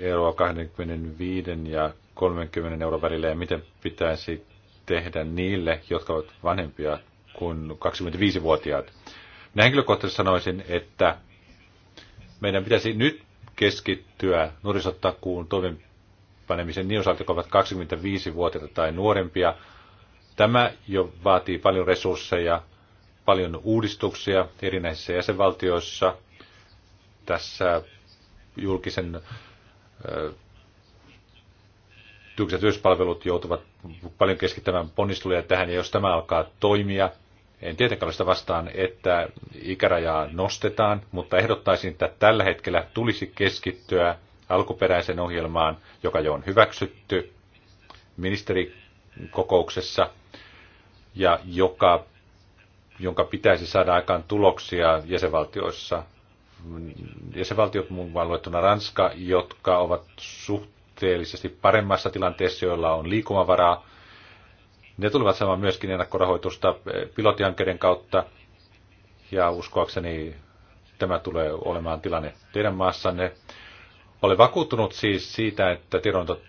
Speaker 4: euroa 25 ja 30 euron välillä ja miten pitäisi tehdä niille, jotka ovat vanhempia kuin 25-vuotiaat. Minä henkilökohtaisesti sanoisin, että meidän pitäisi nyt keskittyä nuorisotakuun toimenpanemisen niin osalta, jotka ovat 25-vuotiaita tai nuorempia. Tämä jo vaatii paljon resursseja, paljon uudistuksia erinäisissä jäsenvaltioissa. Tässä julkisen julkiset yrityspalvelut joutuvat paljon keskittämään ponnisteluja tähän, ja jos tämä alkaa toimia, en tietenkään ole sitä vastaan, että ikärajaa nostetaan, mutta ehdottaisin, että tällä hetkellä tulisi keskittyä alkuperäiseen ohjelmaan, joka jo on hyväksytty ministerikokouksessa, ja joka, jonka pitäisi saada aikaan tuloksia jäsenvaltioissa jäsenvaltiot muun luettuna Ranska, jotka ovat suht suhteellisesti paremmassa tilanteessa, joilla on liikumavaraa. Ne tulevat saamaan myöskin ennakkorahoitusta eh, pilotihankkeiden kautta, ja uskoakseni tämä tulee olemaan tilanne teidän maassanne. Olen vakuuttunut siis siitä, että tiedonanto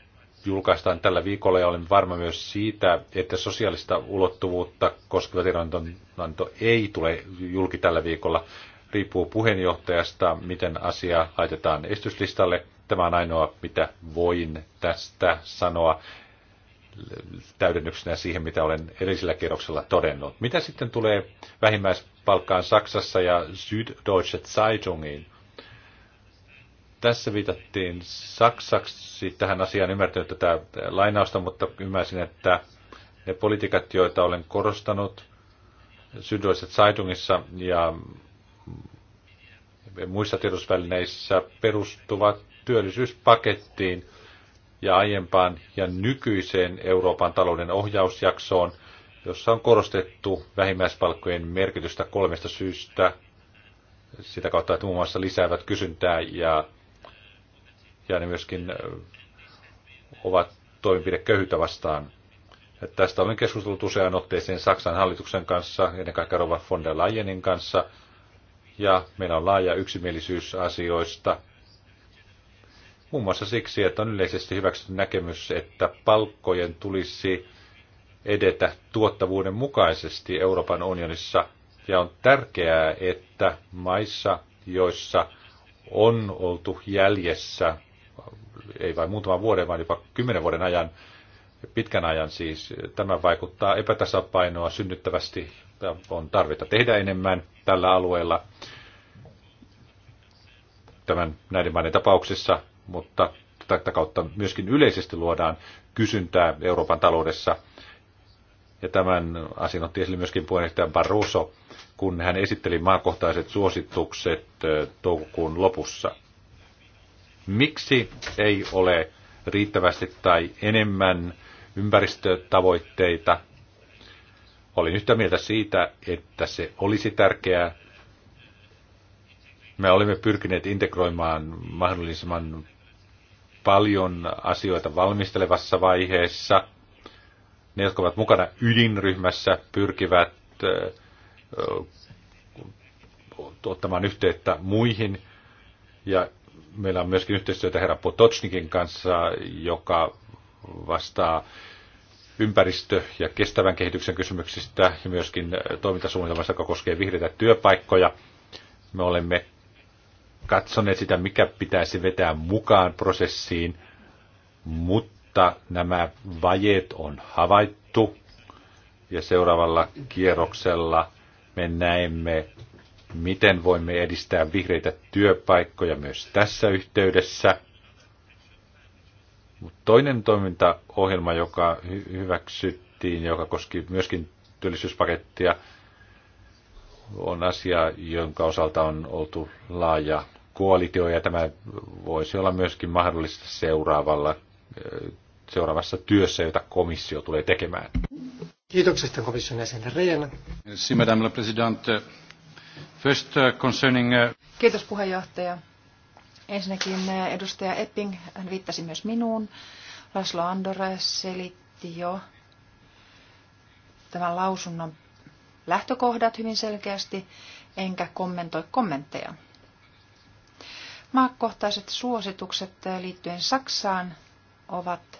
Speaker 4: julkaistaan tällä viikolla ja olen varma myös siitä, että sosiaalista ulottuvuutta koskeva tiedonanto ei tule julki tällä viikolla. Riippuu puheenjohtajasta, miten asia laitetaan estyslistalle. Tämä on ainoa, mitä voin tästä sanoa täydennyksenä siihen, mitä olen edellisellä kerroksella todennut. Mitä sitten tulee vähimmäispalkkaan Saksassa ja Süddeutsche Zeitungiin? Tässä viitattiin saksaksi tähän asiaan, ymmärtänyt tätä lainausta, mutta ymmärsin, että ne politiikat, joita olen korostanut Süddeutsche Zeitungissa ja muissa tiedotusvälineissä perustuvat työllisyyspakettiin ja aiempaan ja nykyiseen Euroopan talouden ohjausjaksoon, jossa on korostettu vähimmäispalkkojen merkitystä kolmesta syystä. Sitä kautta, että muun muassa lisäävät kysyntää ja, ja ne myöskin ovat toimenpide köyhyyttä vastaan. Ja tästä olen keskustellut useaan otteeseen Saksan hallituksen kanssa, ennen kaikkea Rova von der Leyenin kanssa – ja meillä on laaja yksimielisyys asioista. Muun muassa siksi, että on yleisesti hyväksytty näkemys, että palkkojen tulisi edetä tuottavuuden mukaisesti Euroopan unionissa. Ja on tärkeää, että maissa, joissa on oltu jäljessä, ei vain muutaman vuoden, vaan jopa kymmenen vuoden ajan, pitkän ajan siis, tämä vaikuttaa epätasapainoa synnyttävästi on tarvetta tehdä enemmän tällä alueella tämän, näiden maiden tapauksissa, mutta tätä kautta myöskin yleisesti luodaan kysyntää Euroopan taloudessa. Ja tämän asian otti esille myöskin puheenjohtaja Barroso, kun hän esitteli maakohtaiset suositukset toukokuun lopussa. Miksi ei ole riittävästi tai enemmän ympäristötavoitteita Olin yhtä mieltä siitä, että se olisi tärkeää. Me olimme pyrkineet integroimaan mahdollisimman paljon asioita valmistelevassa vaiheessa. Ne, jotka ovat mukana ydinryhmässä, pyrkivät ottamaan yhteyttä muihin. Ja meillä on myöskin yhteistyötä herra Potocnikin kanssa, joka vastaa ympäristö- ja kestävän kehityksen kysymyksistä ja myöskin äh, toimintasuunnitelmasta, joka koskee vihreitä työpaikkoja. Me olemme katsoneet sitä, mikä pitäisi vetää mukaan prosessiin, mutta nämä vajeet on havaittu ja seuraavalla kierroksella me näemme, miten voimme edistää vihreitä työpaikkoja myös tässä yhteydessä – mutta toinen toimintaohjelma, joka hyväksyttiin, joka koski myöskin työllisyyspakettia, on asia, jonka osalta on oltu laaja koalitio, ja tämä voisi olla myöskin mahdollista seuraavalla, seuraavassa työssä, jota komissio tulee tekemään.
Speaker 2: Kiitoksesta komission jäsenen Reena.
Speaker 5: Merci, madame la présidente. First uh, concerning... Uh,
Speaker 3: Kiitos puheenjohtaja. Ensinnäkin eh, edustaja Epping, hän viittasi myös minuun. Laslo Andorra selitti jo tämän lausunnon lähtökohdat hyvin selkeästi, enkä kommentoi kommentteja. Maakohtaiset suositukset eh, liittyen Saksaan ovat,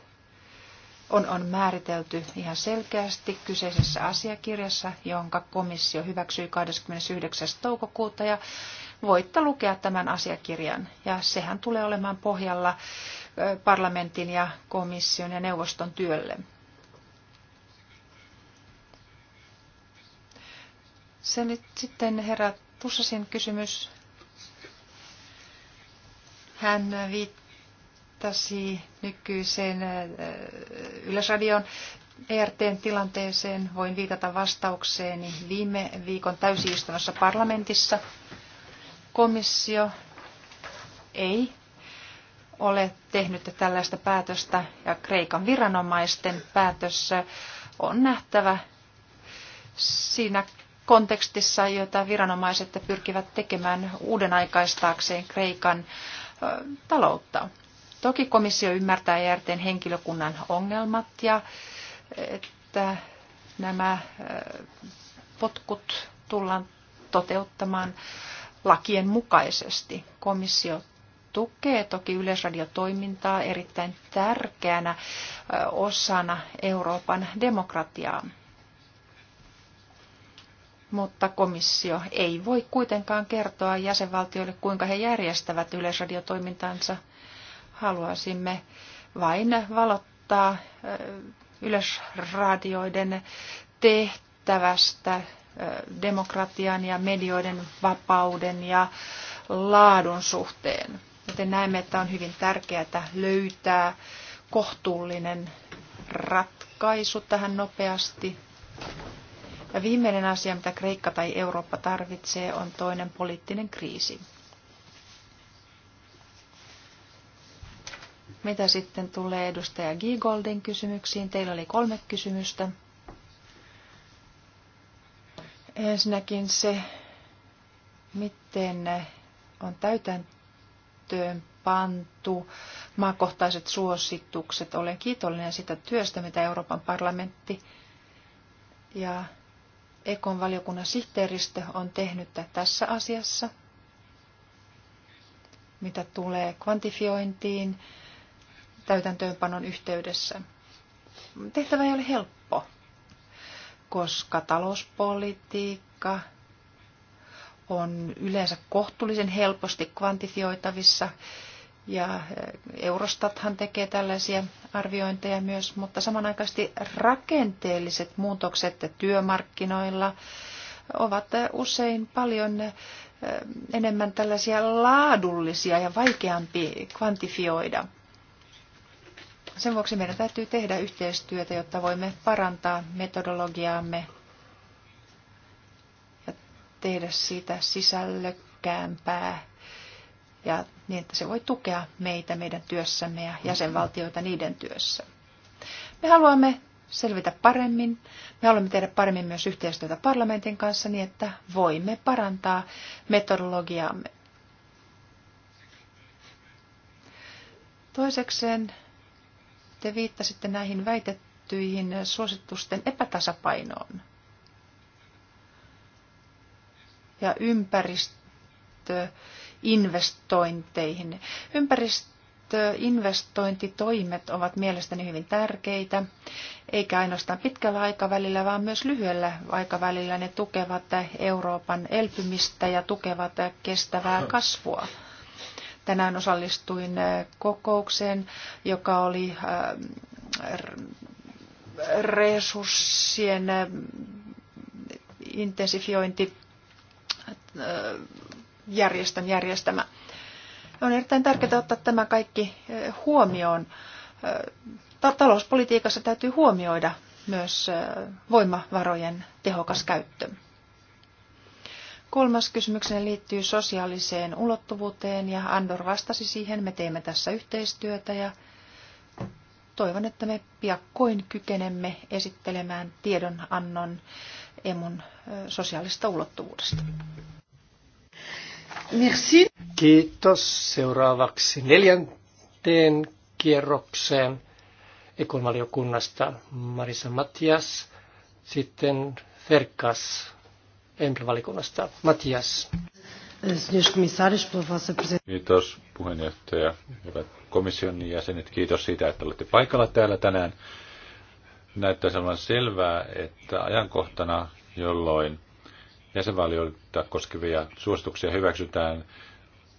Speaker 3: on, on määritelty ihan selkeästi kyseisessä asiakirjassa, jonka komissio hyväksyi 29. toukokuuta ja voitte lukea tämän asiakirjan. Ja sehän tulee olemaan pohjalla parlamentin ja komission ja neuvoston työlle. Se nyt sitten herra Tussasin kysymys. Hän viittasi nykyiseen Yleisradion ERTn tilanteeseen. Voin viitata vastaukseeni viime viikon täysistunnossa parlamentissa komissio ei ole tehnyt tällaista päätöstä ja Kreikan viranomaisten päätös on nähtävä siinä kontekstissa, jota viranomaiset pyrkivät tekemään uuden aikaistaakseen Kreikan taloutta. Toki komissio ymmärtää järten henkilökunnan ongelmat ja että nämä potkut tullaan toteuttamaan lakien mukaisesti. Komissio tukee toki yleisradiotoimintaa erittäin tärkeänä osana Euroopan demokratiaa. Mutta komissio ei voi kuitenkaan kertoa jäsenvaltioille, kuinka he järjestävät yleisradiotoimintansa. Haluaisimme vain valottaa yleisradioiden tehtävästä demokratian ja medioiden vapauden ja laadun suhteen. Joten näemme, että on hyvin tärkeää löytää kohtuullinen ratkaisu tähän nopeasti. Ja viimeinen asia, mitä Kreikka tai Eurooppa tarvitsee, on toinen poliittinen kriisi. Mitä sitten tulee edustaja Giegoldin kysymyksiin? Teillä oli kolme kysymystä. Ensinnäkin se, miten on täytäntöön pantu maakohtaiset suositukset. Olen kiitollinen sitä työstä, mitä Euroopan parlamentti ja Ekon valiokunnan sihteeristö on tehnyt tässä asiassa, mitä tulee kvantifiointiin täytäntöönpanon yhteydessä. Tehtävä ei ole helppo koska talouspolitiikka on yleensä kohtuullisen helposti kvantifioitavissa ja eh, Eurostathan tekee tällaisia arviointeja myös, mutta samanaikaisesti rakenteelliset muutokset työmarkkinoilla ovat eh, usein paljon eh, enemmän tällaisia laadullisia ja vaikeampi kvantifioida. Sen vuoksi meidän täytyy tehdä yhteistyötä, jotta voimme parantaa metodologiaamme ja tehdä siitä sisällökkäämpää ja niin, että se voi tukea meitä meidän työssämme ja jäsenvaltioita niiden työssä. Me haluamme selvitä paremmin. Me haluamme tehdä paremmin myös yhteistyötä parlamentin kanssa niin, että voimme parantaa metodologiaamme. Toisekseen te viittasitte näihin väitettyihin suositusten epätasapainoon. Ja ympäristöinvestointeihin. Ympäristöinvestointitoimet ovat mielestäni hyvin tärkeitä, eikä ainoastaan pitkällä aikavälillä, vaan myös lyhyellä aikavälillä ne tukevat Euroopan elpymistä ja tukevat kestävää kasvua Tänään osallistuin äh, kokoukseen, joka oli äh, resurssien äh, intensifiointi järjestön järjestämä. On erittäin tärkeää ottaa tämä kaikki huomioon. Talouspolitiikassa täytyy huomioida myös voimavarojen tehokas käyttö. Kolmas kysymykseni liittyy sosiaaliseen ulottuvuuteen ja Andor vastasi siihen. Me teemme tässä yhteistyötä ja toivon, että me piakkoin kykenemme esittelemään tiedonannon emun sosiaalista ulottuvuudesta.
Speaker 1: Merci.
Speaker 2: Kiitos. Seuraavaksi neljänteen kierrokseen ekonvaliokunnasta Marisa Matias, sitten Ferkas empl Matias.
Speaker 4: Kiitos puheenjohtaja, hyvät komission jäsenet. Kiitos siitä, että olette paikalla täällä tänään. Näyttää olevan selvää, että ajankohtana, jolloin jäsenvalioita koskevia suosituksia hyväksytään,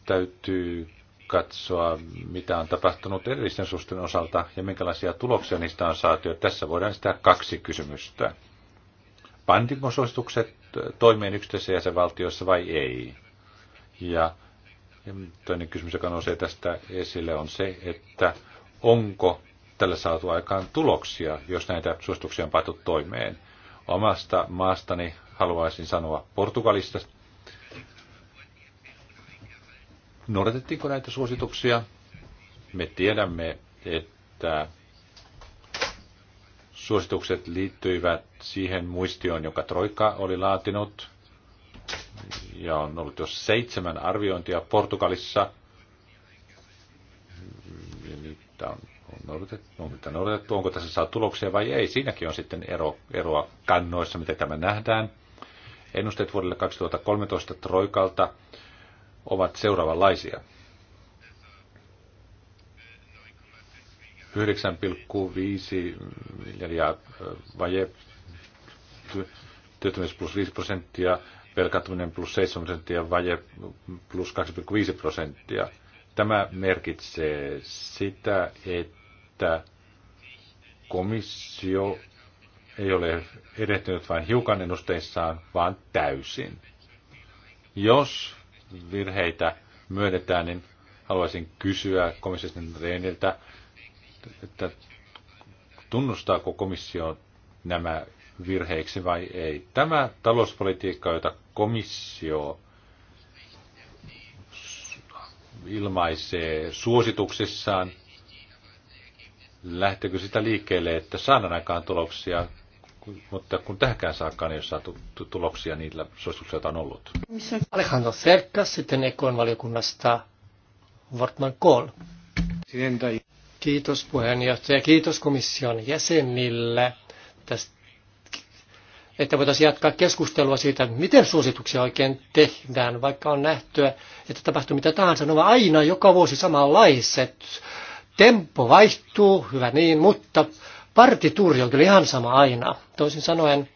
Speaker 4: täytyy katsoa, mitä on tapahtunut erillisten susten osalta ja minkälaisia tuloksia niistä on saatu. Ja tässä voidaan sitä kaksi kysymystä. Pantiinko suositukset toimeen yksityisissä jäsenvaltioissa vai ei. Ja, ja toinen kysymys, joka nousee tästä esille, on se, että onko tällä saatu aikaan tuloksia, jos näitä suosituksia on pantu toimeen. Omasta maastani haluaisin sanoa Portugalista. Noudatettiinko näitä suosituksia? Me tiedämme, että Suositukset liittyivät siihen muistioon, joka Troika oli laatinut, ja on ollut jo seitsemän arviointia Portugalissa. Ja nyt on noudatettu, on noudatettu, onko tässä saa tuloksia vai ei. Siinäkin on sitten ero, eroa kannoissa, miten tämä nähdään. Ennusteet vuodelle 2013 Troikalta ovat seuraavanlaisia. 9,5 miljardia vaje, työttömyys plus 5 prosenttia, velkaantuminen plus 7 prosenttia, vaje plus 2,5 prosenttia. Tämä merkitsee sitä, että komissio ei ole edettynyt vain hiukan ennusteissaan, vaan täysin. Jos virheitä myönnetään, niin haluaisin kysyä komission reeniltä, että tunnustaako komissio nämä virheiksi vai ei. Tämä talouspolitiikka, jota komissio ilmaisee suosituksissaan, lähtekö sitä liikkeelle, että saadaan aikaan tuloksia, mutta kun tähänkään saakkaan ei ole saatu tuloksia niillä suosituksilla, joita on ollut.
Speaker 2: Alejandro Serkas, sitten Ekon valiokunnasta Wortman Kohl. Presidenta, Kiitos puheenjohtaja, kiitos komission jäsenille, tästä, että voitaisiin jatkaa keskustelua siitä, miten suosituksia oikein tehdään, vaikka on nähty, että tapahtuu mitä tahansa. Ne ovat aina joka vuosi samanlaiset. Tempo vaihtuu, hyvä niin, mutta partituuri on kyllä ihan sama aina. Toisin sanoen,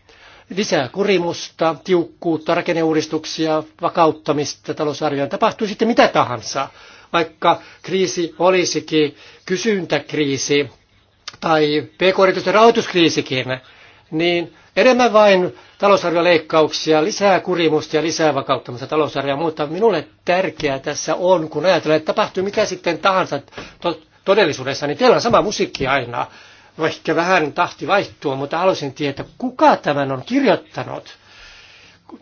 Speaker 2: lisää kurimusta, tiukkuutta, rakenneuudistuksia, vakauttamista talousarvioon. Tapahtuu sitten mitä tahansa vaikka kriisi olisikin kysyntäkriisi tai pk-yritysten rahoituskriisikin, niin enemmän vain talousarvioleikkauksia, lisää kurimusta ja lisää vakauttamista talousarvioa, mutta minulle tärkeää tässä on, kun ajatellaan, että tapahtuu mitä sitten tahansa to- todellisuudessa, niin teillä on sama musiikki aina, vaikka no, vähän tahti vaihtuu, mutta haluaisin tietää, kuka tämän on kirjoittanut,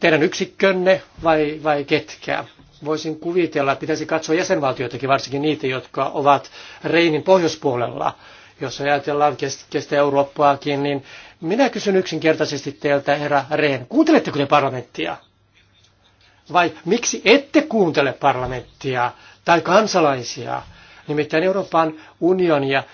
Speaker 2: teidän yksikkönne vai, vai ketkä? voisin kuvitella, että pitäisi katsoa jäsenvaltioitakin, varsinkin niitä, jotka ovat Reinin pohjoispuolella. Jos ajatellaan kestä Eurooppaakin, niin minä kysyn yksinkertaisesti teiltä, herra Rehn, kuunteletteko te parlamenttia? Vai miksi ette kuuntele parlamenttia tai kansalaisia? Nimittäin Euroopan unionia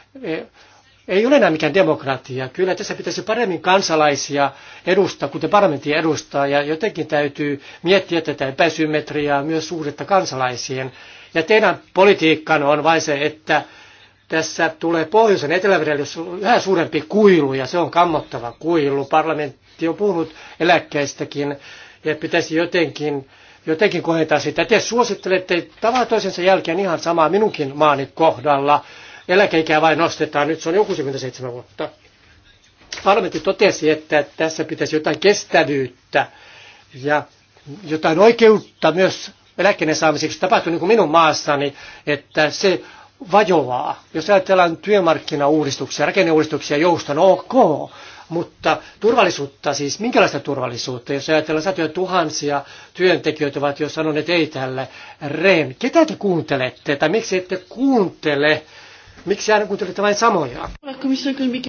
Speaker 2: ei ole enää mikään demokratia. Kyllä tässä pitäisi paremmin kansalaisia edustaa, kuten parlamentti edustaa, ja jotenkin täytyy miettiä tätä epäsymmetriaa myös suhdetta kansalaisiin. Ja teidän politiikkan on vain se, että tässä tulee pohjoisen etelävedelle yhä suurempi kuilu, ja se on kammottava kuilu. Parlamentti on puhunut eläkkeistäkin, ja pitäisi jotenkin jotenkin kohentaa sitä. Te suosittelette tavalla toisensa jälkeen ihan samaa minunkin maani kohdalla eläkeikää vain nostetaan, nyt se on jo 67 vuotta. Parlamentti totesi, että tässä pitäisi jotain kestävyyttä ja jotain oikeutta myös eläkkeen saamiseksi tapahtui niin kuin minun maassani, että se vajoaa. Jos ajatellaan työmarkkinauudistuksia, rakenneuudistuksia, no ok, mutta turvallisuutta siis, minkälaista turvallisuutta, jos ajatellaan satoja tuhansia työntekijöitä ovat jo sanoneet ei tälle, Ren, ketä te kuuntelette, tai miksi ette kuuntele Miksi aina kuuntelette vain samoja?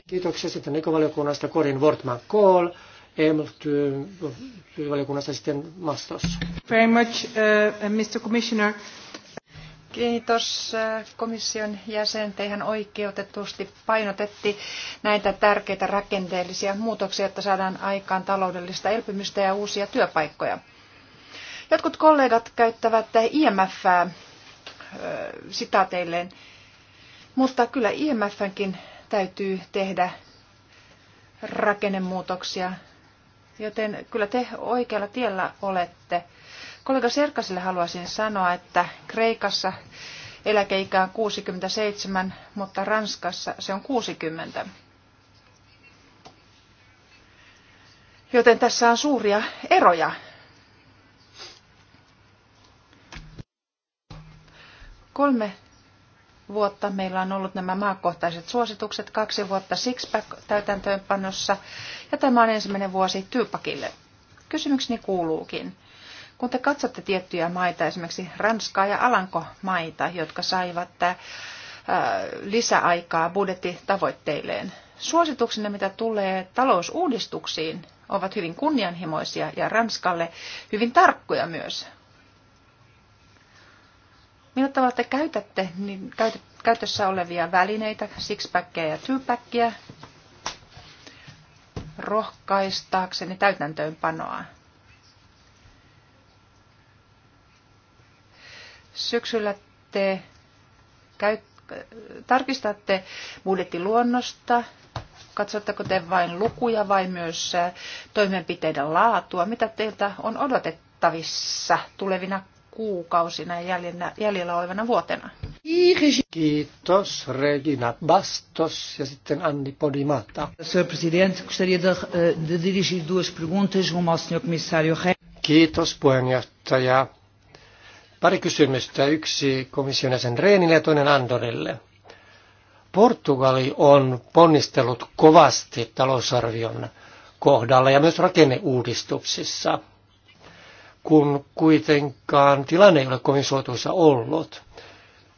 Speaker 2: Kiitoksia sitten ekovaliokunnasta Corin Wortman Kohl. EML-valiokunnasta sitten Mastos.
Speaker 1: Very much,
Speaker 5: uh, uh Mr. Commissioner.
Speaker 3: Kiitos komission jäsen. Teihän oikeutetusti painotetti näitä tärkeitä rakenteellisia muutoksia, että saadaan aikaan taloudellista elpymistä ja uusia työpaikkoja. Jotkut kollegat käyttävät IMF sitaateilleen mutta kyllä IMFnkin täytyy tehdä rakennemuutoksia, joten kyllä te oikealla tiellä olette. Kollega Serkasille haluaisin sanoa, että Kreikassa eläkeikä on 67, mutta Ranskassa se on 60. Joten tässä on suuria eroja. Kolme vuotta meillä on ollut nämä maakohtaiset suositukset, kaksi vuotta Sixpack täytäntöönpanossa ja tämä on ensimmäinen vuosi Tyypakille. Kysymykseni kuuluukin. Kun te katsotte tiettyjä maita, esimerkiksi Ranskaa ja Alankomaita, jotka saivat tämä äh, lisäaikaa budjettitavoitteilleen. suosituksena mitä tulee talousuudistuksiin, ovat hyvin kunnianhimoisia ja Ranskalle hyvin tarkkoja myös. Millä tavalla te käytätte niin käyt, käytössä olevia välineitä, sixpackia ja twopackia, rohkaistaakseni täytäntöönpanoa? Syksyllä te käyt, tarkistatte budjettiluonnosta, katsotteko te vain lukuja vai myös äh, toimenpiteiden laatua, mitä teiltä on odotettavissa tulevina kuukausina ja jäljellä olevana vuotena.
Speaker 2: Kiitos Regina Bastos ja sitten Anni Podimata. Eh, Kiitos puheenjohtaja. Pari kysymystä, yksi komission jäsen Reenille ja toinen Andorille. Portugali on ponnistellut kovasti talousarvion kohdalla ja myös rakenneuudistuksissa – kun kuitenkaan tilanne ei ole kovin suotuisa ollut.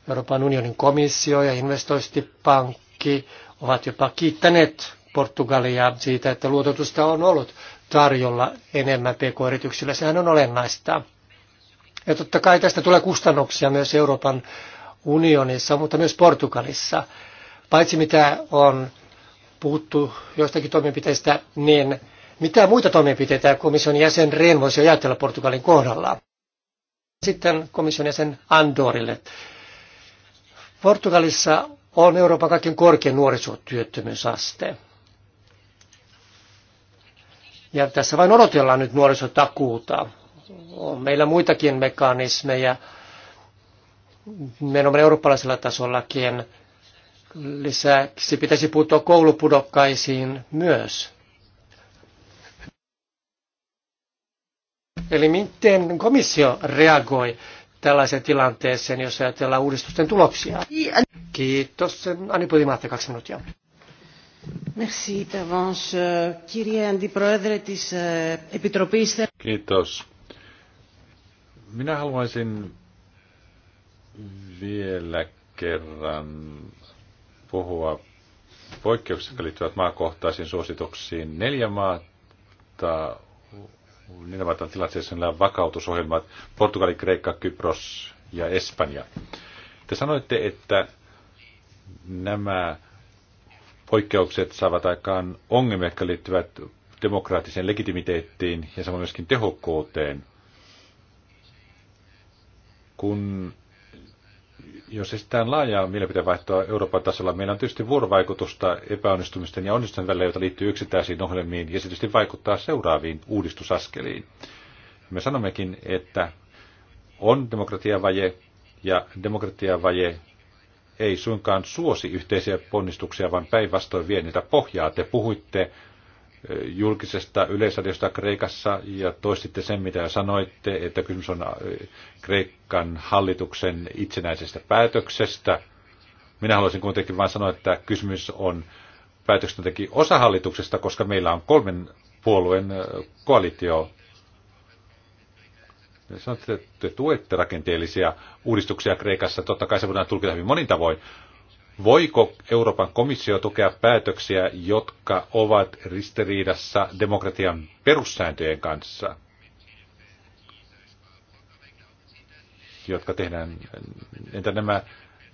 Speaker 2: Euroopan unionin komissio ja investointipankki ovat jopa kiittäneet Portugalia siitä, että luototusta on ollut tarjolla enemmän pk-yrityksillä. Sehän on olennaista. Ja totta kai tästä tulee kustannuksia myös Euroopan unionissa, mutta myös Portugalissa. Paitsi mitä on puhuttu joistakin toimenpiteistä, niin mitä muita toimenpiteitä komission jäsen Rehn voisi ajatella Portugalin kohdalla? Sitten komission jäsen Andorille. Portugalissa on Euroopan kaikkein korkein nuorisotyöttömyysaste. Ja tässä vain odotellaan nyt nuorisotakuuta. On meillä muitakin mekanismeja. Menomme eurooppalaisella tasollakin. Lisäksi pitäisi puuttua koulupudokkaisiin myös. Eli miten komissio reagoi tällaiseen tilanteeseen, jos ajatellaan uudistusten tuloksia? Kiitos. Anni Putimaatte, kaksi minuuttia.
Speaker 1: Merci, Tavans. Kirje eh,
Speaker 4: Kiitos. Minä haluaisin vielä kerran puhua poikkeuksista liittyvät maakohtaisiin suosituksiin. Neljä maata niillä maita on tilanteessa on vakautusohjelmat, Portugali, Kreikka, Kypros ja Espanja. Te sanoitte, että nämä poikkeukset saavat aikaan ongelmia, jotka liittyvät demokraattiseen legitimiteettiin ja samoin myöskin tehokkuuteen. Kun jos estetään laajaa mielipiteenvaihtoa Euroopan tasolla, meillä on tietysti vuorovaikutusta epäonnistumisten ja onnistumisten välillä, joita liittyy yksittäisiin ohjelmiin ja se tietysti vaikuttaa seuraaviin uudistusaskeliin. Me sanommekin, että on demokratiavaje ja demokratiavaje ei suinkaan suosi yhteisiä ponnistuksia, vaan päinvastoin vie niitä pohjaa. Te puhuitte julkisesta yleisradiosta Kreikassa ja toistitte sen, mitä sanoitte, että kysymys on äh, Kreikan hallituksen itsenäisestä päätöksestä. Minä haluaisin kuitenkin vain sanoa, että kysymys on päätöksentekijä osahallituksesta, koska meillä on kolmen puolueen äh, koalitio. Sanoitte, että te tuette rakenteellisia uudistuksia Kreikassa. Totta kai se voidaan tulkita hyvin monin tavoin, Voiko Euroopan komissio tukea päätöksiä, jotka ovat ristiriidassa demokratian perussääntöjen kanssa, jotka tehdään, entä nämä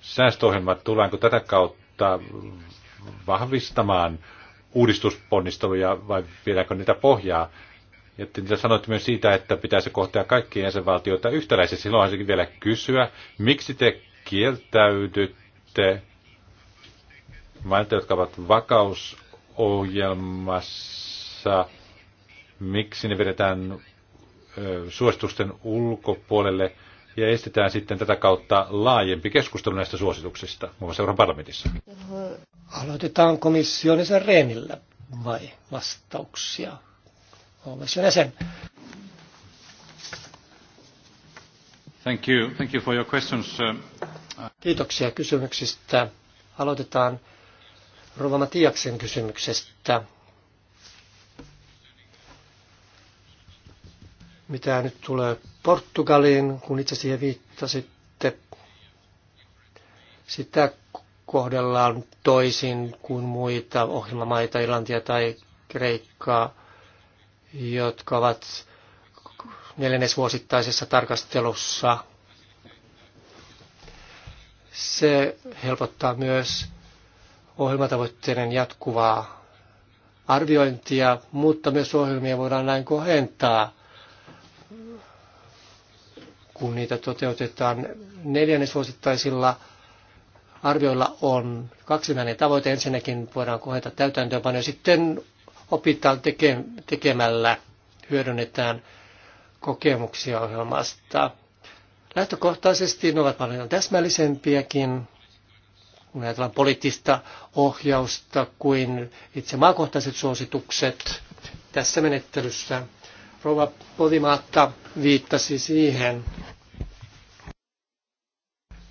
Speaker 4: säästöohjelmat, tullaanko tätä kautta vahvistamaan uudistusponnisteluja vai viedäänkö niitä pohjaa? Että niitä sanoit myös siitä, että pitäisi kohtaa kaikkia jäsenvaltioita yhtäläisesti. Silloin haluaisinkin vielä kysyä, miksi te kieltäydytte mailta, jotka ovat vakausohjelmassa, miksi ne vedetään suositusten ulkopuolelle ja estetään sitten tätä kautta laajempi keskustelu näistä suosituksista, muun muassa Euroopan parlamentissa.
Speaker 2: Aloitetaan komission jäsen Reenillä vai vastauksia? Komission jäsen.
Speaker 5: Thank you. Thank you for your questions.
Speaker 2: Kiitoksia kysymyksistä. Aloitetaan Rova Matiaksen kysymyksestä. Mitä nyt tulee Portugaliin, kun itse siihen viittasitte, sitä kohdellaan toisin kuin muita ohjelmamaita, Irlantia tai Kreikkaa, jotka ovat neljännesvuosittaisessa tarkastelussa. Se helpottaa myös ohjelmatavoitteiden jatkuvaa arviointia, mutta myös ohjelmia voidaan näin kohentaa, kun niitä toteutetaan neljännesvuosittaisilla arvioilla on kaksinäinen tavoite. Ensinnäkin voidaan kohentaa täytäntöönpanoja, sitten opitaan teke, tekemällä, hyödynnetään kokemuksia ohjelmasta. Lähtökohtaisesti ne ovat paljon täsmällisempiäkin kun ajatellaan poliittista ohjausta kuin itse maakohtaiset suositukset tässä menettelyssä. Rouva Podimaatta viittasi siihen,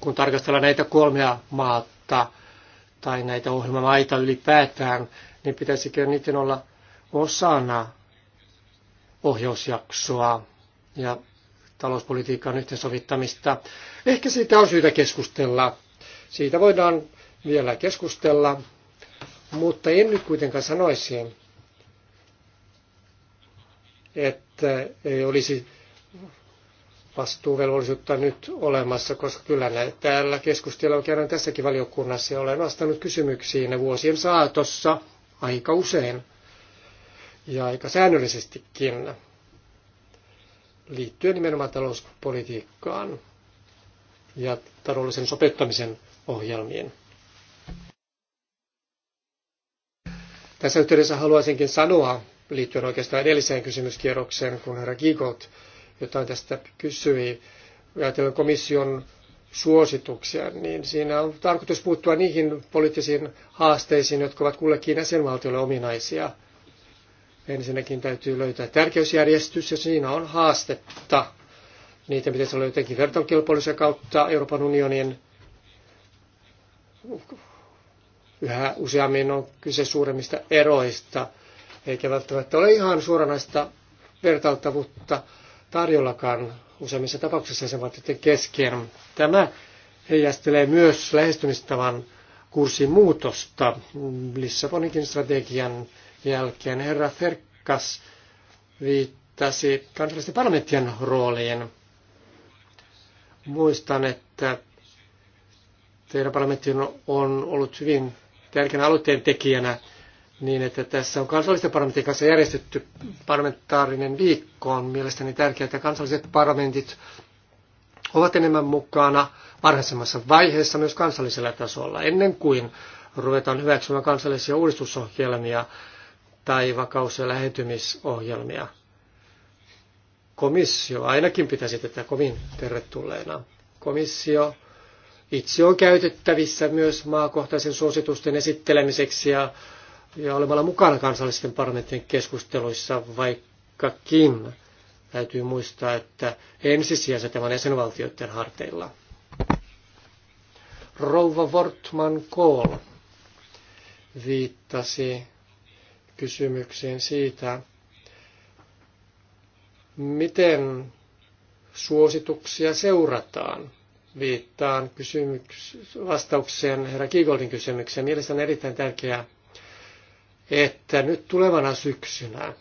Speaker 2: kun tarkastellaan näitä kolmea maata tai näitä ohjelmamaita ylipäätään, niin pitäisikö niiden olla osana ohjausjaksoa ja talouspolitiikan yhteensovittamista. Ehkä siitä on syytä keskustella. Siitä voidaan vielä keskustella, mutta en nyt kuitenkaan sanoisi, että ei olisi vastuuvelvollisuutta nyt olemassa, koska kyllä täällä keskustelua kerran tässäkin valiokunnassa ja olen vastannut kysymyksiin vuosien saatossa aika usein ja aika säännöllisestikin liittyen nimenomaan talouspolitiikkaan ja taloudellisen sopeuttamisen ohjelmiin. Tässä yhteydessä haluaisinkin sanoa, liittyen oikeastaan edelliseen kysymyskierrokseen, kun herra Gigot jotain tästä kysyi, ajatellen komission suosituksia, niin siinä on tarkoitus puuttua niihin poliittisiin haasteisiin, jotka ovat kullekin jäsenvaltiolle ominaisia. Ensinnäkin täytyy löytää tärkeysjärjestys, ja siinä on haastetta. Niitä pitäisi olla jotenkin vertailukelpoisia kautta Euroopan unionin Yhä useammin on kyse suuremmista eroista, eikä välttämättä ole ihan suoranaista vertailtavuutta tarjollakaan useimmissa tapauksissa jäsenvaltioiden kesken. Tämä heijastelee myös lähestymistavan kurssin muutosta Lissabonikin strategian jälkeen. Herra Ferkkas viittasi kansallisten parlamenttien rooliin. Muistan, että teidän parlamentti on ollut hyvin tärkeänä aloitteen tekijänä niin, että tässä on kansallisten parlamentin kanssa järjestetty parlamentaarinen viikko. On mielestäni tärkeää, että kansalliset parlamentit ovat enemmän mukana varhaisemmassa vaiheessa myös kansallisella tasolla, ennen kuin ruvetaan hyväksymään kansallisia uudistusohjelmia tai vakaus- ja lähetymisohjelmia. Komissio ainakin pitäisi tätä kovin tervetulleena. Komissio itse on käytettävissä myös maakohtaisen suositusten esittelemiseksi ja, ja olemalla mukana kansallisten parlamenttien keskusteluissa, vaikkakin täytyy muistaa, että ensisijaisesti tämän jäsenvaltioiden harteilla. Rouva Wortman Kool viittasi kysymykseen siitä, miten suosituksia seurataan – viittaan kysymyks- vastaukseen herra Kiigoldin kysymykseen. Mielestäni on erittäin tärkeää, että nyt tulevana syksynä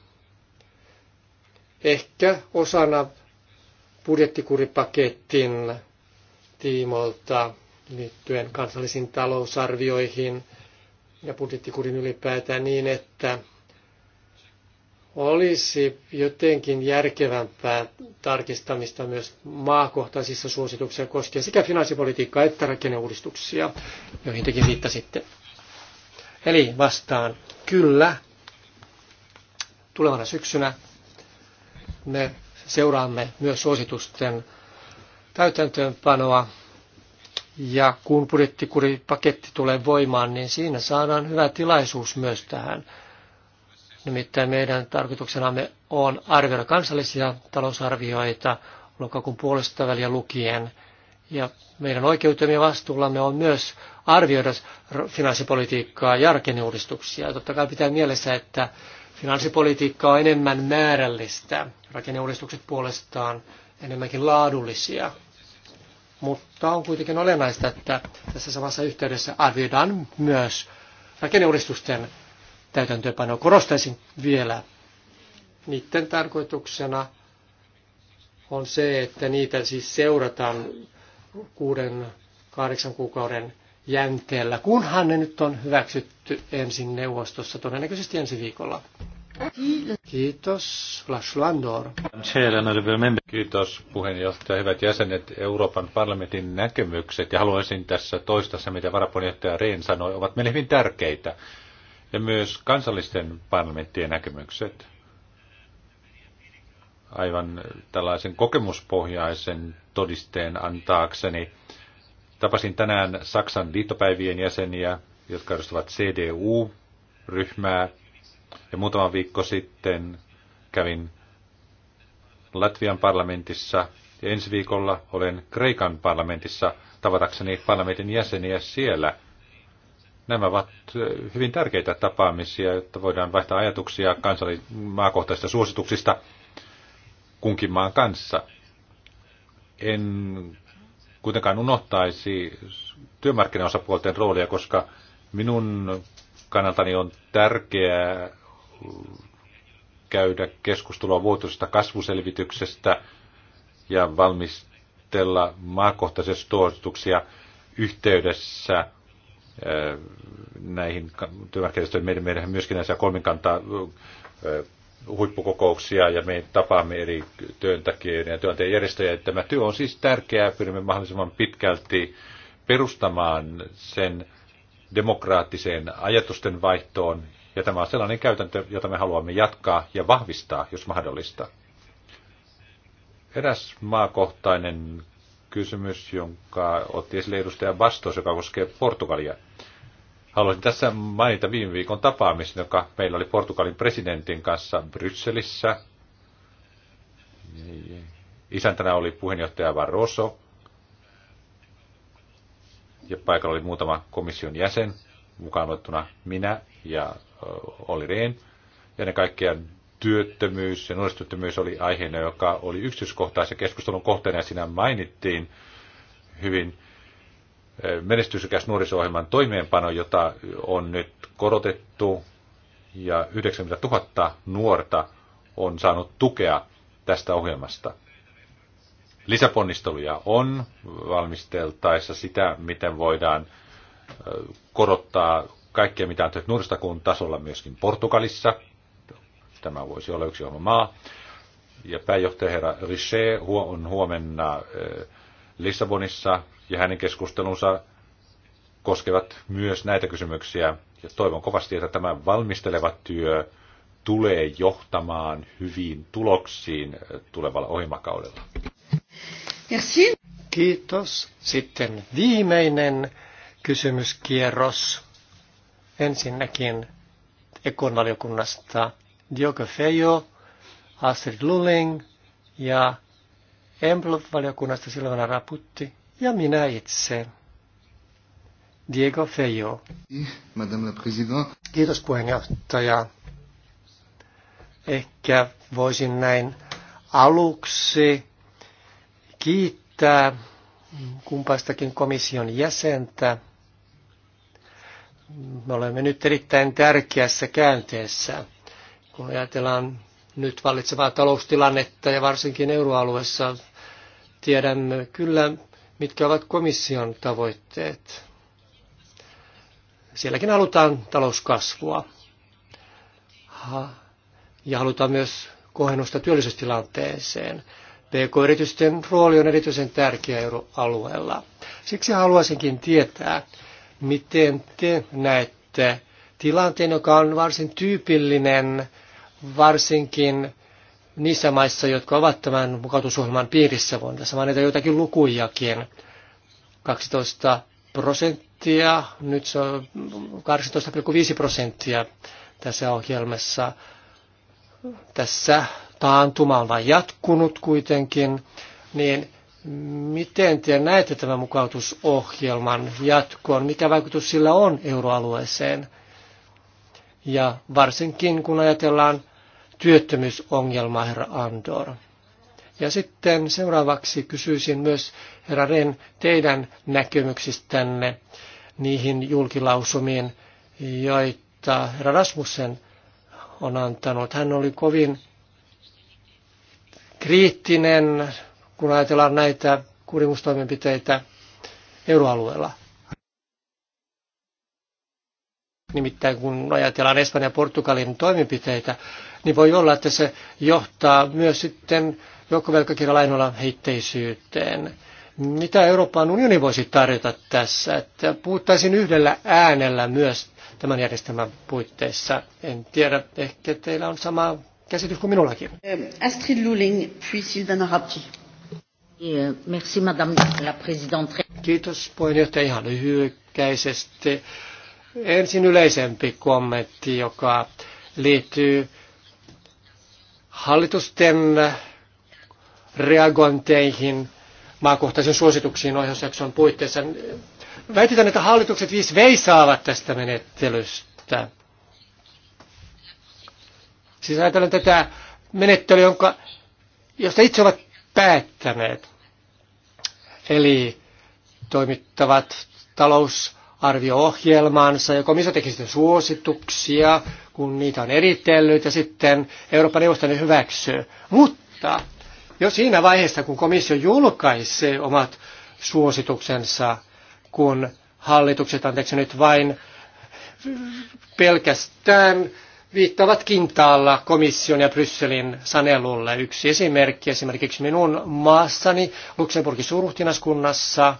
Speaker 2: ehkä osana budjettikuripaketin tiimolta liittyen kansallisiin talousarvioihin ja budjettikurin ylipäätään niin, että olisi jotenkin järkevämpää tarkistamista myös maakohtaisissa suosituksissa koskien sekä finanssipolitiikkaa että rakenneuudistuksia, joihin tekin viittasitte. Eli vastaan kyllä. Tulevana syksynä me seuraamme myös suositusten täytäntöönpanoa. Ja kun budjettikuripaketti tulee voimaan, niin siinä saadaan hyvä tilaisuus myös tähän Nimittäin meidän tarkoituksenamme on arvioida kansallisia talousarvioita lokakuun puolesta väliä lukien. Ja meidän oikeutemme ja vastuullamme on myös arvioida finanssipolitiikkaa ja rakenneuudistuksia. Totta kai pitää mielessä, että finanssipolitiikka on enemmän määrällistä, rakenneuudistukset puolestaan enemmänkin laadullisia. Mutta on kuitenkin olennaista, että tässä samassa yhteydessä arvioidaan myös rakenneuudistusten täytäntöönpanoa. Korostaisin vielä, niiden tarkoituksena on se, että niitä siis seurataan kuuden, kahdeksan kuukauden jänteellä, kunhan ne nyt on hyväksytty ensin neuvostossa, todennäköisesti ensi viikolla. Kiitos. Lars Landor.
Speaker 4: Kiitos puheenjohtaja. Hyvät jäsenet, Euroopan parlamentin näkemykset, ja haluaisin tässä toistaa se, mitä varapuheenjohtaja Rehn sanoi, ovat meille hyvin tärkeitä ja myös kansallisten parlamenttien näkemykset aivan tällaisen kokemuspohjaisen todisteen antaakseni. Tapasin tänään Saksan liittopäivien jäseniä, jotka edustavat CDU-ryhmää, ja muutama viikko sitten kävin Latvian parlamentissa, ja ensi viikolla olen Kreikan parlamentissa tavatakseni parlamentin jäseniä siellä. Nämä ovat hyvin tärkeitä tapaamisia, että voidaan vaihtaa ajatuksia kansallismaakohtaisista suosituksista kunkin maan kanssa. En kuitenkaan unohtaisi työmarkkinaosapuolten roolia, koska minun kannaltani on tärkeää käydä keskustelua vuotuisesta kasvuselvityksestä ja valmistella maakohtaisia suosituksia yhteydessä näihin työmarkkinajärjestöihin. Meidän, meidän myöskin näissä kolmikantaa huippukokouksia ja me tapaamme eri työntekijöiden ja työntekijöiden järjestöjä. Tämä työ on siis tärkeää, pyrimme mahdollisimman pitkälti perustamaan sen demokraattiseen ajatusten vaihtoon, ja tämä on sellainen käytäntö, jota me haluamme jatkaa ja vahvistaa, jos mahdollista. Eräs maakohtainen kysymys, jonka otti esille edustaja Bastos, joka koskee Portugalia. Haluaisin tässä mainita viime viikon tapaamisen, joka meillä oli Portugalin presidentin kanssa Brysselissä. Isäntänä oli puheenjohtaja Barroso ja paikalla oli muutama komission jäsen, mukaan ottuna minä ja oli Rehn. Ja ne kaikkia työttömyys ja nuorisotyöttömyys oli aiheena, joka oli yksityiskohtaisen keskustelun kohteena ja siinä mainittiin hyvin eh, menestysykäs nuorisohjelman toimeenpano, jota on nyt korotettu ja 90 000 nuorta on saanut tukea tästä ohjelmasta. Lisäponnisteluja on valmisteltaessa sitä, miten voidaan eh, korottaa kaikkea, mitä on tehty nuorisotakuun tasolla myöskin Portugalissa – Tämä voisi olla yksi ohjelma maa. Ja pääjohtaja herra Richet on huomenna eh, Lissabonissa ja hänen keskustelunsa koskevat myös näitä kysymyksiä. Ja toivon kovasti, että tämä valmisteleva työ tulee johtamaan hyviin tuloksiin eh, tulevalla ohimakaudella.
Speaker 2: Kiitos. Sitten viimeinen kysymyskierros. Ensinnäkin ekonvaliokunnasta Diogo Feio, Astrid Lulling ja emblot valiokunnasta Silvana Raputti ja minä itse. Diego Feio.
Speaker 1: Madame la Présidente.
Speaker 2: Kiitos puheenjohtaja. Ehkä voisin näin aluksi kiittää kumpaistakin komission jäsentä. Me olemme nyt erittäin tärkeässä käänteessä kun ajatellaan nyt vallitsevaa taloustilannetta ja varsinkin euroalueessa tiedämme kyllä, mitkä ovat komission tavoitteet. Sielläkin halutaan talouskasvua ja halutaan myös kohennusta työllisyystilanteeseen. PK-yritysten rooli on erityisen tärkeä euroalueella. Siksi haluaisinkin tietää, miten te näette tilanteen, joka on varsin tyypillinen – varsinkin niissä maissa, jotka ovat tämän mukautusohjelman piirissä. Voin tässä mainita joitakin lukujakin. 12 prosenttia, nyt se on 18,5 prosenttia tässä ohjelmassa. Tässä taantuma on vain jatkunut kuitenkin, niin miten te näette tämän mukautusohjelman jatkoon? Mikä vaikutus sillä on euroalueeseen? Ja varsinkin kun ajatellaan työttömyysongelma, herra Andor. Ja sitten seuraavaksi kysyisin myös, herra Ren, teidän näkemyksistänne niihin julkilausumiin, joita herra Rasmussen on antanut. Hän oli kovin kriittinen, kun ajatellaan näitä kurimustoimenpiteitä euroalueella. Nimittäin kun ajatellaan Espanjan ja Portugalin toimenpiteitä, niin voi olla, että se johtaa myös sitten joukkovelkakirjalainoilla heitteisyyteen. Mitä Euroopan unioni voisi tarjota tässä? Että puhuttaisiin yhdellä äänellä myös tämän järjestelmän puitteissa. En tiedä, ehkä teillä on sama käsitys kuin minullakin.
Speaker 1: Eh, Astrid Luling, puis Sylvana Rapti. Euh, merci,
Speaker 2: madame la présidente. Kiitos puheenjohtaja ihan lyhykäisesti. Ensin yleisempi kommentti, joka liittyy hallitusten reagointeihin maakohtaisen suosituksiin ohjausjakson puitteissa. Väitetään, että hallitukset viis veisaavat tästä menettelystä. Siis ajatellaan tätä menettelyä, jonka, josta itse ovat päättäneet. Eli toimittavat talous ohjelmansa ja komissio teki sitten suosituksia, kun niitä on eritellyt ja sitten Euroopan neuvosto ne hyväksyy. Mutta jo siinä vaiheessa, kun komissio julkaisee omat suosituksensa, kun hallitukset, anteeksi nyt vain pelkästään viittavat kintaalla komission ja Brysselin sanelulle. Yksi esimerkki esimerkiksi minun maassani Luxemburgin suurruhtinaskunnassa –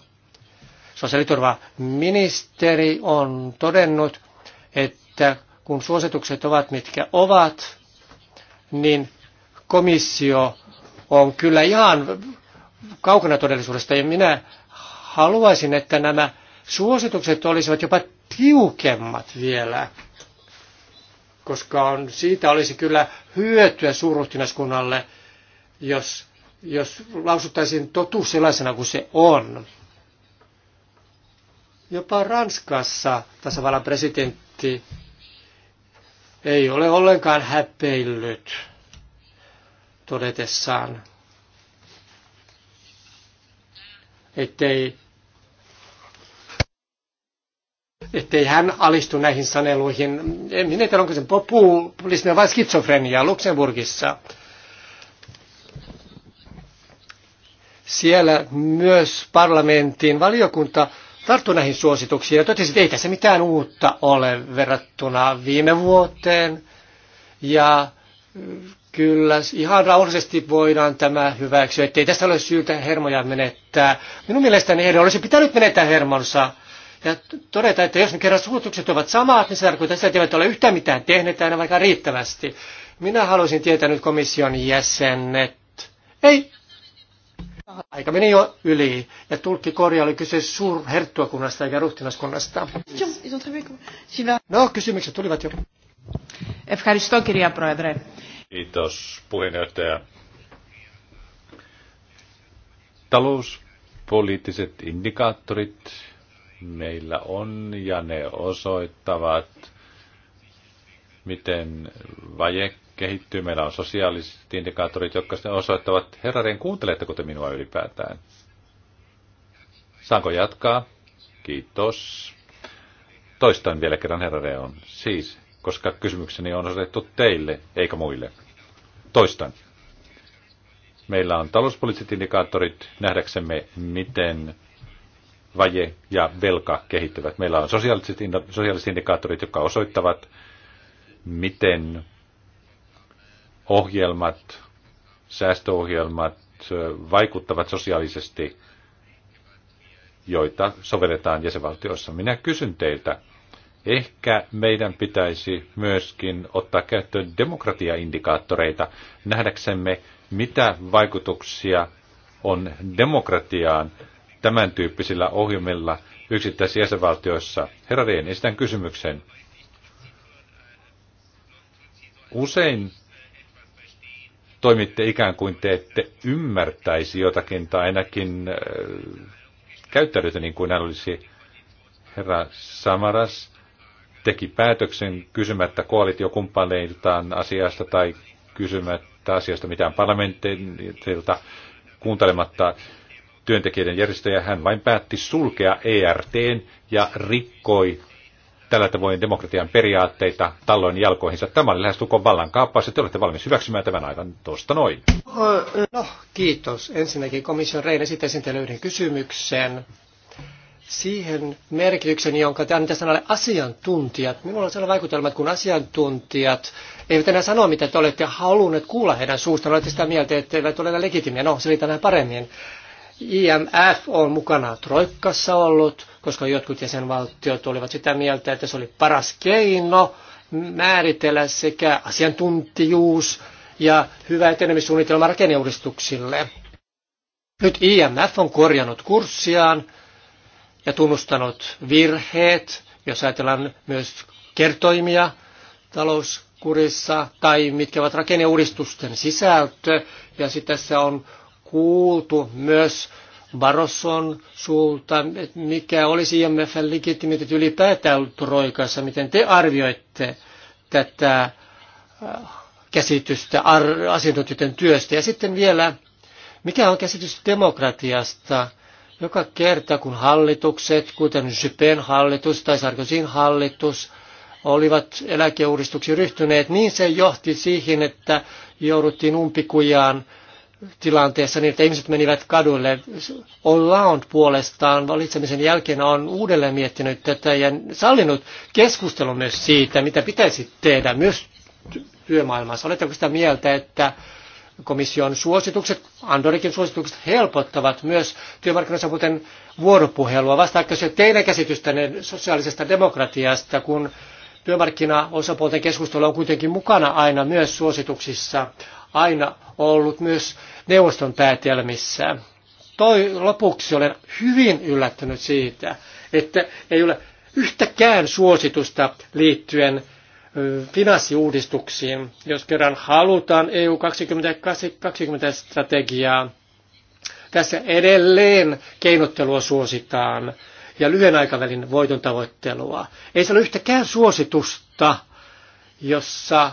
Speaker 2: Sosiaaliturvaministeri on todennut, että kun suositukset ovat mitkä ovat, niin komissio on kyllä ihan kaukana todellisuudesta. Ja minä haluaisin, että nämä suositukset olisivat jopa tiukemmat vielä, koska on, siitä olisi kyllä hyötyä suurruhtinaskunnalle, jos, jos lausuttaisiin totuus sellaisena kuin se on. Jopa Ranskassa tasavallan presidentti ei ole ollenkaan häpeillyt todetessaan, ettei, ettei hän alistu näihin saneluihin. En minä tiedä, onko se populismi vai skitsofrenia Luxemburgissa. Siellä myös parlamentin valiokunta tarttui näihin suosituksiin ja totesi, että ei tässä mitään uutta ole verrattuna viime vuoteen. Ja mm, kyllä ihan rauhallisesti voidaan tämä hyväksyä, ettei tässä ole syytä hermoja menettää. Minun mielestäni heidän olisi pitänyt menettää hermonsa ja todeta, että jos ne kerran suositukset ovat samat, niin se tarkoittaa sitä, että eivät ole yhtään mitään tehneet aina vaikka riittävästi. Minä haluaisin tietää nyt komission jäsenet. Ei, Aika meni jo yli, ja tulkki korja oli kyse suurherttuakunnasta eikä ruhtinaskunnasta. No, kysymykset tulivat jo. Ευχαριστώ κυρία Πρόεδρε.
Speaker 4: Kiitos puheenjohtaja. Talouspoliittiset indikaattorit meillä on ja ne osoittavat miten vaje kehittyy. Meillä on sosiaaliset indikaattorit, jotka osoittavat, herrareen kuunteletteko te minua ylipäätään? Saanko jatkaa? Kiitos. Toistan vielä kerran on. Siis, koska kysymykseni on osoitettu teille, eikä muille. Toistan. Meillä on talouspoliittiset indikaattorit nähdäksemme, miten vaje ja velka kehittyvät. Meillä on sosiaaliset indikaattorit, jotka osoittavat, miten ohjelmat, säästöohjelmat vaikuttavat sosiaalisesti, joita sovelletaan jäsenvaltioissa. Minä kysyn teiltä, ehkä meidän pitäisi myöskin ottaa käyttöön demokratiaindikaattoreita, nähdäksemme, mitä vaikutuksia on demokratiaan tämän tyyppisillä ohjelmilla yksittäisissä jäsenvaltioissa. Herra Rehn, esitän kysymyksen. Usein toimitte ikään kuin te ette ymmärtäisi jotakin tai ainakin äh, käyttäydytä niin kuin hän olisi herra Samaras teki päätöksen kysymättä koalitiokumppaneiltaan asiasta tai kysymättä asiasta mitään parlamentteilta kuuntelematta työntekijöiden järjestöjä. Hän vain päätti sulkea ERTn ja rikkoi tällä tavoin demokratian periaatteita talloin jalkoihinsa. Tämä oli lähestulkoon vallan ja te olette valmis hyväksymään tämän aivan tuosta noin.
Speaker 2: No, kiitos. Ensinnäkin komission Reina sitten esittelee yhden kysymyksen siihen merkityksen, jonka te annatte sanalle asiantuntijat. Minulla on sellainen vaikutelma, että kun asiantuntijat eivät enää sano, mitä te olette halunneet kuulla heidän suustaan, olette sitä mieltä, että eivät ole enää legitimiä. No, selitän näin paremmin. IMF on mukana Troikkassa ollut, koska jotkut jäsenvaltiot olivat sitä mieltä, että se oli paras keino määritellä sekä asiantuntijuus ja hyvä etenemissuunnitelma rakenneuudistuksille. Nyt IMF on korjannut kurssiaan ja tunnustanut virheet, jos ajatellaan myös kertoimia talouskurissa tai mitkä ovat rakenneuudistusten sisältö. Ja sitten tässä on kuultu myös Barosson suulta, että mikä olisi IMFn legitimiteet ylipäätään troikassa, miten te arvioitte tätä äh, käsitystä ar- asiantuntijoiden työstä. Ja sitten vielä, mikä on käsitys demokratiasta? Joka kerta, kun hallitukset, kuten Juppén hallitus tai Sarkozyn hallitus, olivat eläkeuudistuksiin ryhtyneet, niin se johti siihen, että jouduttiin umpikujaan – tilanteessa niin, että ihmiset menivät kaduille. Ollaan puolestaan valitsemisen jälkeen on uudelleen miettinyt tätä ja sallinut keskustelun myös siitä, mitä pitäisi tehdä myös työmaailmassa. Oletteko sitä mieltä, että komission suositukset, Andorikin suositukset helpottavat myös työmarkkinoissa, työmarkkinoiden vuoropuhelua. Vastaako se teidän käsitystänne sosiaalisesta demokratiasta, kun työmarkkinaosapuolten keskustelu on kuitenkin mukana aina myös suosituksissa, aina ollut myös neuvoston päätelmissä. Toi lopuksi olen hyvin yllättynyt siitä, että ei ole yhtäkään suositusta liittyen finanssiuudistuksiin, jos kerran halutaan EU 2020 strategiaa. Tässä edelleen keinottelua suositaan ja lyhyen aikavälin voiton tavoittelua. Ei se ole yhtäkään suositusta, jossa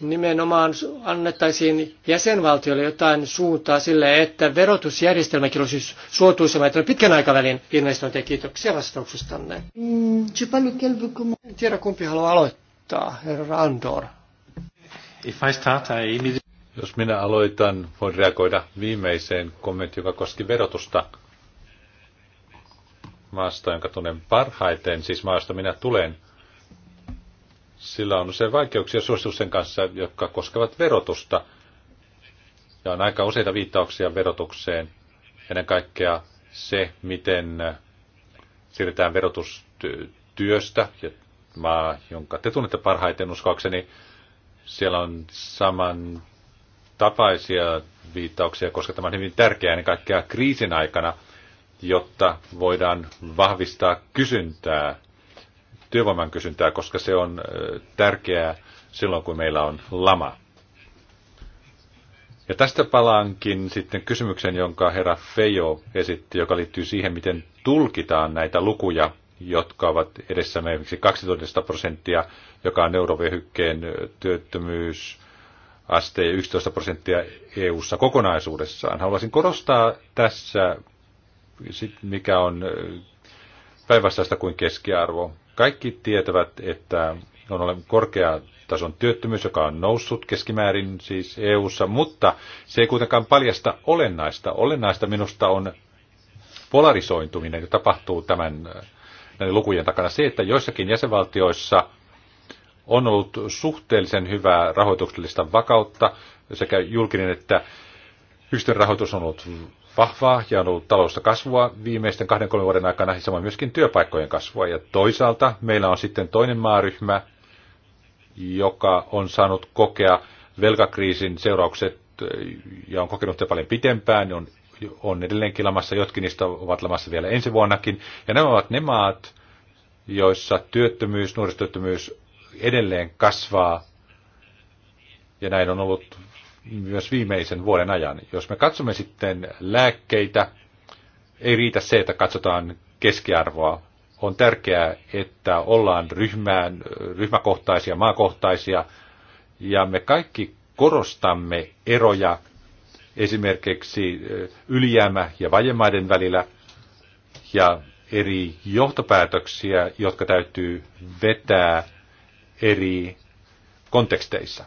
Speaker 2: nimenomaan annettaisiin jäsenvaltiolle jotain suuntaa sille, että verotusjärjestelmäkin olisi suotuisemman että pitkän aikavälin investointeja. Kiitoksia vastauksestanne.
Speaker 1: Mm, en
Speaker 2: tiedä kumpi haluaa aloittaa, herra Andor.
Speaker 4: If I start, I... Jos minä aloitan, voin reagoida viimeiseen kommenttiin, joka koski verotusta maasta, jonka tunnen parhaiten, siis maasta minä tulen, sillä on usein vaikeuksia suositusten kanssa, jotka koskevat verotusta. Ja on aika useita viittauksia verotukseen. Ennen kaikkea se, miten siirretään verotustyöstä, ja maa, jonka te tunnette parhaiten uskoakseni, siellä on saman tapaisia viittauksia, koska tämä on hyvin tärkeää ennen kaikkea kriisin aikana, jotta voidaan vahvistaa kysyntää työvoiman kysyntää, koska se on tärkeää silloin, kun meillä on lama. Ja tästä palaankin sitten kysymyksen, jonka herra Fejo esitti, joka liittyy siihen, miten tulkitaan näitä lukuja, jotka ovat edessämme esimerkiksi 12 prosenttia, joka on neurovehykkeen työttömyys, aste 11 prosenttia EU-ssa kokonaisuudessaan. Haluaisin korostaa tässä, mikä on päinvastaista kuin keskiarvo. Kaikki tietävät, että on olemme korkea tason työttömyys, joka on noussut keskimäärin siis EU-ssa, mutta se ei kuitenkaan paljasta olennaista. Olennaista minusta on polarisointuminen, joka tapahtuu tämän näiden lukujen takana. Se, että joissakin jäsenvaltioissa on ollut suhteellisen hyvää rahoituksellista vakautta, sekä julkinen että yksityinen rahoitus on ollut vahvaa ja on ollut talousta kasvua viimeisten kahden kolmen vuoden aikana ja samoin myöskin työpaikkojen kasvua. Ja toisaalta meillä on sitten toinen maaryhmä, joka on saanut kokea velkakriisin seuraukset äh, ja on kokenut sitä paljon pitempään, on, on edelleenkin lamassa, jotkin niistä ovat lamassa vielä ensi vuonnakin. Ja nämä ovat ne maat, joissa työttömyys, nuorisotyöttömyys edelleen kasvaa. Ja näin on ollut myös viimeisen vuoden ajan. Jos me katsomme sitten lääkkeitä, ei riitä se, että katsotaan keskiarvoa. On tärkeää, että ollaan ryhmään, ryhmäkohtaisia, maakohtaisia, ja me kaikki korostamme eroja esimerkiksi ylijäämä- ja vajemaiden välillä ja eri johtopäätöksiä, jotka täytyy vetää eri konteksteissa.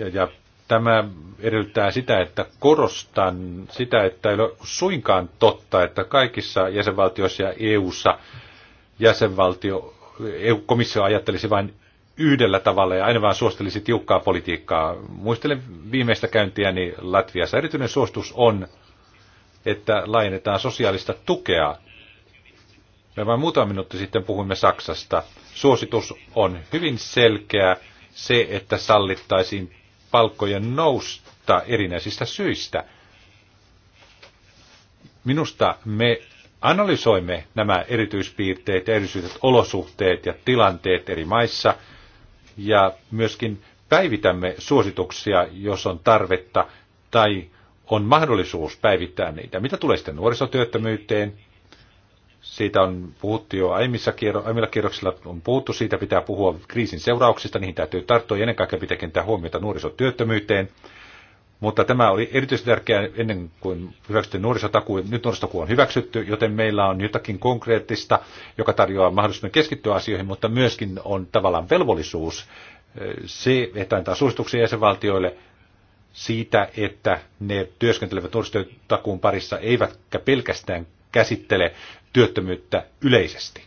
Speaker 4: Ja, ja tämä edellyttää sitä, että korostan sitä, että ei ole suinkaan totta, että kaikissa jäsenvaltioissa ja EU-ssa jäsenvaltio, EU-komissio ajattelisi vain yhdellä tavalla ja aina vaan suostelisi tiukkaa politiikkaa. Muistelen viimeistä käyntiäni Latviassa. Erityinen suostus on, että laajennetaan sosiaalista tukea. Me vain muutama minuutti sitten puhuimme Saksasta. Suositus on hyvin selkeä se, että sallittaisiin palkkojen nousta erinäisistä syistä. Minusta me analysoimme nämä erityispiirteet ja erityiset olosuhteet ja tilanteet eri maissa ja myöskin päivitämme suosituksia, jos on tarvetta tai on mahdollisuus päivittää niitä. Mitä tulee sitten nuorisotyöttömyyteen, siitä on puhuttu jo aiemmissa kierro, aiemmilla kierroksilla, on puhuttu siitä, pitää puhua kriisin seurauksista, niihin täytyy tarttua ja ennen kaikkea pitää kiinnittää huomiota nuorisotyöttömyyteen. Mutta tämä oli erityisen tärkeää ennen kuin hyväksyttiin nuorisotaku. Nyt nuorisotaku on hyväksytty, joten meillä on jotakin konkreettista, joka tarjoaa mahdollisuuden keskittyä asioihin, mutta myöskin on tavallaan velvollisuus eh, se, että antaa suosituksia jäsenvaltioille siitä, että ne työskentelevät nuorisotakuun parissa eivätkä pelkästään käsittele
Speaker 5: työttömyyttä yleisesti.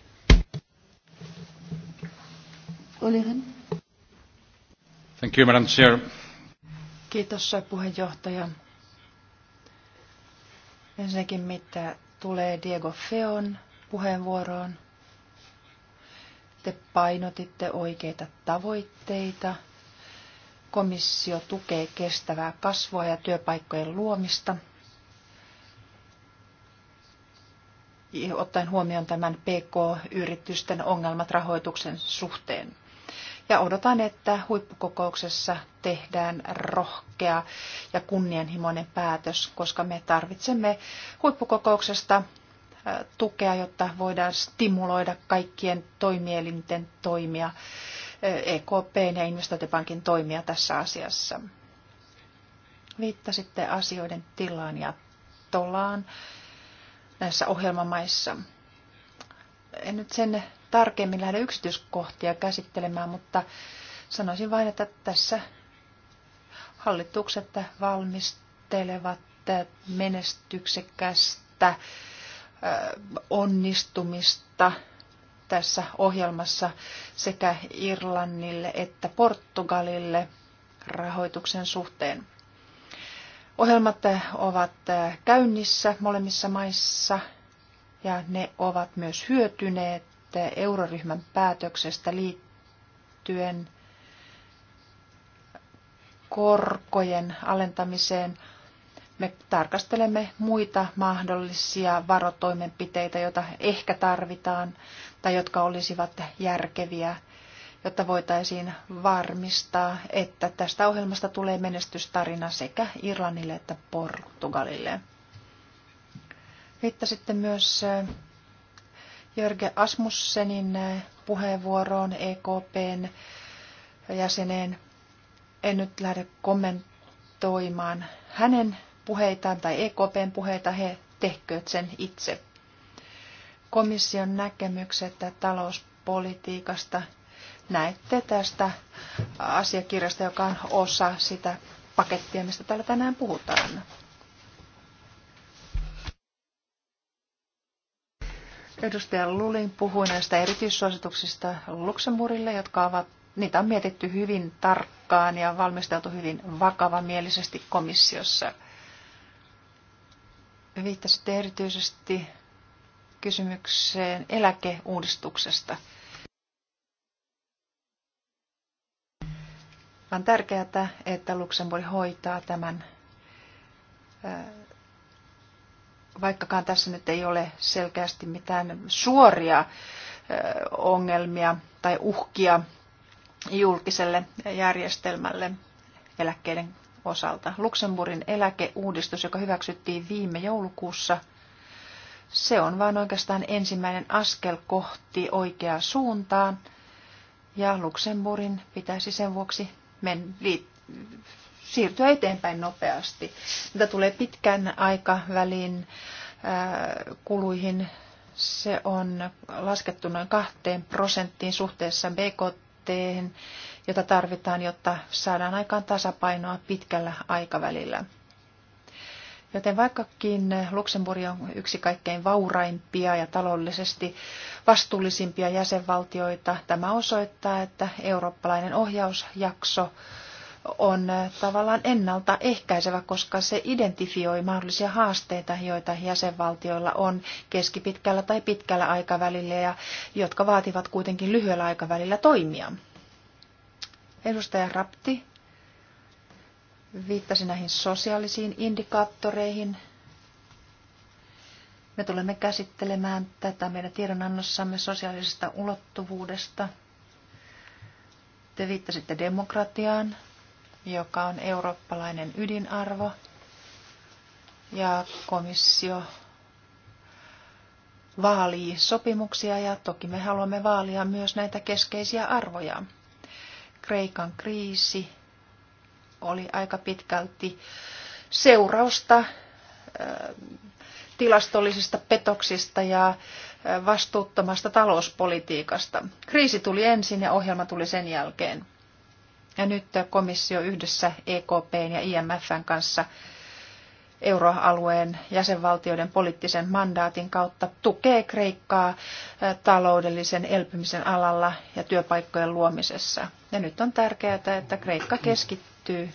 Speaker 5: Olihan. Thank you, Madam Chair.
Speaker 3: Kiitos puheenjohtaja. Ensinnäkin mitä tulee Diego Feon puheenvuoroon. Te painotitte oikeita tavoitteita. Komissio tukee kestävää kasvua ja työpaikkojen luomista – ottaen huomioon tämän PK-yritysten ongelmat rahoituksen suhteen. Ja odotan, että huippukokouksessa tehdään rohkea ja kunnianhimoinen päätös, koska me tarvitsemme huippukokouksesta tukea, jotta voidaan stimuloida kaikkien toimielinten toimia, EKP ja investointipankin toimia tässä asiassa. Viittasitte asioiden tilaan ja tolaan näissä ohjelmamaissa. En nyt sen tarkemmin lähde yksityiskohtia käsittelemään, mutta sanoisin vain, että tässä hallitukset valmistelevat menestyksekästä onnistumista tässä ohjelmassa sekä Irlannille että Portugalille rahoituksen suhteen. Ohjelmat eh, ovat eh, käynnissä molemmissa maissa ja ne ovat myös hyötyneet eh, euroryhmän päätöksestä liittyen korkojen alentamiseen. Me tarkastelemme muita mahdollisia varotoimenpiteitä, joita ehkä tarvitaan tai jotka olisivat järkeviä jotta voitaisiin varmistaa, että tästä ohjelmasta tulee menestystarina sekä Irlannille että Portugalille. Viittasitte myös eh, Jörge Asmussenin eh, puheenvuoroon EKPn jäseneen. En nyt lähde kommentoimaan hänen puheitaan tai EKPn puheita, he tehkööt sen itse. Komission näkemykset talouspolitiikasta näette tästä asiakirjasta, joka on osa sitä pakettia, mistä täällä tänään puhutaan. Edustaja Lulin puhui näistä erityissuosituksista Luxemburille, jotka ovat, niitä on mietitty hyvin tarkkaan ja valmisteltu hyvin vakavamielisesti komissiossa. Viittasitte erityisesti kysymykseen eläkeuudistuksesta – on tärkeää, että Luxemburg hoitaa tämän, vaikkakaan tässä nyt ei ole selkeästi mitään suoria ongelmia tai uhkia julkiselle järjestelmälle eläkkeiden osalta. Luxemburgin eläkeuudistus, joka hyväksyttiin viime joulukuussa, se on vain oikeastaan ensimmäinen askel kohti oikeaa suuntaan, ja Luxemburgin pitäisi sen vuoksi men siirtyä eteenpäin nopeasti. Mitä tulee pitkän aikavälin äh, kuluihin, se on laskettu noin kahteen prosenttiin suhteessa BKT, jota tarvitaan, jotta saadaan aikaan tasapainoa pitkällä aikavälillä. Joten vaikkakin Luxemburg on yksi kaikkein vauraimpia ja taloudellisesti vastuullisimpia jäsenvaltioita, tämä osoittaa, että eurooppalainen ohjausjakso on tavallaan ennaltaehkäisevä, koska se identifioi mahdollisia haasteita, joita jäsenvaltioilla on keskipitkällä tai pitkällä aikavälillä ja jotka vaativat kuitenkin lyhyellä aikavälillä toimia. Edustaja Rapti viittasi näihin sosiaalisiin indikaattoreihin. Me tulemme käsittelemään tätä meidän tiedonannossamme sosiaalisesta ulottuvuudesta. Te viittasitte demokratiaan, joka on eurooppalainen ydinarvo. Ja komissio vaalii sopimuksia ja toki me haluamme vaalia myös näitä keskeisiä arvoja. Kreikan kriisi oli aika pitkälti seurausta tilastollisista petoksista ja vastuuttomasta talouspolitiikasta. Kriisi tuli ensin ja ohjelma tuli sen jälkeen. Ja nyt komissio yhdessä EKPn ja IMFn kanssa euroalueen jäsenvaltioiden poliittisen mandaatin kautta tukee Kreikkaa taloudellisen elpymisen alalla ja työpaikkojen luomisessa. Ja nyt on tärkeää, että Kreikka keskittyy liittyy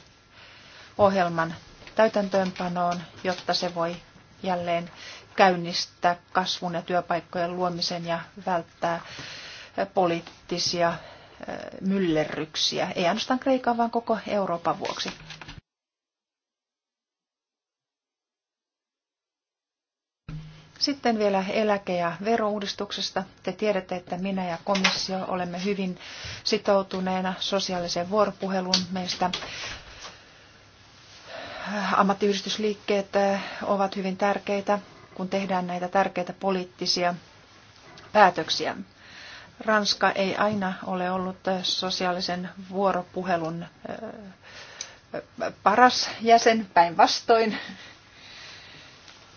Speaker 3: ohjelman täytäntöönpanoon, jotta se voi jälleen käynnistää kasvun ja työpaikkojen luomisen ja välttää poliittisia myllerryksiä, ei ainoastaan Kreikan, vaan koko Euroopan vuoksi. Sitten vielä eläke- ja verouudistuksesta. Te tiedätte, että minä ja komissio olemme hyvin sitoutuneena sosiaaliseen vuoropuheluun. Meistä äh, ammattiyhdistysliikkeet äh, ovat hyvin tärkeitä, kun tehdään näitä tärkeitä poliittisia päätöksiä. Ranska ei aina ole ollut äh, sosiaalisen vuoropuhelun paras jäsen, päinvastoin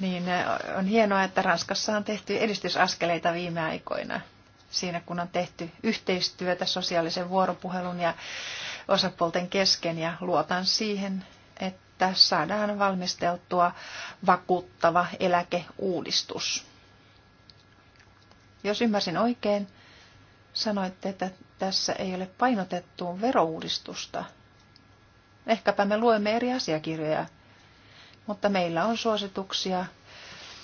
Speaker 3: niin on hienoa, että Ranskassa on tehty edistysaskeleita viime aikoina siinä, kun on tehty yhteistyötä sosiaalisen vuoropuhelun ja osapuolten kesken ja luotan siihen, että saadaan valmisteltua vakuuttava eläkeuudistus. Jos ymmärsin oikein, sanoitte, että tässä ei ole painotettuun verouudistusta. Ehkäpä me luemme eri asiakirjoja mutta meillä on suosituksia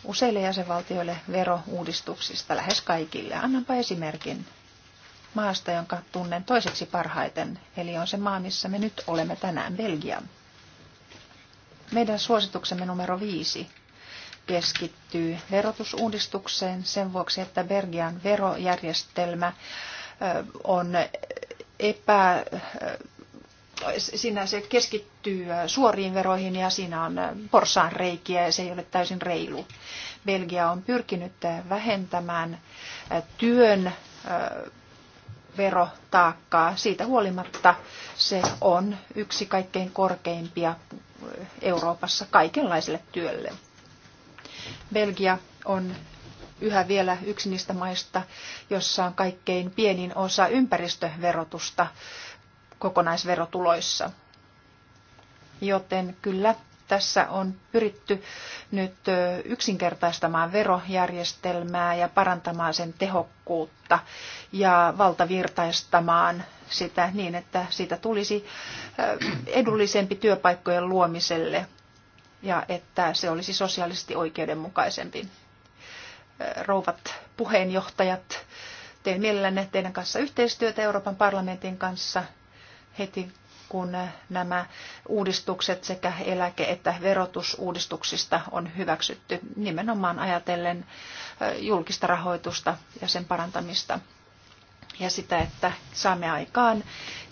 Speaker 3: useille jäsenvaltioille verouudistuksista, lähes kaikille. Annanpa esimerkin maasta, jonka tunnen toiseksi parhaiten, eli on se maa, missä me nyt olemme tänään, Belgia. Meidän suosituksemme numero viisi keskittyy verotusuudistukseen sen vuoksi, että Belgian verojärjestelmä on epä siinä se keskittyy äh, suoriin veroihin ja siinä on äh, porsaan reikiä ja se ei ole täysin reilu. Belgia on pyrkinyt äh, vähentämään työn verotaakkaa. Siitä huolimatta se on yksi kaikkein korkeimpia Euroopassa kaikenlaiselle työlle. Belgia on yhä vielä yksi niistä maista, jossa on kaikkein pienin osa ympäristöverotusta kokonaisverotuloissa. Joten kyllä tässä on pyritty nyt yksinkertaistamaan verojärjestelmää ja parantamaan sen tehokkuutta ja valtavirtaistamaan sitä niin, että siitä tulisi edullisempi työpaikkojen luomiselle ja että se olisi sosiaalisesti oikeudenmukaisempi. Rouvat puheenjohtajat, teen mielelläni teidän kanssa yhteistyötä Euroopan parlamentin kanssa heti kun nämä uudistukset sekä eläke- että verotusuudistuksista on hyväksytty nimenomaan ajatellen julkista rahoitusta ja sen parantamista ja sitä, että saamme aikaan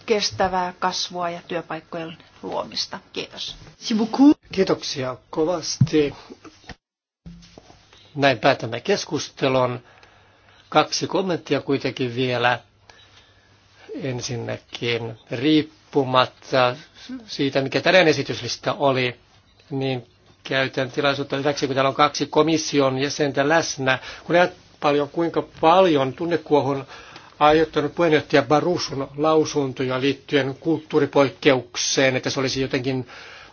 Speaker 3: kestävää kasvua ja työpaikkojen luomista. Kiitos.
Speaker 2: Kiitoksia kovasti. Näin päätämme keskustelun. Kaksi kommenttia kuitenkin vielä ensinnäkin riippumatta siitä, mikä tänään esityslista oli, niin käytän tilaisuutta hyväksi, kun täällä on kaksi komission jäsentä läsnä. Kun näet paljon, kuinka paljon tunnekuohon aiheuttanut puheenjohtaja Barusun lausuntoja liittyen kulttuuripoikkeukseen, että se olisi jotenkin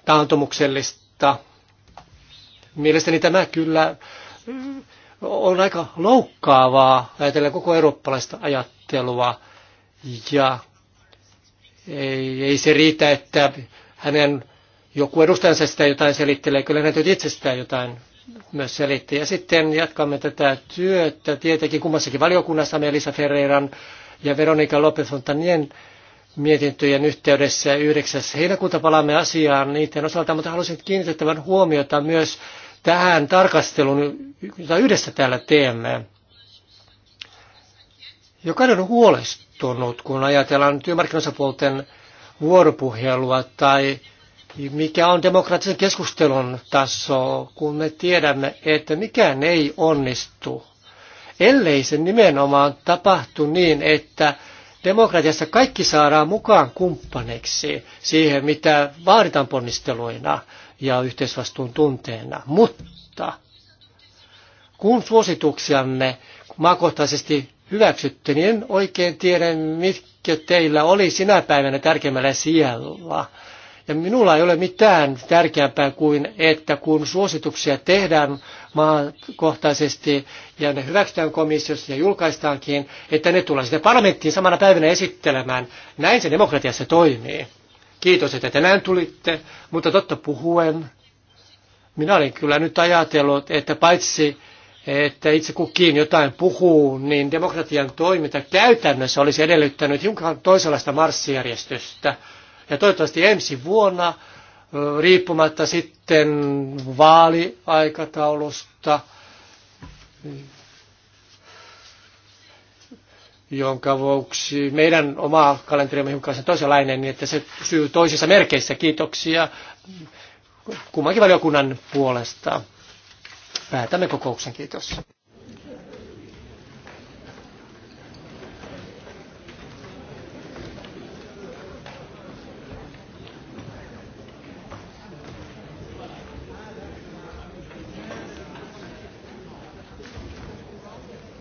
Speaker 2: taantumuksellista. Mielestäni tämä kyllä mm, on aika loukkaavaa ajatella koko eurooppalaista ajattelua. Ja ei, ei se riitä, että hänen joku edustajansa sitä jotain selittelee, kyllä ne itsestään jotain myös selitti. Ja sitten jatkamme tätä työtä tietenkin kummassakin valiokunnassa Melissa Ferreiran ja Veronika Lopez Fontanien mietintöjen yhteydessä 9. heinäkuuta palaamme asiaan niiden osalta, mutta haluaisin kiinnitettävän huomiota myös tähän tarkasteluun, jota yhdessä täällä teemme. Jokainen on huolestunut muuttunut, kun ajatellaan työmarkkinoisapuolten vuoropuhelua tai mikä on demokraattisen keskustelun taso, kun me tiedämme, että mikään ei onnistu, ellei se nimenomaan tapahtu niin, että demokratiassa kaikki saadaan mukaan kumppaneiksi siihen, mitä vaaditaan ponnisteluina ja yhteisvastuun tunteena. Mutta kun suosituksiamme maakohtaisesti hyväksytty, niin en oikein tiedä, mitkä teillä oli sinä päivänä tärkeimmällä sijalla. Ja minulla ei ole mitään tärkeämpää kuin, että kun suosituksia tehdään maakohtaisesti ja ne hyväksytään komissiossa ja julkaistaankin, että ne tullaan sitten parlamenttiin samana päivänä esittelemään. Näin se demokratiassa toimii. Kiitos, että tänään tulitte, mutta totta puhuen, minä olin kyllä nyt ajatellut, että paitsi että itse kukin jotain puhuu, niin demokratian toiminta käytännössä olisi edellyttänyt hiukan toisenlaista marssijärjestystä. Ja toivottavasti ensi vuonna, riippumatta sitten vaaliaikataulusta, jonka vuoksi meidän oma kalenterimme hiukan on toisenlainen, niin että se syy toisissa merkeissä. Kiitoksia kummankin valiokunnan puolesta. Päätämme kokouksen. Kiitos.